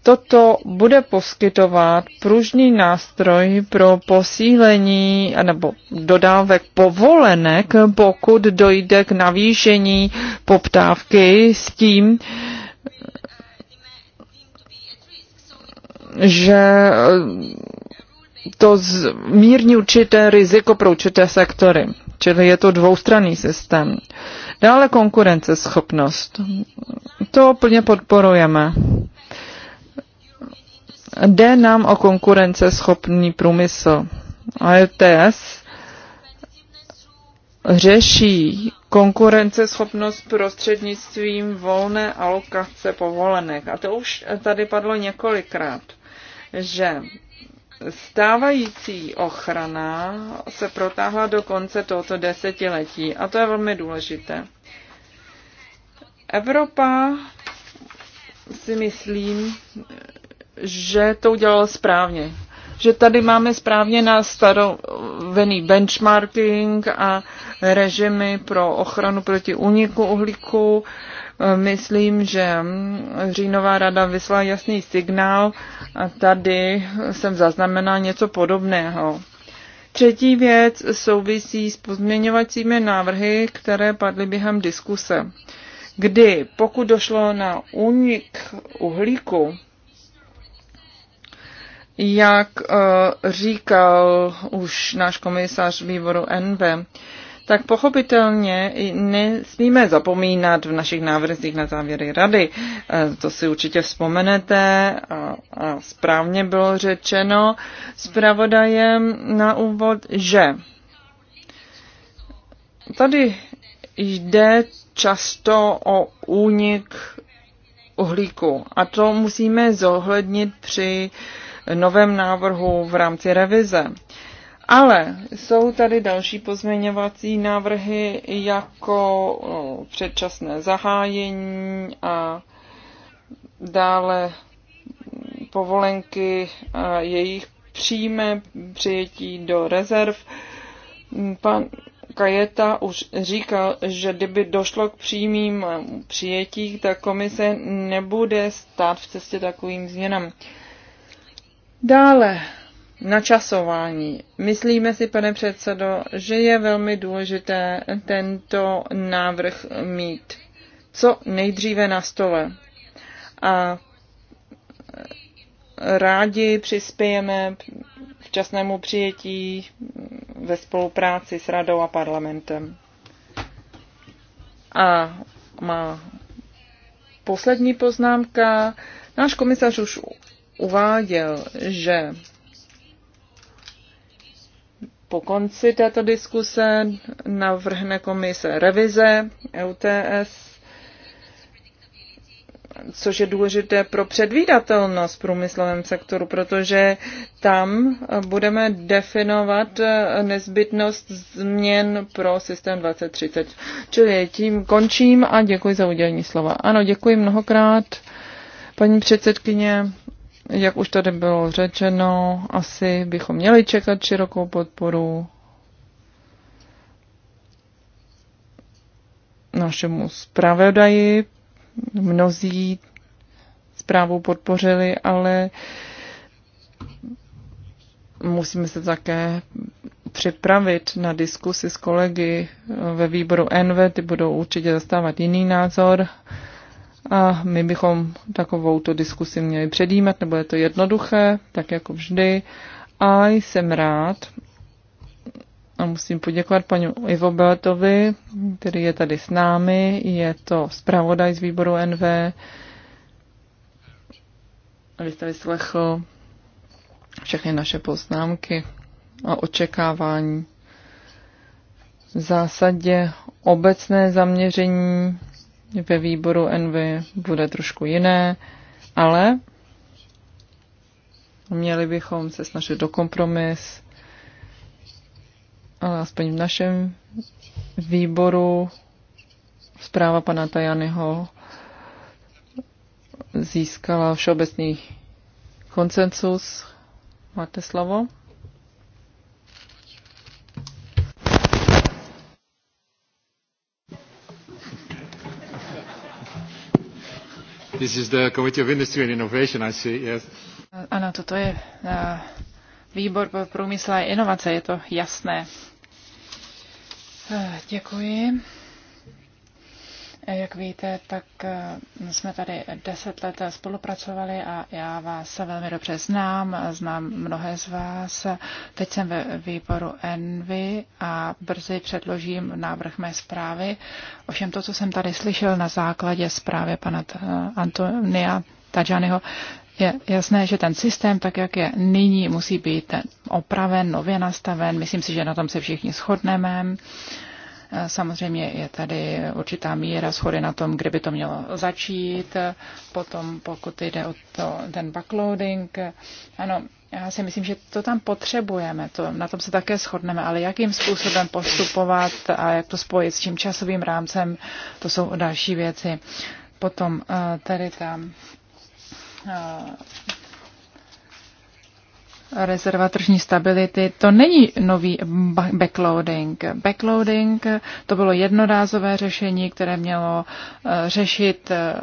toto bude poskytovat pružný nástroj pro posílení nebo dodávek povolenek, pokud dojde k navýšení poptávky s tím, že eh, to zmírní určité riziko pro určité sektory. Čili je to dvoustranný systém. Uh, Dále konkurenceschopnost. To plně podporujeme. Jde nám o konkurenceschopný průmysl. ETS řeší konkurenceschopnost prostřednictvím volné alokace povolenek. A to už tady padlo několikrát, že Stávající ochrana se protáhla do konce tohoto desetiletí a to je velmi důležité. Evropa si myslím, že to udělala správně. Že tady máme správně nastavený benchmarking a režimy pro ochranu proti úniku uhlíku Myslím, že říjnová rada vyslala jasný signál a tady jsem zaznamenal něco podobného. Třetí věc souvisí s pozměňovacími návrhy, které padly během diskuse, kdy pokud došlo na únik uhlíku, jak eh, říkal už náš komisař výboru NV, tak pochopitelně nesmíme zapomínat v našich návrzích na závěry rady. E, to si určitě vzpomenete a, a správně bylo řečeno zpravodajem na úvod, že tady jde často o únik uhlíku a to musíme zohlednit při novém návrhu v rámci revize. Ale jsou tady další pozměňovací návrhy jako no, předčasné zahájení a dále povolenky a jejich přímé přijetí do rezerv. Pan Kajeta už říkal, že kdyby došlo k přímým přijetí, tak komise nebude stát v cestě takovým změnám. Dále načasování. Myslíme si, pane předsedo, že je velmi důležité tento návrh mít co nejdříve na stole. A rádi přispějeme včasnému přijetí ve spolupráci s radou a parlamentem. A má poslední poznámka. Náš komisař už uváděl, že po konci této diskuse navrhne komise revize EUTS, což je důležité pro předvídatelnost v průmyslovém sektoru, protože tam budeme definovat nezbytnost změn pro systém 2030. Čili tím končím a děkuji za udělení slova. Ano, děkuji mnohokrát, paní předsedkyně. Jak už tady bylo řečeno, asi bychom měli čekat širokou podporu našemu zpravodaji. Mnozí zprávu podpořili, ale musíme se také připravit na diskusi s kolegy ve výboru NV, ty budou určitě zastávat jiný názor. A my bychom takovou tu diskusi měli předjímat, nebo je to jednoduché, tak jako vždy. A jsem rád, a musím poděkovat panu Ivo Beltovi, který je tady s námi, je to zpravodaj z výboru NV. Vy jste vyslechl všechny naše poznámky a očekávání. V zásadě obecné zaměření ve výboru Envy bude trošku jiné, ale měli bychom se snažit do kompromis, ale aspoň v našem výboru zpráva pana Tajanyho získala všeobecný koncensus. Máte slovo?
This is the Committee of Industry and Innovation, I see, yes.
Ano, toto je uh, výbor pro průmysl a inovace, je to jasné. Eh, děkuji. Jak víte, tak eh, jsme tady deset let spolupracovali a já vás velmi dobře znám, znám mnohé z vás. Teď jsem ve výboru Envy a brzy předložím návrh mé zprávy. Ovšem to, co jsem tady slyšel na základě zprávy pana Antonia Tajaniho, je jasné, že ten systém, tak jak je nyní, musí být opraven, nově nastaven. Myslím si, že na tom se všichni shodneme. Samozřejmě je tady určitá míra schody na tom, kde by to mělo začít, potom pokud jde o to, ten backloading. Ano, já si myslím, že to tam potřebujeme, to, na tom se také shodneme, ale jakým způsobem postupovat a jak to spojit s tím časovým rámcem, to jsou další věci. Potom eh, tady tam eh, rezerva tržní stability, to není nový backloading. Backloading to bylo jednorázové řešení, které mělo eh, řešit eh,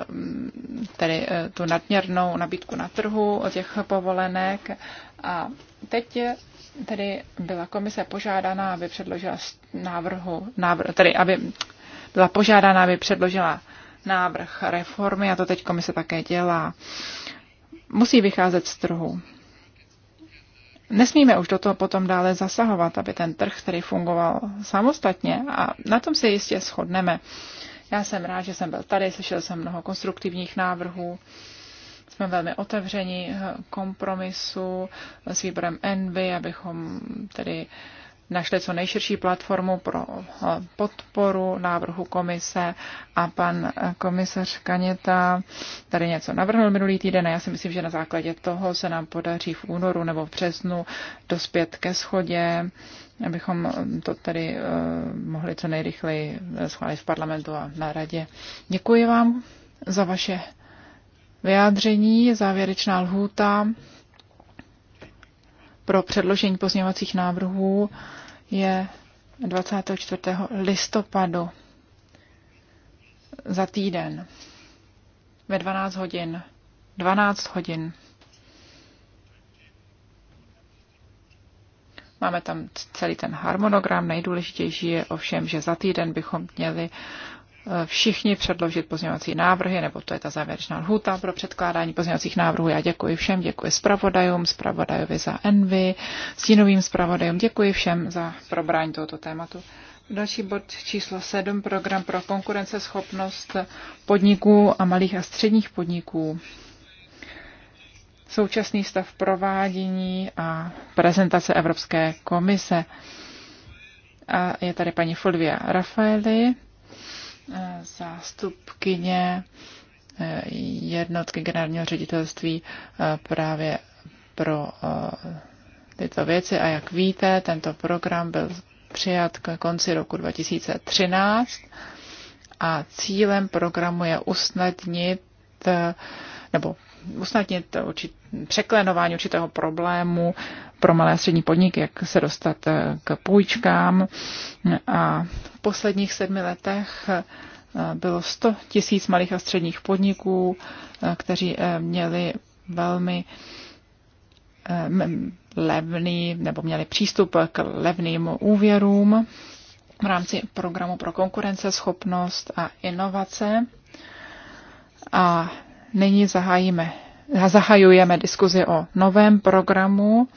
tedy eh, tu nadměrnou nabídku na trhu od těch povolenek a teď tedy byla komise požádána, aby předložila návrhu, návrh, tedy aby byla požádána, aby předložila návrh reformy a to teď komise také dělá. Musí vycházet z trhu nesmíme už do toho potom dále zasahovat, aby ten trh, který fungoval samostatně, a na tom se jistě shodneme. Já jsem rád, že jsem byl tady, slyšel jsem mnoho konstruktivních návrhů, jsme velmi otevřeni kompromisu s výborem Envy, abychom tedy uh, našli co nejširší platformu pro eh, podporu návrhu komise a pan eh, komisař Kaněta tady něco navrhl minulý týden a já si myslím, že na základě toho se nám podaří v únoru nebo v březnu dospět ke schodě, abychom eh, to tedy mohli co nejrychleji schválit v parlamentu a na radě. Děkuji vám za vaše vyjádření, závěrečná lhůta pro předložení pozměňovacích návrhů je 24. listopadu za týden ve 12 hodin. 12 hodin. Máme tam celý ten harmonogram. Nejdůležitější je ovšem, že za týden bychom měli Eh, všichni předložit pozměňovací návrhy, nebo to je ta závěrečná lhůta pro předkládání pozměňovacích návrhů. Já děkuji všem, děkuji zpravodajům, zpravodajovi za Envy, stínovým zpravodajům, děkuji všem za probrání tohoto tématu. Další bod číslo 7, program pro konkurenceschopnost podniků a malých a středních podniků. Současný stav provádění a prezentace Evropské komise. A je tady paní Fulvia Rafaeli zástupkyně eh, jednotky generálního ředitelství eh, právě pro eh, tyto věci. A jak víte, tento program byl přijat k konci roku 2013 a cílem programu je usnadnit nebo usnadnit určit, překlenování určitého problému pro malé a střední podniky, jak se dostat eh, k půjčkám. A v posledních sedmi letech eh, bylo 100 tisíc malých a středních podniků, eh, kteří měli velmi levný, nebo měli přístup k levným úvěrům v rámci programu pro konkurenceschopnost a inovace. A nyní zahájíme, zahajujeme diskuzi o novém programu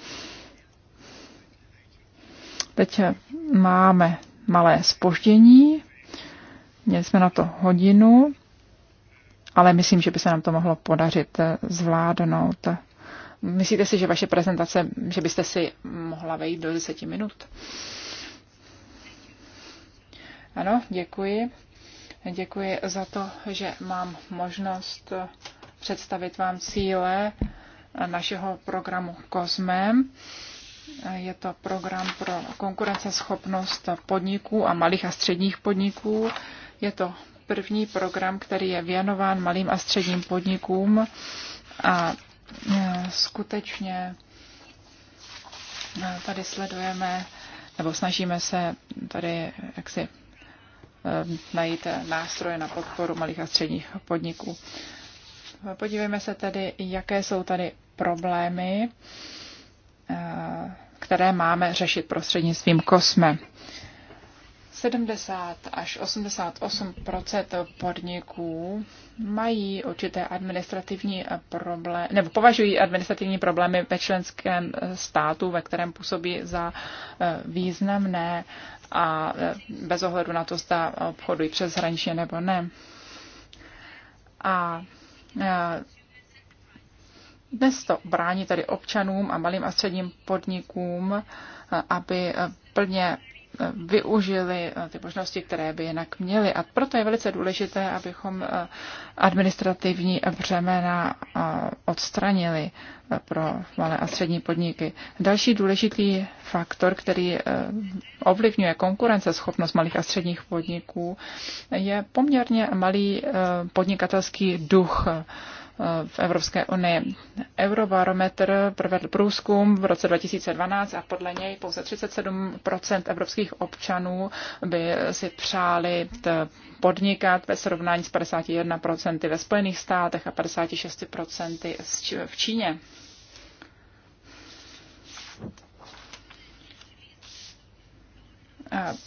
Teď máme malé spoždění, měli jsme na to hodinu, ale myslím, že by se nám to mohlo podařit eh, zvládnout. Myslíte si, že vaše prezentace, že byste si mohla vejít do deseti minut? Ano, děkuji. Děkuji za to, že mám možnost eh, představit vám cíle eh, našeho programu COSME. Je to program pro konkurenceschopnost podniků a malých a středních podniků. Je to první program, který je věnován malým a středním podnikům a e, skutečně e, tady sledujeme nebo snažíme se tady jaksi e, najít nástroje na podporu malých a středních podniků. Podívejme se tedy, jaké jsou tady problémy které máme řešit prostřednictvím kosme. 70 až 88 podniků mají určité administrativní problémy, nebo považují administrativní problémy ve členském státu, ve kterém působí za e, významné a e, bez ohledu na to, zda obchodují přes hraničně nebo ne. A e, dnes to brání tedy občanům a malým a středním podnikům, eh, aby eh, plně eh, využili ty možnosti, které by jinak měli. A proto je velice důležité, abychom administrativní břemena odstranili pro malé a střední podniky. Další důležitý faktor, který ovlivňuje konkurenceschopnost malých a středních podniků, je poměrně malý podnikatelský duch v Evropské unii. Eurobarometr provedl průzkum v roce 2012 a podle něj pouze 37 evropských občanů by si přáli podnikat ve srovnání s 51 ve Spojených státech a 56 v Číně.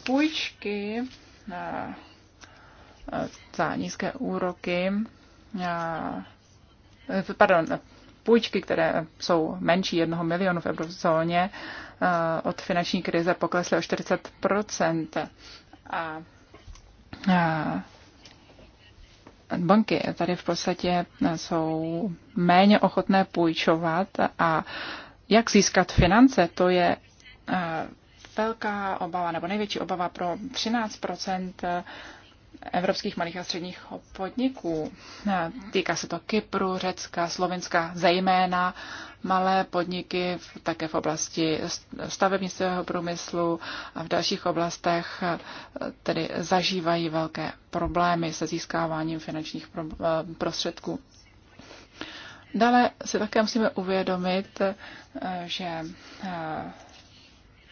Půjčky za nízké úroky Eh, pardon, půjčky, které jsou menší jednoho milionu v eurozóně, eh, od finanční krize poklesly o 40 a, eh, banky tady v podstatě jsou méně ochotné půjčovat a jak získat finance, to je velká obava nebo největší obava pro 13 evropských malých a středních podniků. Eh, Týká se to Kypru, Řecka, Slovenska, zejména malé podniky také v oblasti stavebnického průmyslu a v dalších oblastech eh, tedy zažívají velké problémy se získáváním finančních eh, prostředků. Dále si také musíme uvědomit, že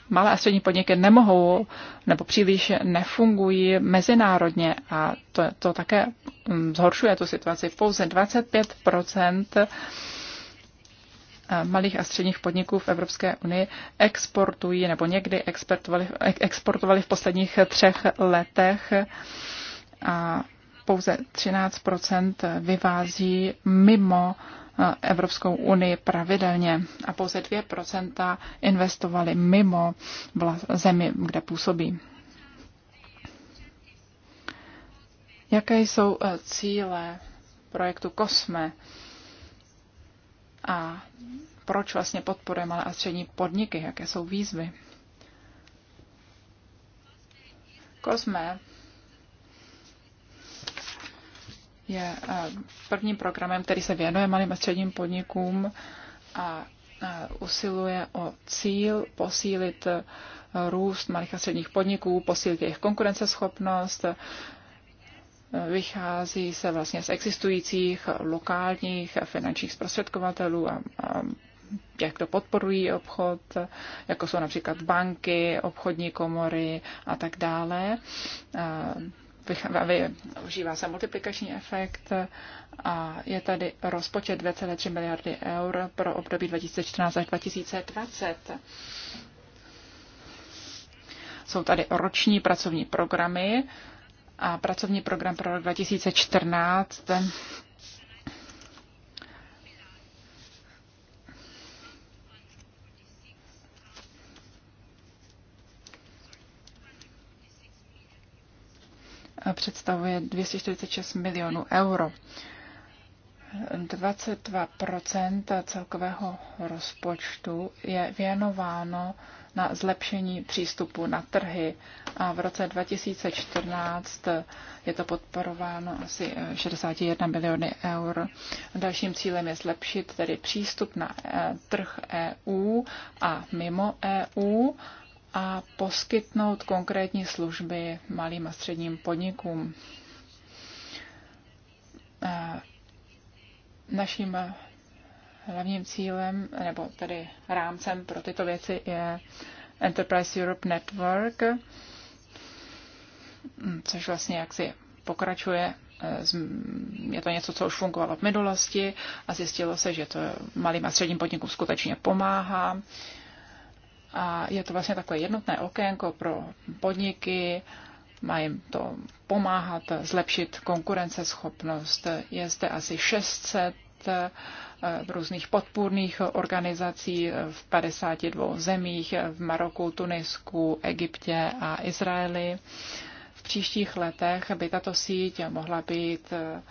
malé a střední podniky nemohou nebo příliš nefungují mezinárodně a to, to také mm, zhoršuje tu situaci. Pouze 25 eh, malých a středních podniků v Evropské unii exportují nebo někdy exportovali, exportovali v posledních třech letech a pouze 13 vyvází mimo Evropskou unii pravidelně a pouze 2% investovali mimo zemi, kde působí. Jaké jsou eh, cíle projektu COSME a proč vlastně podporujeme malé a střední podniky, jaké jsou výzvy? COSME je eh, prvním programem, který se věnuje malým a středním podnikům a eh, usiluje o cíl posílit eh, růst malých a středních podniků, posílit jejich konkurenceschopnost, vychází se vlastně z existujících lokálních finančních zprostředkovatelů a, a jak to podporují obchod, jako jsou například banky, obchodní komory a tak dále užívá se multiplikační efekt a je tady rozpočet 2,3 miliardy eur pro období 2014 až 2020. Jsou tady roční pracovní programy a pracovní program pro rok 2014 představuje 246 milionů euro. 22 celkového rozpočtu je věnováno na zlepšení přístupu na trhy a v roce 2014 je to podporováno asi 61 miliony eur. Dalším cílem je zlepšit tedy přístup na eh, trh EU a mimo EU a poskytnout konkrétní služby malým a středním podnikům. Naším hlavním cílem, nebo tedy rámcem pro tyto věci je Enterprise Europe Network, což vlastně jaksi pokračuje. Je to něco, co už fungovalo v minulosti a zjistilo se, že to malým a středním podnikům skutečně pomáhá a je to vlastně takové jednotné okénko pro podniky, má jim to pomáhat zlepšit konkurenceschopnost. Je zde asi 600 eh, různých podpůrných organizací v 52 zemích v Maroku, Tunisku, Egyptě a Izraeli. V příštích letech by tato síť mohla být eh,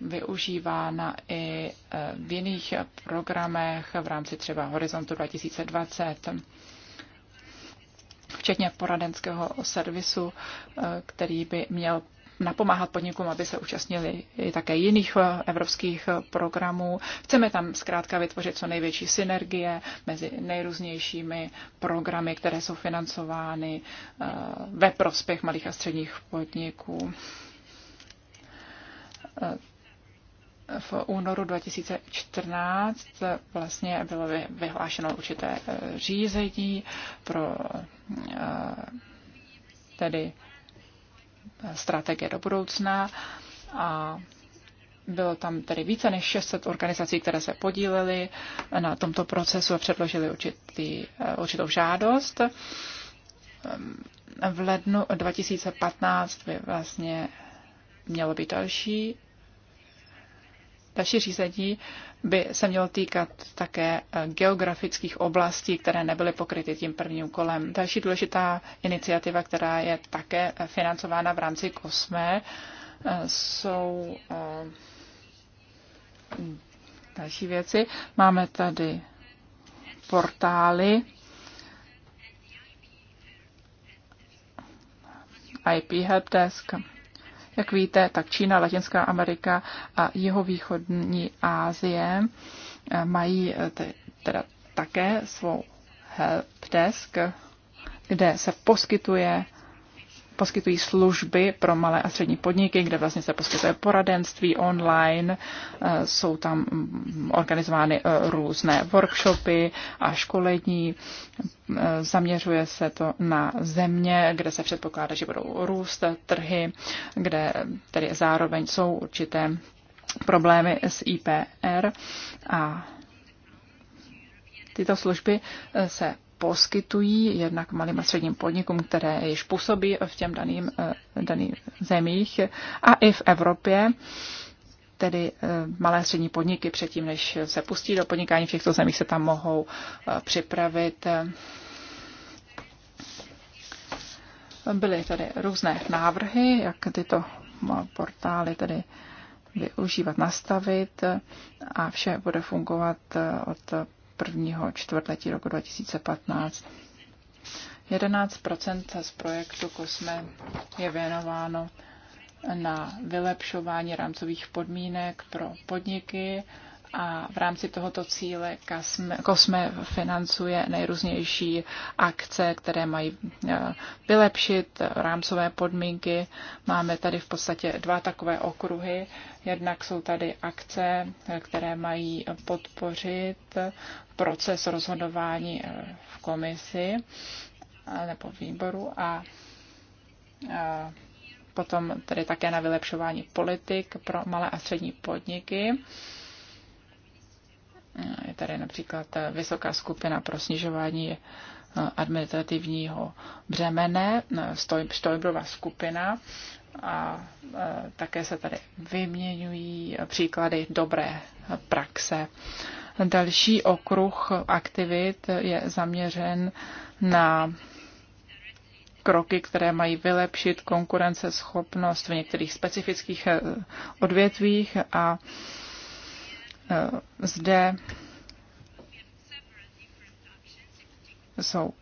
využívána i eh, v jiných programech v rámci třeba Horizontu 2020 včetně poradenského servisu, eh, který by měl napomáhat podnikům, aby se účastnili i také jiných eh, evropských eh, programů. Chceme tam zkrátka vytvořit co největší synergie mezi nejrůznějšími programy, které jsou financovány ve prospěch malých a středních podniků v únoru 2014 vlastně bylo vyhlášeno určité eh, řízení pro eh, tedy eh, strategie do budoucna a bylo tam tedy více než 600 organizací, které se podílely na tomto procesu a předložili určitý, určitou žádost. V lednu 2015 by vlastně mělo být další Další řízení by se mělo týkat také eh, geografických oblastí, které nebyly pokryty tím prvním kolem. Další důležitá iniciativa, která je také eh, financována v rámci COSME, eh, jsou další věci. Máme tady portály IP Helpdesk jak víte, tak Čína, Latinská Amerika a jihovýchodní Asie eh, mají eh, teda také svou helpdesk, kde se poskytuje poskytují služby pro malé a střední podniky, kde vlastně se poskytuje poradenství online, eh, jsou tam mm, organizovány eh, různé workshopy a školení, eh, zaměřuje se to na země, kde se předpokládá, že budou růst trhy, kde tedy zároveň jsou určité problémy s IPR a tyto služby se poskytují jednak malým a středním podnikům, které již působí v těm daným, eh, daným zemích a i v Evropě tedy eh, malé a střední podniky předtím, než se pustí do podnikání v těchto zemích, se tam mohou eh, připravit. Byly tady různé návrhy, jak tyto portály tedy využívat, nastavit a vše bude fungovat od prvního čtvrtletí roku 2015. 11 z projektu COSME je věnováno na vylepšování rámcových podmínek pro podniky a v rámci tohoto cíle Kosme financuje nejrůznější akce, které mají e, vylepšit rámcové podmínky. Máme tady v podstatě dva takové okruhy. Jednak jsou tady akce, e, které mají podpořit proces rozhodování e, v komisi nebo výboru a potom tedy také na vylepšování politik pro malé a střední podniky. Je tady například vysoká skupina pro snižování eh, administrativního břemene, Štojbrova eh, skupina, a eh, také se tady vyměňují příklady dobré praxe. Další okruh aktivit je zaměřen na kroky, které mají vylepšit konkurenceschopnost v některých specifických odvětvích a Eh, zde jsou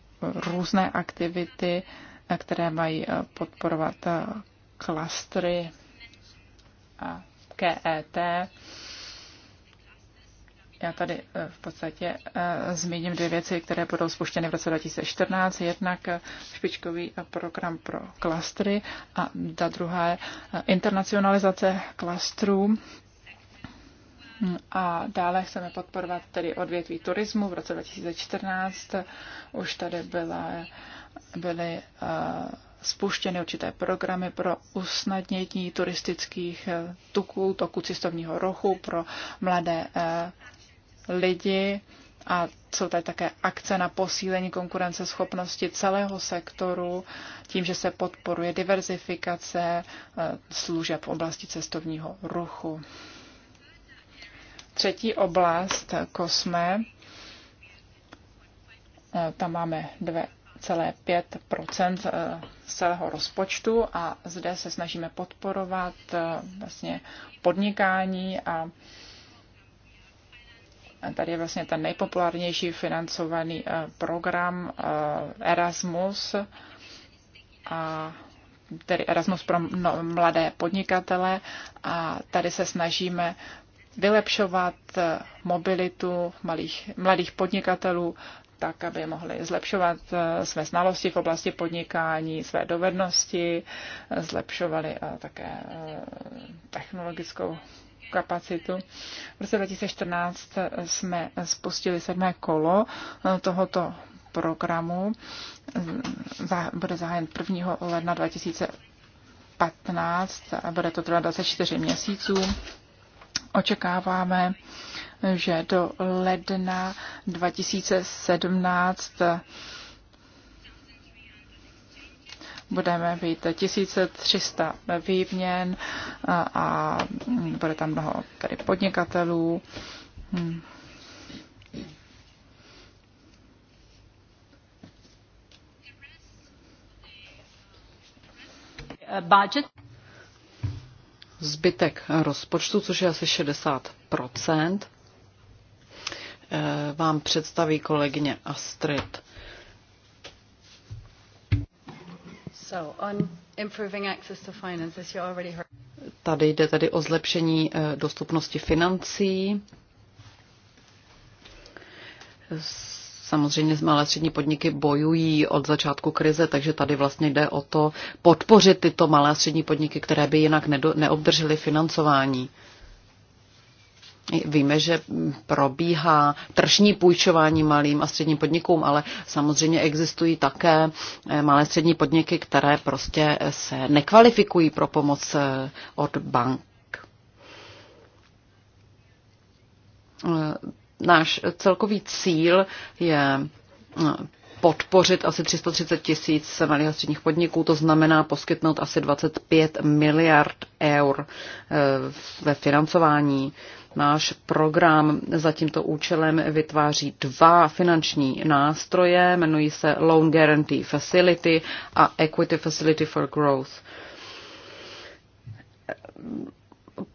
různé aktivity, eh, které mají eh, podporovat klastry a KET. Já tady v podstatě zmíním dvě věci, které budou spuštěny v roce 2014. Jednak špičkový program pro klastry a ta druhá je internacionalizace klastrů a dále chceme podporovat tedy odvětví turismu. V roce 2014 už tady byla, byly eh, spuštěny určité programy pro usnadnění turistických eh, tuků, toku cestovního rochu pro mladé eh, lidi a jsou tady také akce na posílení konkurenceschopnosti celého sektoru tím, že se podporuje diverzifikace služeb v oblasti cestovního ruchu třetí oblast Kosme. Eh, tam máme 2,5 z eh, celého rozpočtu a zde se snažíme podporovat eh, vlastně podnikání a Tady je vlastně ten nejpopulárnější financovaný program Erasmus, a tedy Erasmus pro mladé podnikatele. A tady se snažíme vylepšovat eh, mobilitu malých, mladých podnikatelů, tak, aby mohli zlepšovat eh, své znalosti v oblasti podnikání, své dovednosti, eh, zlepšovali také technologickou kapacitu. V roce 2014 jsme spustili sedmé kolo tohoto programu. Bude zahájen 1. ledna 2015 a bude to trvat 24 měsíců. Očekáváme, že do ledna 2017 budeme být 1300 výměn a bude tam mnoho tady podnikatelů. Hmm.
budget zbytek rozpočtu, což je asi 60 eh, vám představí kolegyně Astrid. So on improving access to finance, you already heard. Tady jde tedy o zlepšení eh, dostupnosti financí. S Samozřejmě z malé střední podniky bojují od začátku krize, takže tady vlastně jde o to podpořit tyto malé střední podniky, které by jinak neobdržely financování. Víme, že probíhá tržní půjčování malým a středním podnikům, ale samozřejmě existují také eh, malé střední podniky, které prostě eh, se nekvalifikují pro pomoc eh, od bank náš celkový cíl je no, podpořit asi 330 tisíc malých a středních podniků, to znamená poskytnout asi 25 miliard eur eh, ve financování. Náš program za tímto účelem vytváří dva finanční nástroje, jmenují se Loan Guarantee Facility a Equity Facility for Growth.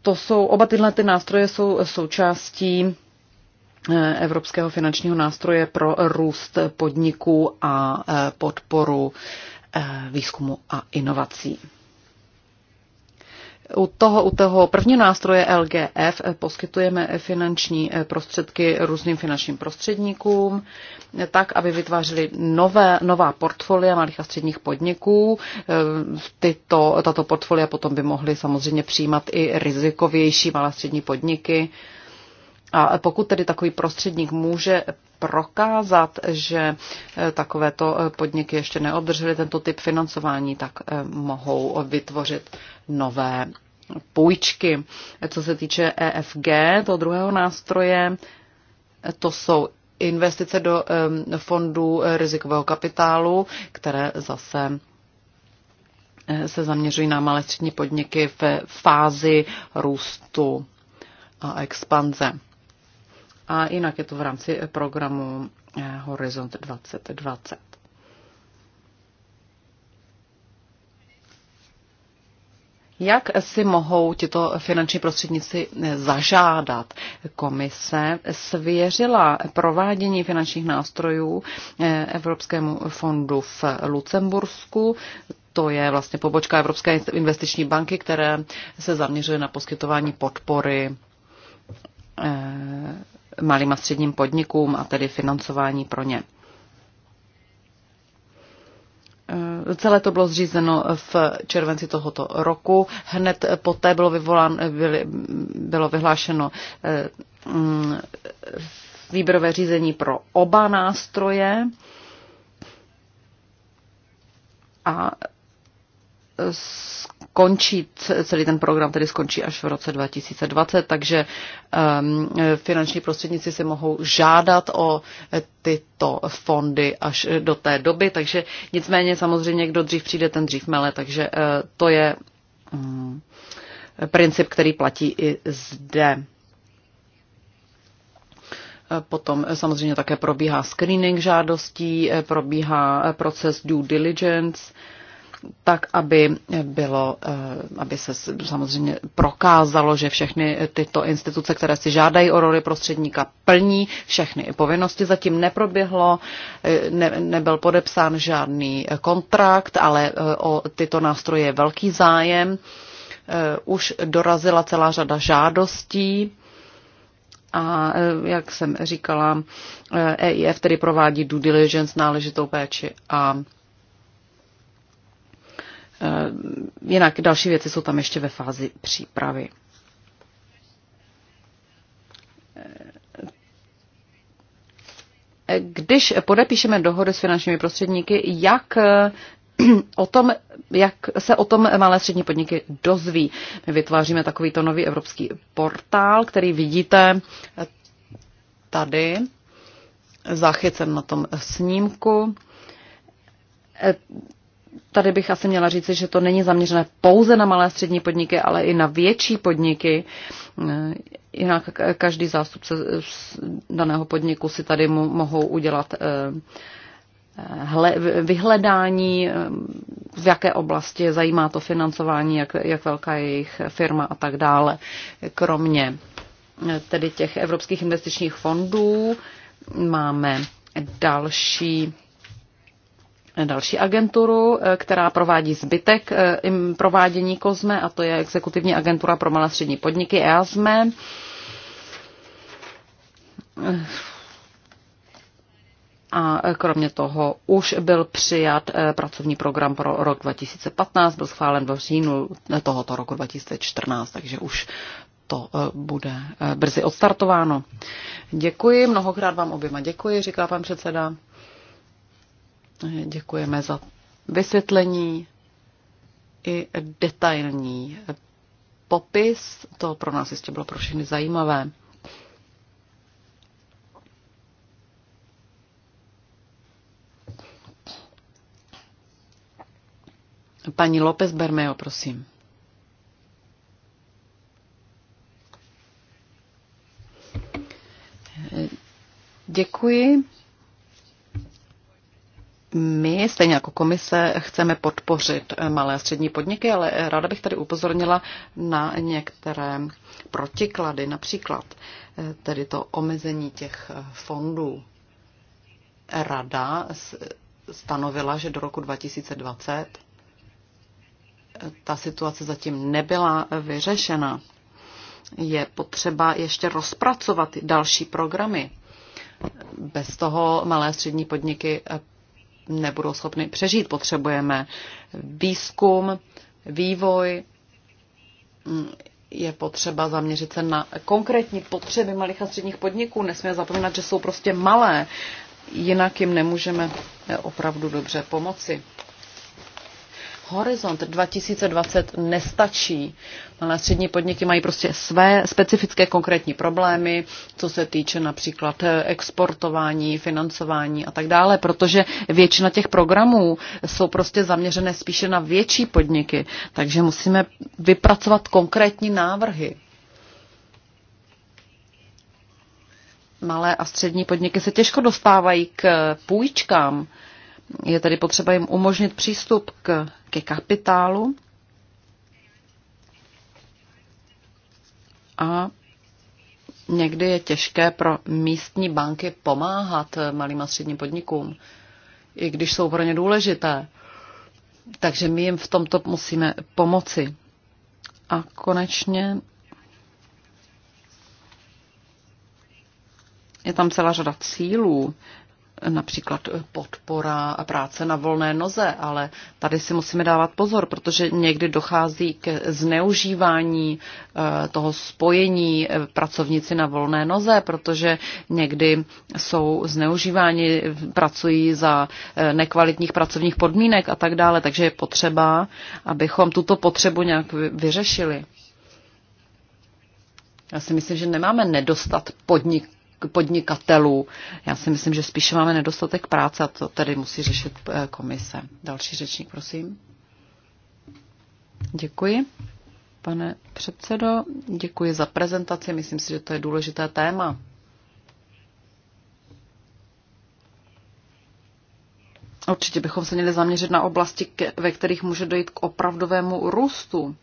To jsou, oba tyhle ty nástroje jsou součástí Eh, evropského finančního nástroje pro růst podniků a eh, podporu eh, výzkumu a inovací. U toho, u toho prvního nástroje LGF poskytujeme finanční prostředky různým finančním prostředníkům, tak, aby vytvářeli nové, nová portfolia malých a středních podniků. Tyto, tato portfolia potom by mohly samozřejmě přijímat i rizikovější malé a střední podniky, a pokud tedy takový prostředník může prokázat, že eh, takovéto eh, podniky ještě neobdržely tento typ financování, tak eh, mohou vytvořit nové půjčky. Co se týče EFG, toho druhého nástroje, to jsou investice do fondů rizikového kapitálu, které zase se zaměřují na malé střední podniky v fázi růstu a expanze a jinak je to v rámci programu eh, Horizont 2020. Jak si mohou tyto finanční prostředníci eh, zažádat? Komise svěřila provádění finančních nástrojů eh, Evropskému fondu v Lucembursku. To je vlastně pobočka Evropské investiční banky, které se zaměřuje na poskytování podpory malým a středním podnikům a tedy financování pro ně. E, celé to bylo zřízeno v červenci tohoto roku. Hned poté bylo, vyvolán, byly, bylo vyhlášeno e, mm, výběrové řízení pro oba nástroje. A končí, celý ten program tedy skončí až v roce 2020, takže um, finanční prostředníci si mohou žádat o tyto fondy až do té doby, takže nicméně samozřejmě, kdo dřív přijde, ten dřív mele, takže uh, to je um, princip, který platí i zde. Eh, potom samozřejmě také probíhá screening žádostí, eh, probíhá proces due diligence, tak aby, bylo, eh, aby se samozřejmě prokázalo, že všechny tyto instituce, které si žádají o roli prostředníka, plní všechny povinnosti. Zatím neproběhlo, eh, ne, nebyl podepsán žádný kontrakt, ale eh, o tyto nástroje je velký zájem. Už dorazila celá řada žádostí. A jak jsem říkala, EIF e tedy provádí due diligence, náležitou péči a Eh, jinak další věci jsou tam ještě ve fázi přípravy. Eh, když podepíšeme dohody s finančními prostředníky, jak eh, o tom, jak se o tom malé střední podniky dozví. My vytváříme takovýto nový evropský portál, který vidíte tady, zachycen na tom snímku tady bych asi měla říci, že to není zaměřené pouze na malé a střední podniky, ale i na větší podniky. Eh, jinak každý zástupce daného podniku si tady mohou udělat eh, eh, vyhledání, v jaké oblasti zajímá to financování, jak, jak velká je jejich firma a tak dále. Kromě tedy těch evropských investičních fondů máme další další agenturu, eh, která provádí zbytek eh, provádění COSME, a to je Exekutivní agentura pro malé střední podniky EASME. A e. eh, kromě toho už byl přijat pracovní program pro rok 2015, byl schválen v říjnu tohoto roku 2014, takže už to bude brzy odstartováno. Děkuji, mnohokrát vám oběma děkuji, říká pan předseda. Děkujeme za vysvětlení i detailní popis. To pro nás jistě bylo pro všechny zajímavé. Paní López Bermejo, prosím. Děkuji my, stejně jako komise, chceme podpořit eh, malé a střední podniky, ale eh, ráda bych tady upozornila na některé protiklady, například eh, tedy to omezení těch fondů. Rada stanovila, že do roku 2020 ta situace zatím nebyla vyřešena. Je potřeba ještě rozpracovat další programy. Bez toho malé a střední podniky nebudou schopny přežít. Potřebujeme výzkum, vývoj, je potřeba zaměřit se na konkrétní potřeby malých a středních podniků. Nesmíme zapomínat, že jsou prostě malé, jinak jim nemůžeme opravdu dobře pomoci. Horizont 2020 nestačí. Malé střední podniky mají prostě své specifické konkrétní problémy, co se týče například exportování, financování a tak dále, protože většina těch programů jsou prostě zaměřené spíše na větší podniky, takže musíme vypracovat konkrétní návrhy. Malé a střední podniky se těžko dostávají k půjčkám, je tedy potřeba jim umožnit přístup k, ke kapitálu a někdy je těžké pro místní banky pomáhat malým a středním podnikům, i když jsou pro ně důležité. Takže my jim v tomto musíme pomoci. A konečně je tam celá řada cílů, například eh, podpora práce na volné noze, ale tady si musíme dávat pozor, protože někdy dochází k zneužívání eh, toho spojení eh, pracovníci na volné noze, protože někdy jsou zneužíváni, pracují za nekvalitních pracovních podmínek a tak dále, takže je potřeba, abychom tuto potřebu nějak vyřešili. Já si myslím, že nemáme nedostat podnik podnikatelů. Já si myslím, že spíše máme nedostatek práce a to tady musí řešit eh, komise. Další řečník, prosím. Děkuji. Pane předsedo, děkuji za prezentaci. Myslím si, že to je důležité téma. Určitě bychom se měli zaměřit na oblasti, ve kterých může dojít k opravdovému růstu.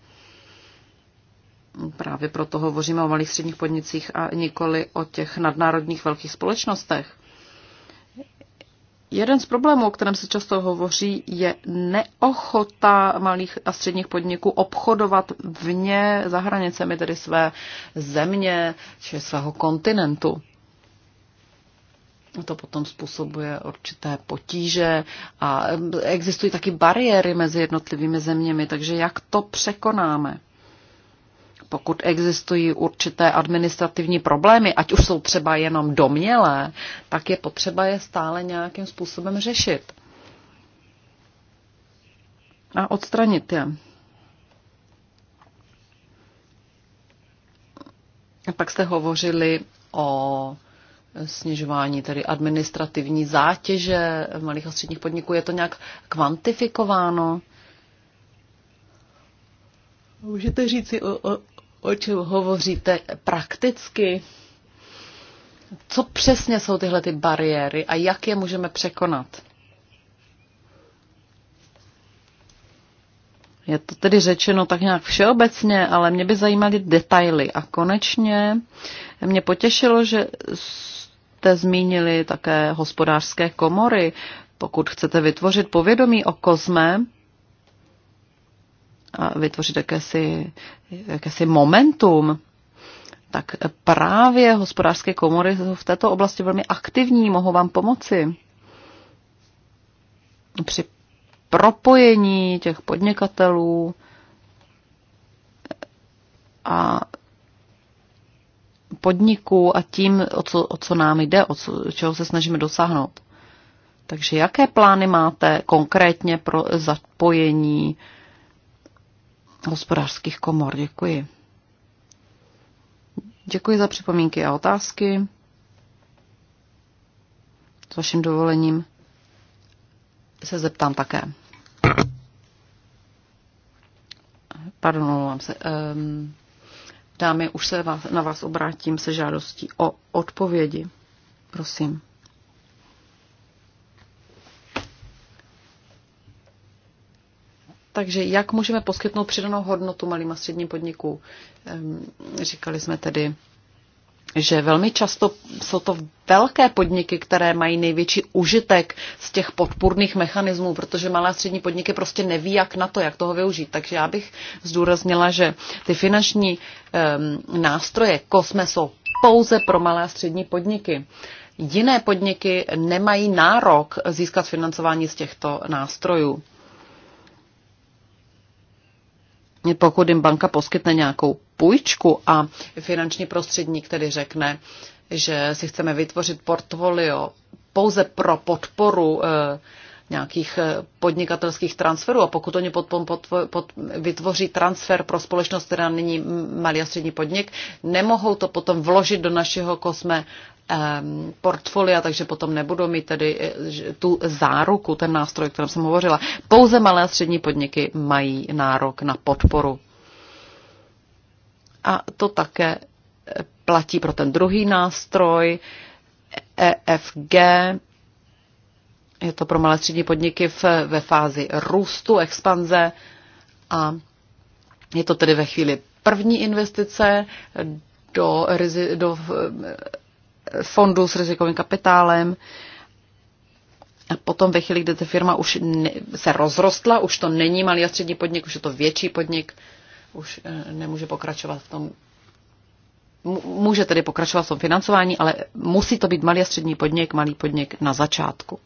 Právě proto hovoříme o malých středních podnicích a nikoli o těch nadnárodních velkých společnostech. Jeden z problémů, o kterém se často hovoří, je neochota malých a středních podniků obchodovat vně za hranicemi tedy své země či svého kontinentu. To potom způsobuje určité potíže a existují taky bariéry mezi jednotlivými zeměmi, takže jak to překonáme? pokud existují určité administrativní problémy, ať už jsou třeba jenom domělé, tak je potřeba je stále nějakým způsobem řešit a odstranit je. A pak jste hovořili o snižování tedy administrativní zátěže v malých a středních podniků. Je to nějak kvantifikováno? Můžete říct si, o, o, o čem hovoříte prakticky? Co přesně jsou tyhle ty bariéry a jak je můžeme překonat? Je to tedy řečeno tak nějak všeobecně, ale mě by zajímaly detaily. A konečně mě potěšilo, že jste zmínili také hospodářské komory. Pokud chcete vytvořit povědomí o kozme, a vytvořit jakési, jakési momentum, tak právě hospodářské komory jsou v této oblasti velmi aktivní, mohou vám pomoci při propojení těch podnikatelů a podniků a tím, o co, o co nám jde, o co, čeho se snažíme dosáhnout. Takže jaké plány máte konkrétně pro zapojení uh, hospodářských komor. Děkuji. Děkuji za připomínky a otázky. S vaším dovolením se zeptám také. Pardon, omlouvám se. Ehm, dámy, už se na vás obrátím se žádostí o odpovědi. Prosím. Takže jak můžeme poskytnout přidanou hodnotu malým a středním podniků? Ehm, říkali jsme tedy, že velmi často jsou to velké podniky, které mají největší užitek z těch podpůrných mechanismů, protože malé a střední podniky prostě neví, jak na to, jak toho využít. Takže já bych zdůraznila, že ty finanční um, nástroje kosme jsou pouze pro malé a střední podniky. Jiné podniky nemají nárok získat financování z těchto nástrojů. pokud jim banka poskytne nějakou půjčku a finanční prostředník tedy řekne, že si chceme vytvořit portfolio pouze pro podporu eh, nějakých eh, podnikatelských transferů a pokud oni pod, pod, pod, vytvoří transfer pro společnost, která není malý a střední podnik, nemohou to potom vložit do našeho kosme Um, portfolia, takže potom nebudou mít tedy eh, tu záruku, ten nástroj, o kterém jsem hovořila. Pouze malé a střední podniky mají nárok na podporu. A to také eh, platí pro ten druhý nástroj, EFG, je to pro malé střední podniky v, ve fázi růstu, expanze a je to tedy ve chvíli první investice do, do eh, fondů s rizikovým kapitálem. A potom ve chvíli, kdy ta firma už ne, se rozrostla, už to není malý a střední podnik, už je to větší podnik, už eh, nemůže pokračovat v tom může tedy pokračovat v tom financování, ale musí to být malý a střední podnik, malý podnik na začátku.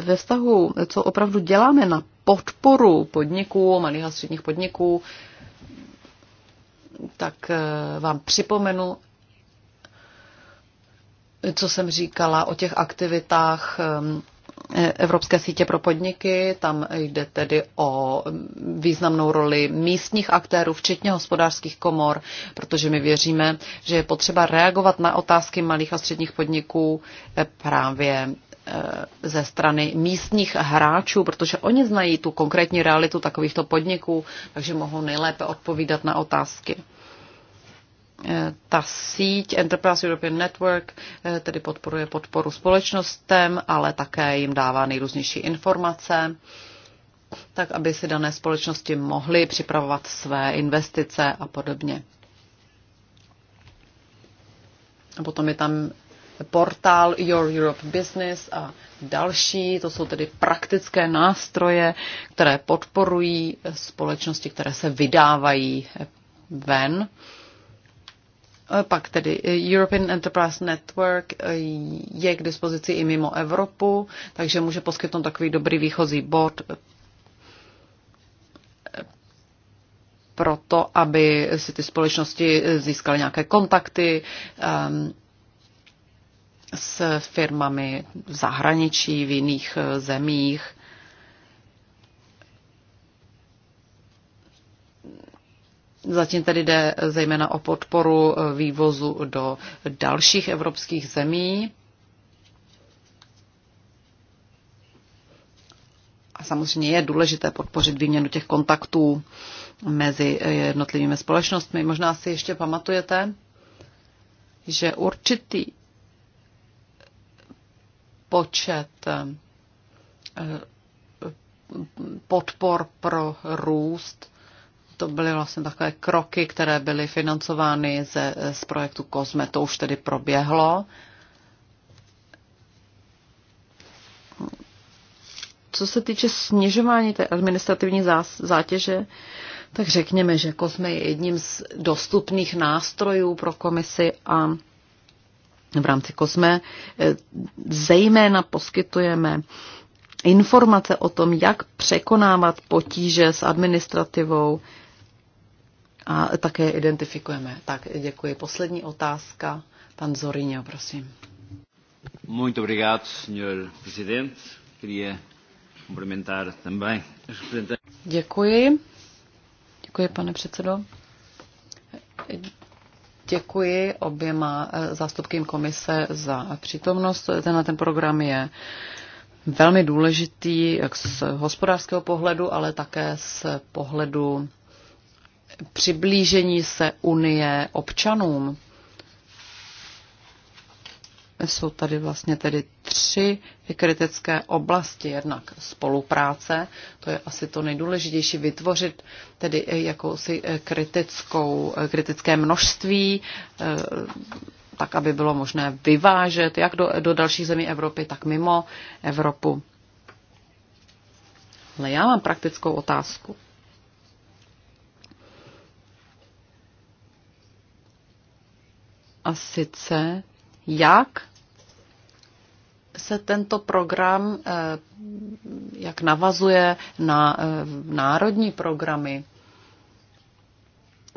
Ve vztahu, co opravdu děláme na podporu podniků, malých a středních podniků, tak eh, vám připomenu, co jsem říkala o těch aktivitách ehm, e, Evropské sítě pro podniky. Tam jde tedy o mm, významnou roli místních aktérů, včetně hospodářských komor, protože my věříme, že je potřeba reagovat na otázky malých a středních podniků eh, právě Eh, ze strany místních hráčů, protože oni znají tu konkrétní realitu takovýchto podniků, takže mohou nejlépe odpovídat na otázky. Eh, ta síť Enterprise European Network eh, tedy podporuje podporu společnostem, ale také jim dává nejrůznější informace, tak aby si dané společnosti mohly připravovat své investice a podobně. A potom je tam portál Your Europe Business a další. To jsou tedy praktické nástroje, které podporují společnosti, které se vydávají ven. Eh, pak tedy eh, European Enterprise Network eh, je k dispozici i mimo Evropu, takže může poskytnout takový dobrý výchozí bod pro to, aby si ty společnosti získaly nějaké kontakty, ehm, s firmami v zahraničí, v jiných eh, zemích. Zatím tedy jde eh, zejména o podporu eh, vývozu do dalších evropských zemí. A samozřejmě je důležité podpořit výměnu těch kontaktů mezi jednotlivými společnostmi. Možná si ještě pamatujete, že určitý počet eh, podpor pro růst. To byly vlastně takové kroky, které byly financovány ze, eh, z projektu COSME. To už tedy proběhlo. Co se týče snižování té administrativní zátěže, tak řekněme, že COSME je jedním z dostupných nástrojů pro komisi a v rámci Kosme eh, zejména poskytujeme informace o tom, jak překonávat potíže s administrativou a také identifikujeme. Tak, děkuji. Poslední otázka. Pan Zorině, prosím.
Muito obrigado, senhor presidente. Queria cumprimentar também os representantes.
Děkuji. Děkuji, pane předsedo. Děkuji oběma eh, zástupkým komise za přítomnost. Tenhle ten program je velmi důležitý jak z hospodářského pohledu, ale také z pohledu přiblížení se Unie občanům. Jsou tady vlastně tedy tři kritické oblasti. Jednak spolupráce, to je asi to nejdůležitější, vytvořit tedy jakousi kritickou, kritické množství, eh, tak aby bylo možné vyvážet jak do, do dalších zemí Evropy, tak mimo Evropu. Ale já mám praktickou otázku. A sice, jak se tento program eh, jak navazuje na eh, národní programy.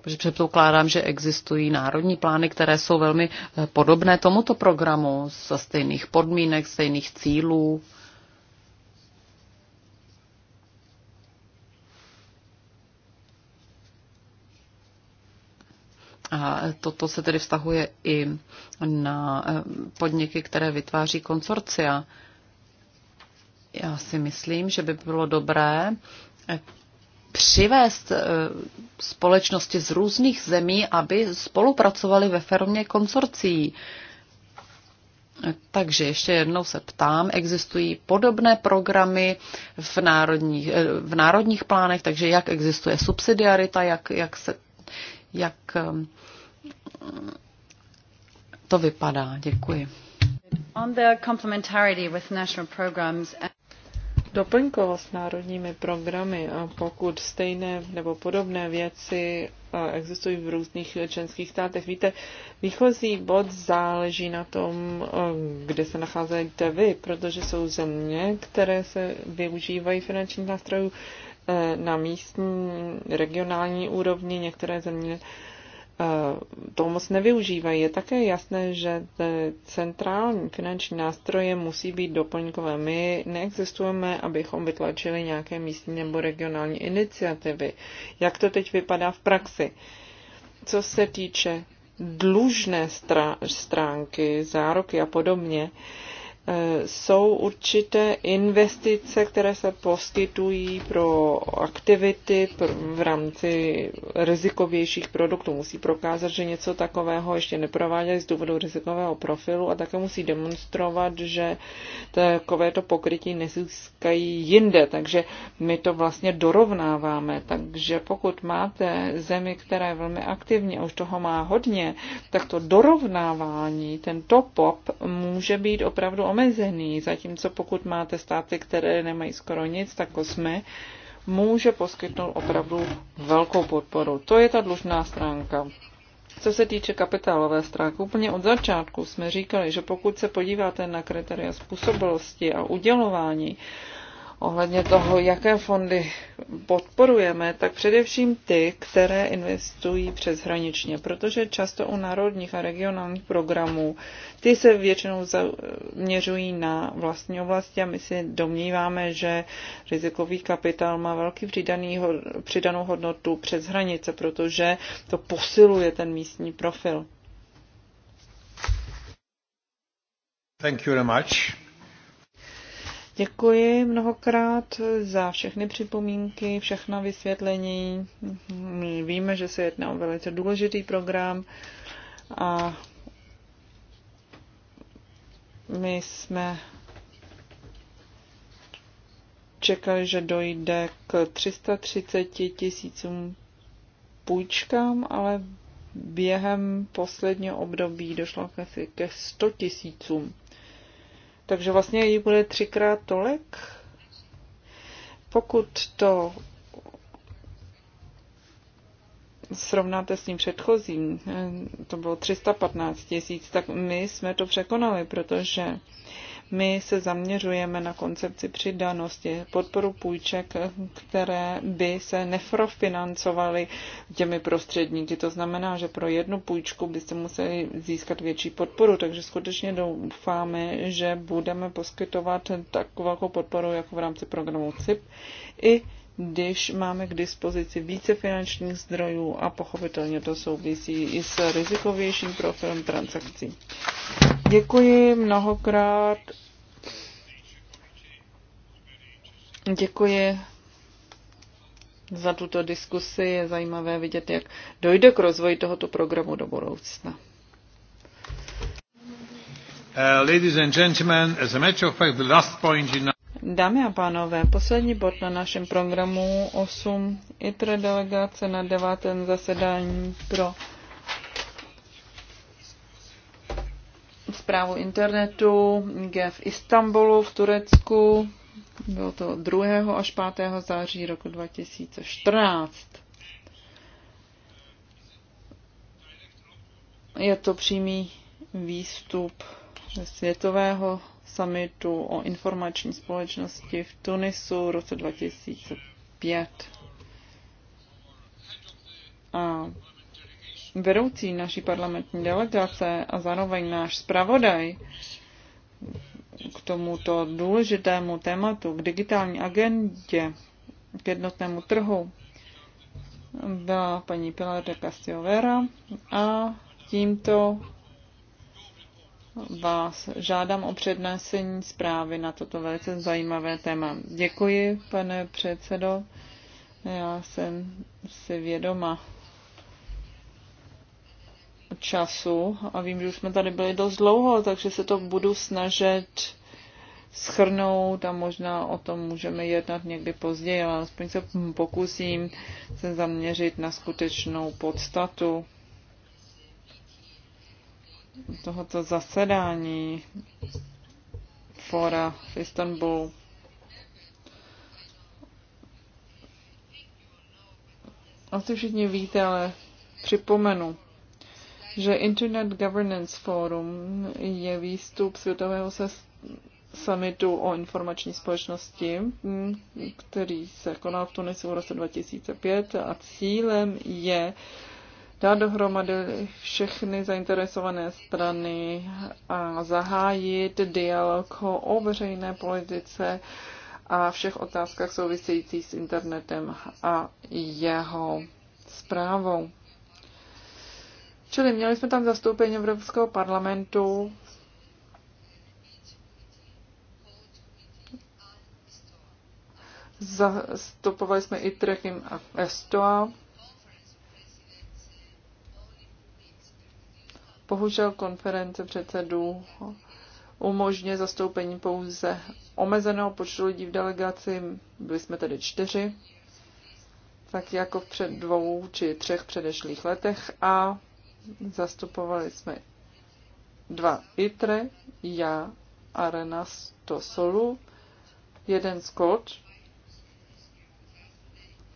Protože předpokládám, že existují národní plány, které jsou velmi eh, podobné tomuto programu, za stejných podmínek, stejných cílů. A toto se tedy vztahuje i na eh, podniky, které vytváří konsorcia. Já si myslím, že by bylo dobré eh, přivést eh, společnosti z různých zemí, aby spolupracovali ve firmě konsorcí. Takže ještě jednou se ptám, existují podobné programy v národních, v národních plánech, takže jak existuje subsidiarita, jak, jak se jak um, to vypadá. Děkuji. On the complementarity with national programs and doplňkovost
s národními programy, pokud stejné nebo podobné věci uh, existují v různých členských státech. Víte, výchozí bod záleží na tom, uh, kde se nacházíte vy, protože jsou země, které se využívají finančních nástrojů Eh, na místní, regionální úrovni některé země eh, to moc nevyužívají. Je také jasné, že centrální finanční nástroje musí být doplňkové. My neexistujeme, abychom vytlačili nějaké místní nebo regionální iniciativy. Jak to teď vypadá v praxi? Co se týče dlužné stránky, zároky a podobně, jsou určité investice, které se poskytují pro aktivity v rámci rizikovějších produktů. Musí prokázat, že něco takového ještě neprovádějí z důvodu rizikového profilu a také musí demonstrovat, že takovéto pokrytí nezískají jinde. Takže my to vlastně dorovnáváme. Takže pokud máte zemi, která je velmi aktivní a už toho má hodně, tak to dorovnávání, ten top-up může být opravdu omezený, zatímco pokud máte státy, které nemají skoro nic, tak jsme může poskytnout opravdu velkou podporu. To je ta dlužná stránka. Co se týče kapitálové stránky, úplně od začátku jsme říkali, že pokud se podíváte na kritéria způsobilosti a udělování, ohledně toho, jaké fondy podporujeme, tak především ty, které investují přeshraničně, protože často u národních a regionálních programů ty se většinou zaměřují na vlastní oblasti a my si domníváme, že rizikový kapitál má velký přidaný, přidanou hodnotu přes hranice, protože to posiluje ten místní profil.
Thank you very much.
Děkuji mnohokrát za všechny připomínky, všechna vysvětlení. My víme, že se jedná o velice důležitý program a my jsme čekali, že dojde k 330 tisícům půjčkám, ale během posledního období došlo ke 100 tisícům. Takže vlastně jí bude třikrát tolik. Pokud to srovnáte s tím předchozím, eh, to bylo 315 tisíc, tak my jsme to překonali, protože my se zaměřujeme na koncepci přidanosti, podporu půjček, které by se nefrofinancovaly těmi prostředníky. To znamená, že pro jednu půjčku byste museli získat větší podporu, takže skutečně doufáme, že budeme poskytovat takovou podporu jako v rámci programu CIP i když máme k dispozici více finančních zdrojů a pochopitelně to souvisí i s rizikovějším profilem transakcí. Děkuji mnohokrát. Děkuji za tuto diskusi. Je zajímavé vidět, jak dojde k rozvoji tohoto programu do budoucna.
Uh, ladies and gentlemen, as a matter of fact, the last point in
Dámy a pánové, poslední bod na našem programu 8 ITRE delegace na devátém zasedání pro zprávu internetu je v Istanbulu v Turecku. Bylo to 2. až 5. září roku 2014. Je to přímý výstup světového summitu o informační společnosti v Tunisu v roce 2005. A vedoucí naší parlamentní delegace a zároveň náš zpravodaj k tomuto důležitému tématu, k digitální agendě, k jednotnému trhu, byla paní Pilar de Castillovera a tímto vás žádám o přednesení zprávy na toto velice zajímavé téma. Děkuji, pane předsedo. Já jsem si vědoma času a vím, že už jsme tady byli dost dlouho, takže se to budu snažit schrnout a možná o tom můžeme jednat někdy později, ale aspoň se pokusím se zaměřit na skutečnou podstatu tohoto zasedání fora v Istanbulu. Asi všichni víte, ale připomenu, že Internet Governance Forum je výstup světového summitu o informační společnosti, který se konal v Tunisu v roce 2005 a cílem je dát dohromady všechny zainteresované strany a zahájit dialog o veřejné politice a všech otázkách souvisejících s internetem a jeho zprávou. Čili měli jsme tam zastoupení Evropského parlamentu, zastupovali jsme i Trechim a Estoa, Bohužel konference předsedů umožňuje zastoupení pouze omezeného počtu lidí v delegaci, byli jsme tedy čtyři, tak jako v před dvou či třech předešlých letech a zastupovali jsme dva ITRE, já a Renas Tosolu, jeden Scott,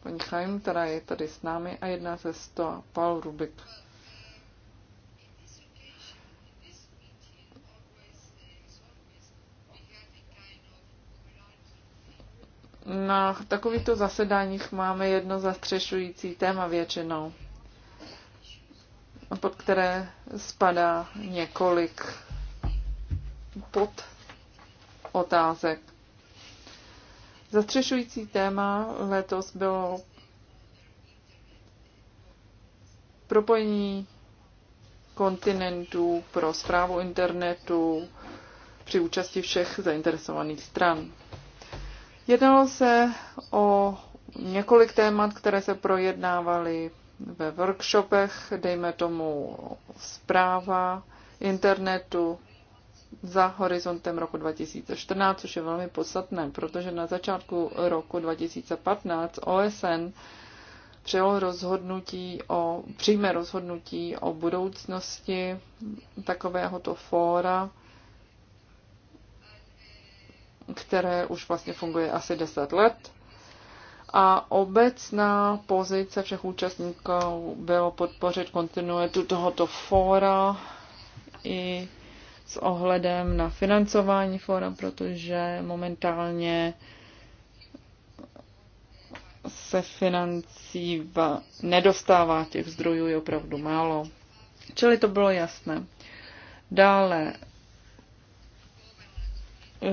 paní Chaim, která je tady s námi, a jedna ze Sto Paul Rubik. Na takovýchto zasedáních máme jedno zastřešující téma většinou, pod které spadá několik pod otázek. Zastřešující téma letos bylo propojení kontinentů pro zprávu internetu při účasti všech zainteresovaných stran. Jednalo se o několik témat, které se projednávaly ve workshopech, dejme tomu zpráva internetu za horizontem roku 2014, což je velmi podstatné, protože na začátku roku 2015 OSN přijalo rozhodnutí o, přijme rozhodnutí o budoucnosti takovéhoto fóra které už vlastně funguje asi 10 let. A obecná pozice všech účastníků bylo podpořit kontinuitu tohoto fóra i s ohledem na financování fóra, protože momentálně se financí nedostává těch zdrojů je opravdu málo. Čili to bylo jasné. Dále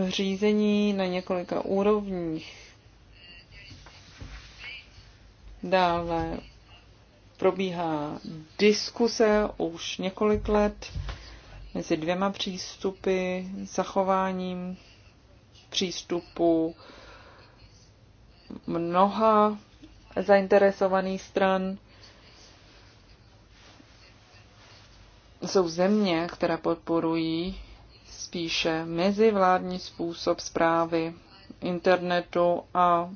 řízení na několika úrovních. Dále probíhá diskuse už několik let mezi dvěma přístupy, zachováním přístupu mnoha zainteresovaných stran. Jsou země, které podporují spíše mezivládní způsob zprávy internetu a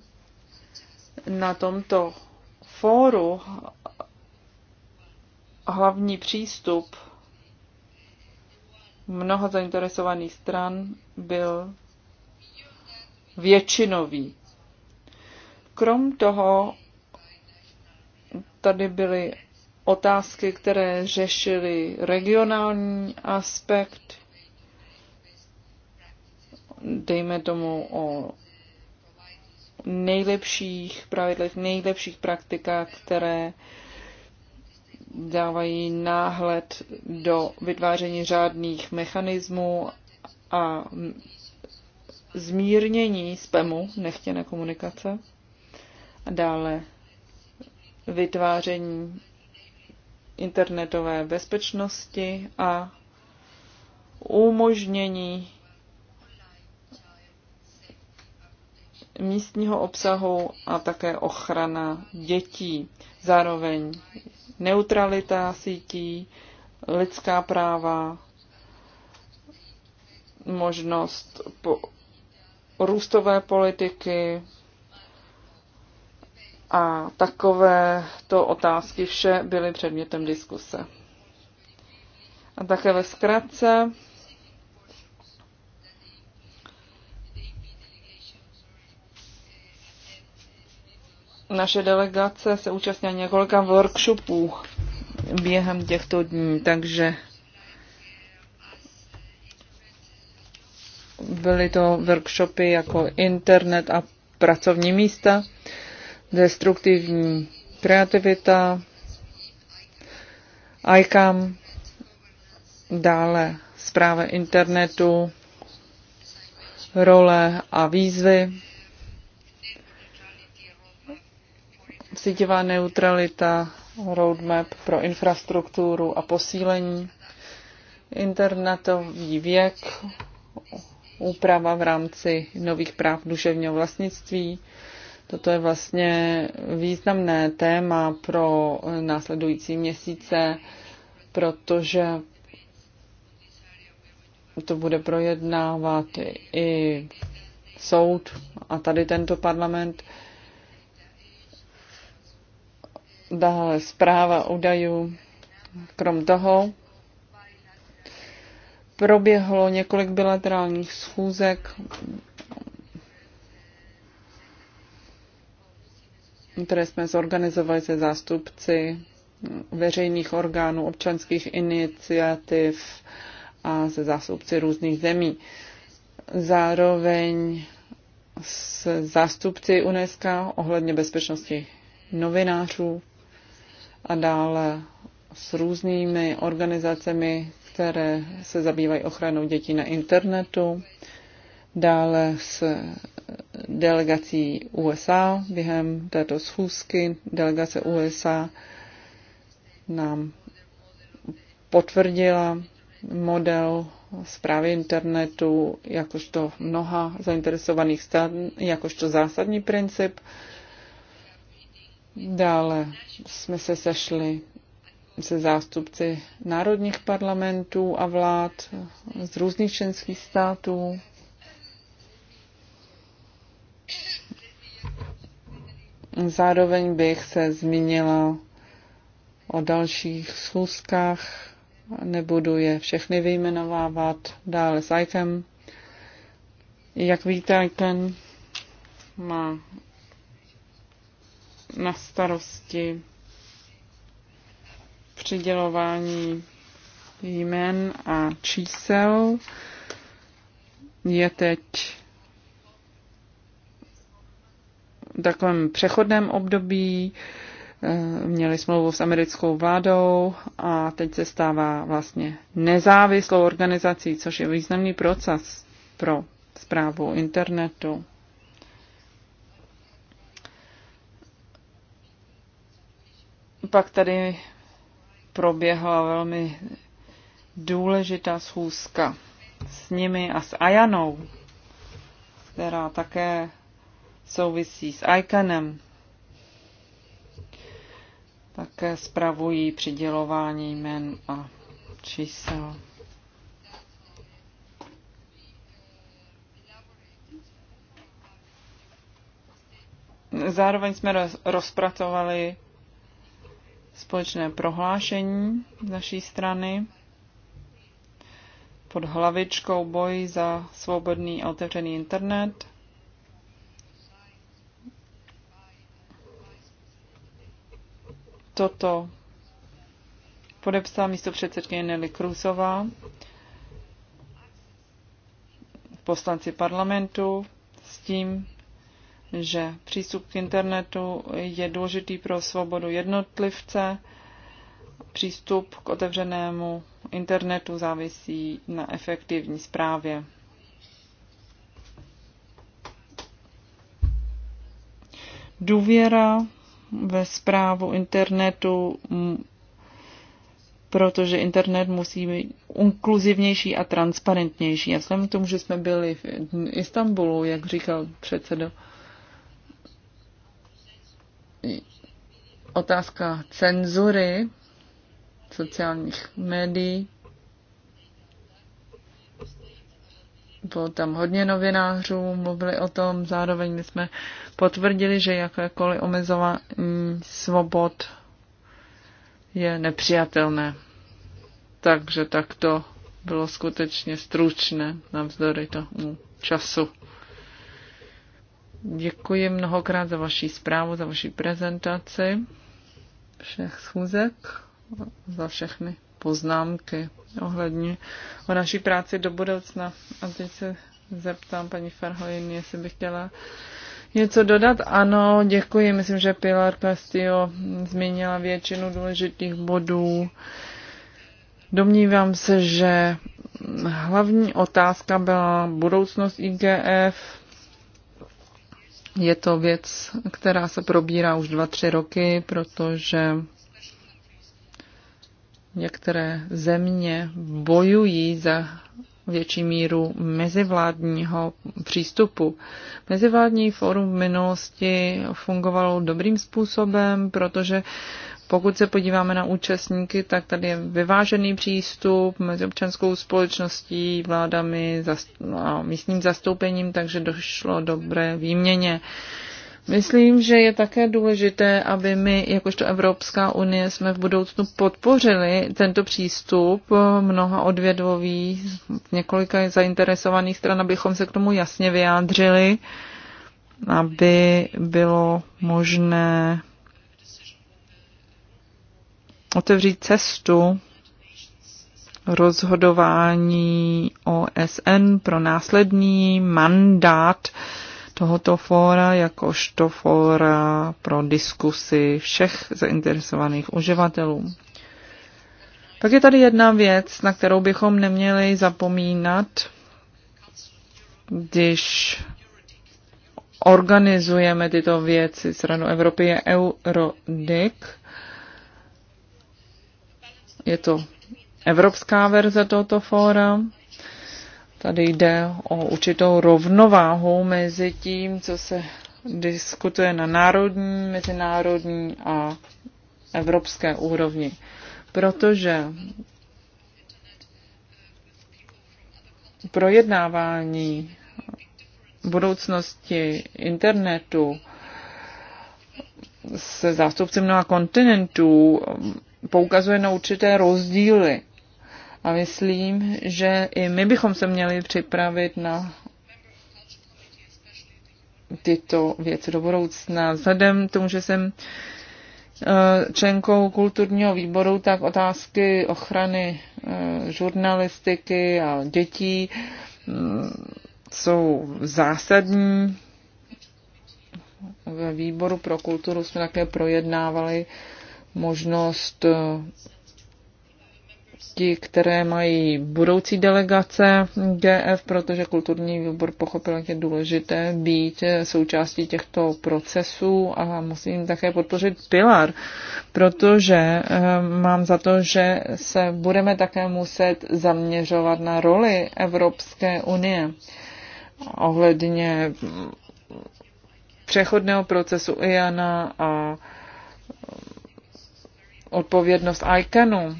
na tomto fóru hlavní přístup mnoha zainteresovaných stran byl většinový. Krom toho tady byly otázky, které řešily regionální aspekt dejme tomu, o nejlepších pravidlech, nejlepších praktikách, které dávají náhled do vytváření řádných mechanismů a zmírnění spamu, nechtěné komunikace, a dále vytváření internetové bezpečnosti a umožnění místního obsahu a také ochrana dětí. Zároveň neutralita sítí, lidská práva, možnost po růstové politiky a takové to otázky vše byly předmětem diskuse. A také ve zkratce Naše delegace se účastnila několika workshopů během těchto dní, takže byly to workshopy jako internet a pracovní místa, destruktivní kreativita, ICAM, dále zpráva internetu, role a výzvy. síťová neutralita, roadmap pro infrastrukturu a posílení, internetový věk, úprava v rámci nových práv duševního vlastnictví. Toto je vlastně významné téma pro následující měsíce, protože to bude projednávat i soud a tady tento parlament dále zpráva údajů. Krom toho proběhlo několik bilaterálních schůzek, které jsme zorganizovali se zástupci veřejných orgánů, občanských iniciativ a se zástupci různých zemí. Zároveň s zástupci UNESCO ohledně bezpečnosti novinářů a dále s různými organizacemi, které se zabývají ochranou dětí na internetu, dále s delegací USA během této schůzky. Delegace USA nám potvrdila model zprávy internetu jakožto mnoha zainteresovaných stran, jakožto zásadní princip Dále jsme se sešli se zástupci národních parlamentů a vlád z různých členských států. Zároveň bych se zmínila o dalších schůzkách, nebudu je všechny vyjmenovávat dále s ICAM. Jak víte, ICAM má na starosti přidělování jmen a čísel je teď v takovém přechodném období. Eh, měli smlouvu s americkou vládou a teď se stává vlastně nezávislou organizací, což je významný proces pro zprávu internetu. pak tady proběhla velmi důležitá schůzka s nimi a s Ajanou, která také souvisí s Aikanem, Také spravují přidělování jmen a čísel. Zároveň jsme rozpracovali společné prohlášení z naší strany pod hlavičkou boj za svobodný a otevřený internet. Toto podepsala místo předsedkyně Nelly Krusová, poslanci parlamentu s tím, že přístup k internetu je důležitý pro svobodu jednotlivce. Přístup k otevřenému internetu závisí na efektivní správě. Důvěra ve zprávu internetu, protože internet musí být inkluzivnější a transparentnější. Já jsem k tomu, že jsme byli v Istanbulu, jak říkal předsedo, otázka cenzury sociálních médií. Bylo tam hodně novinářů, mluvili o tom, zároveň my jsme potvrdili, že jakékoliv omezování svobod je nepřijatelné. Takže tak to bylo skutečně stručné navzdory tomu času. Děkuji mnohokrát za vaši zprávu, za vaši prezentaci všech schůzek, za všechny poznámky ohledně o naší práci do budoucna. A teď se zeptám paní Farhojin, jestli bych chtěla něco dodat. Ano, děkuji. Myslím, že Pilar Castillo změnila většinu důležitých bodů. Domnívám se, že hlavní otázka byla budoucnost IGF, je to věc, která se probírá už dva tři roky, protože některé země bojují za větší míru mezivládního přístupu. Mezivládní fórum v minulosti fungovalo dobrým způsobem, protože pokud se podíváme na účastníky, tak tady je vyvážený přístup mezi občanskou společností, vládami a místním zastoupením, takže došlo dobré výměně. Myslím, že je také důležité, aby my, jakožto Evropská unie, jsme v budoucnu podpořili tento přístup mnoha odvědových, několika zainteresovaných stran, abychom se k tomu jasně vyjádřili, aby bylo možné otevřít cestu rozhodování OSN pro následný mandát tohoto fóra jakožto fóra pro diskusy všech zainteresovaných uživatelů. Pak je tady jedna věc, na kterou bychom neměli zapomínat, když organizujeme tyto věci z Radu Evropy, je Eurodic – je to evropská verze tohoto fóra. Tady jde o určitou rovnováhu mezi tím, co se diskutuje na národní, mezinárodní a evropské úrovni. Protože projednávání budoucnosti internetu se zástupci mnoha kontinentů poukazuje na určité rozdíly. A myslím, že i my bychom se měli připravit na tyto věci do budoucna. Vzhledem k tomu, že jsem eh, členkou kulturního výboru, tak otázky ochrany eh, žurnalistiky a dětí mm, jsou zásadní. Ve výboru pro kulturu jsme také projednávali uh, možnost eh, ti, které mají budoucí delegace GF, protože kulturní výbor pochopil, jak je důležité být eh, součástí těchto procesů a musím také podpořit Pilar, protože eh, mám za to, že se budeme také muset zaměřovat na roli Evropské unie ohledně mm, přechodného procesu IANA a odpovědnost ICANu.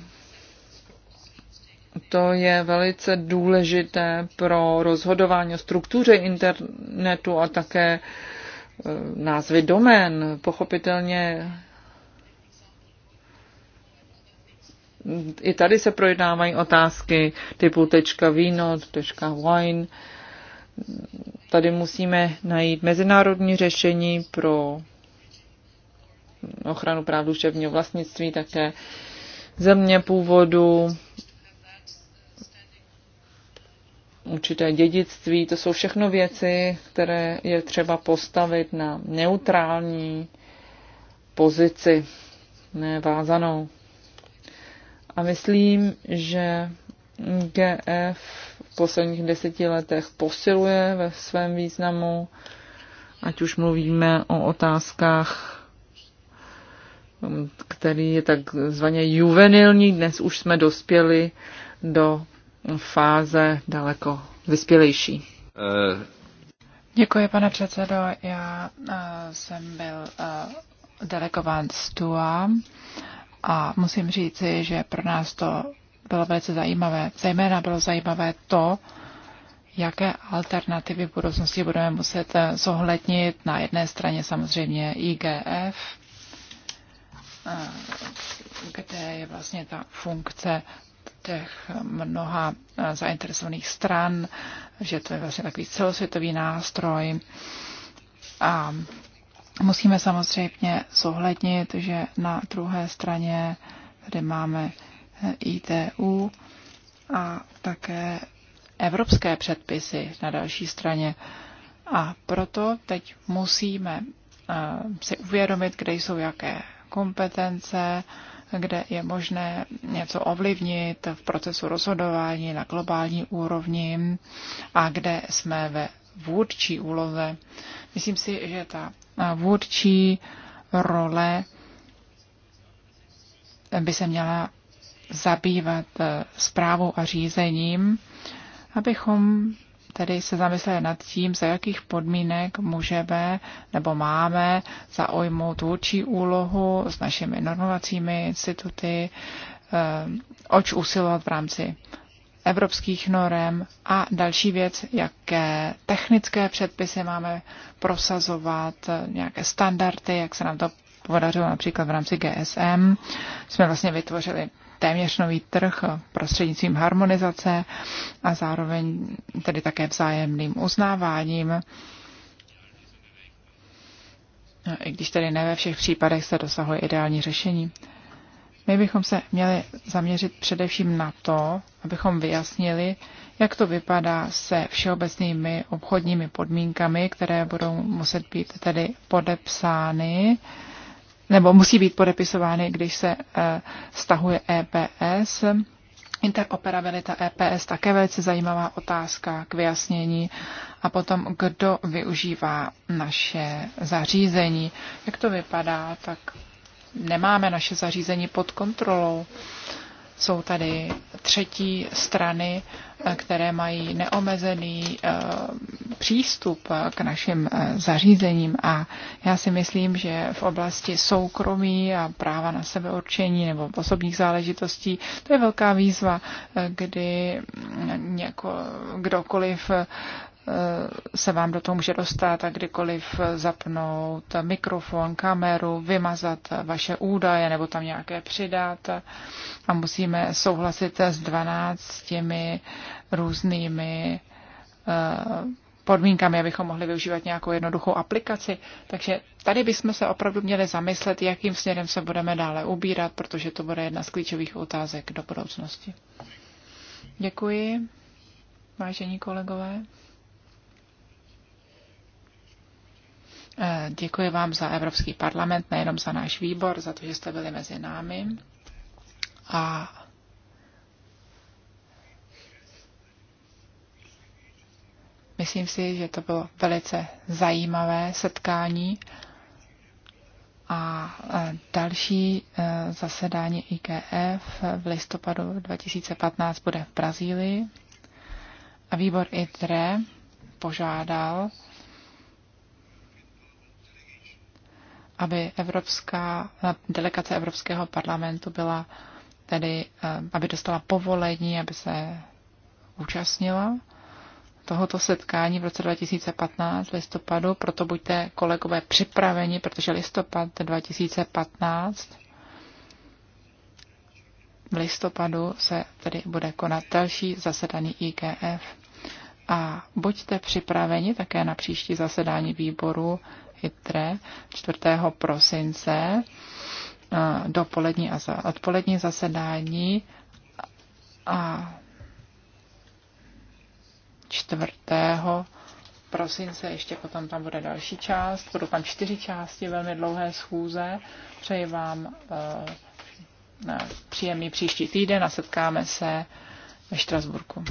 To je velice důležité pro rozhodování o struktuře internetu a také e, názvy domén. Pochopitelně i tady se projednávají otázky typu .vino, .wine. Tady musíme najít mezinárodní řešení pro ochranu práv duševního vlastnictví, také země původu, určité dědictví. To jsou všechno věci, které je třeba postavit na neutrální pozici, nevázanou. A myslím, že GF v posledních deseti letech posiluje ve svém významu, ať už mluvíme o otázkách který je takzvaně juvenilní. Dnes už jsme dospěli do fáze daleko vyspělejší. Eh.
Děkuji, pane předsedo. Já uh, jsem byl uh, delegován z TUA a musím říci, že pro nás to bylo velice zajímavé. Zejména bylo zajímavé to, jaké alternativy v budoucnosti budeme muset zohlednit. Na jedné straně samozřejmě IGF, Eh, kde je vlastně ta funkce těch mnoha eh, zainteresovaných stran, že to je vlastně takový celosvětový nástroj. A musíme samozřejmě zohlednit, že na druhé straně tady máme eh, ITU a také evropské předpisy na další straně. A proto teď musíme si uvědomit, kde jsou jaké kompetence, kde je možné něco ovlivnit v procesu rozhodování na globální úrovni a kde jsme ve vůdčí úloze. Myslím si, že ta vůdčí role by se měla zabývat zprávou eh, a řízením, abychom tedy se zamyslet nad tím, za jakých podmínek můžeme nebo máme zaujmout tvůrčí úlohu s našimi normovacími instituty, eh, oč usilovat v rámci evropských norem a další věc, jaké technické předpisy máme prosazovat, nějaké standardy, jak se nám to podařilo například v rámci GSM. Jsme vlastně vytvořili téměř nový trh prostřednictvím harmonizace a zároveň tedy také vzájemným uznáváním. No, I když tedy ne ve všech případech se dosahuje ideální řešení. My bychom se měli zaměřit především na to, abychom vyjasnili, jak to vypadá se všeobecnými obchodními podmínkami, které budou muset být tedy podepsány nebo musí být podepisovány, když se eh, stahuje EPS. Interoperabilita EPS také velice zajímavá otázka k vyjasnění. A potom, kdo využívá naše zařízení. Jak to vypadá, tak nemáme naše zařízení pod kontrolou. Uh, jsou tady třetí strany, eh, které mají neomezený eh, přístup eh, k našim zařízením a já si myslím, že v oblasti soukromí a práva na sebeurčení nebo osobních záležitostí to je velká výzva, kdy něko, mm, jako kdokoliv Eh, se vám do toho může dostat a kdykoliv zapnout mikrofon, kameru, vymazat vaše údaje nebo tam nějaké přidat. A musíme souhlasit s 12 těmi různými eh, podmínkami, abychom mohli využívat nějakou jednoduchou aplikaci. Takže tady bychom se opravdu měli zamyslet, jakým směrem se budeme dále ubírat, protože to bude jedna z klíčových otázek do budoucnosti. Děkuji, vážení kolegové. Eh, děkuji vám za Evropský parlament, nejenom za náš výbor, za to, že jste byli mezi námi. A myslím si, že to bylo velice zajímavé setkání. A eh, další eh, zasedání IKF v listopadu 2015 bude v Brazílii. A výbor ITRE požádal aby evropská eh, delegace Evropského parlamentu byla tedy, eh, aby dostala povolení, aby se účastnila tohoto setkání v roce 2015 listopadu, proto buďte kolegové připraveni, protože listopad 2015 v listopadu se tedy bude konat další zasedání IGF. A buďte připraveni také na příští zasedání výboru, ITRE 4. prosince dopolední a odpolední zasedání a 4. prosince ještě potom tam bude další část. Budou tam čtyři části velmi dlouhé schůze. Přeji vám eh, příjemný příští týden a setkáme se ve Štrasburku.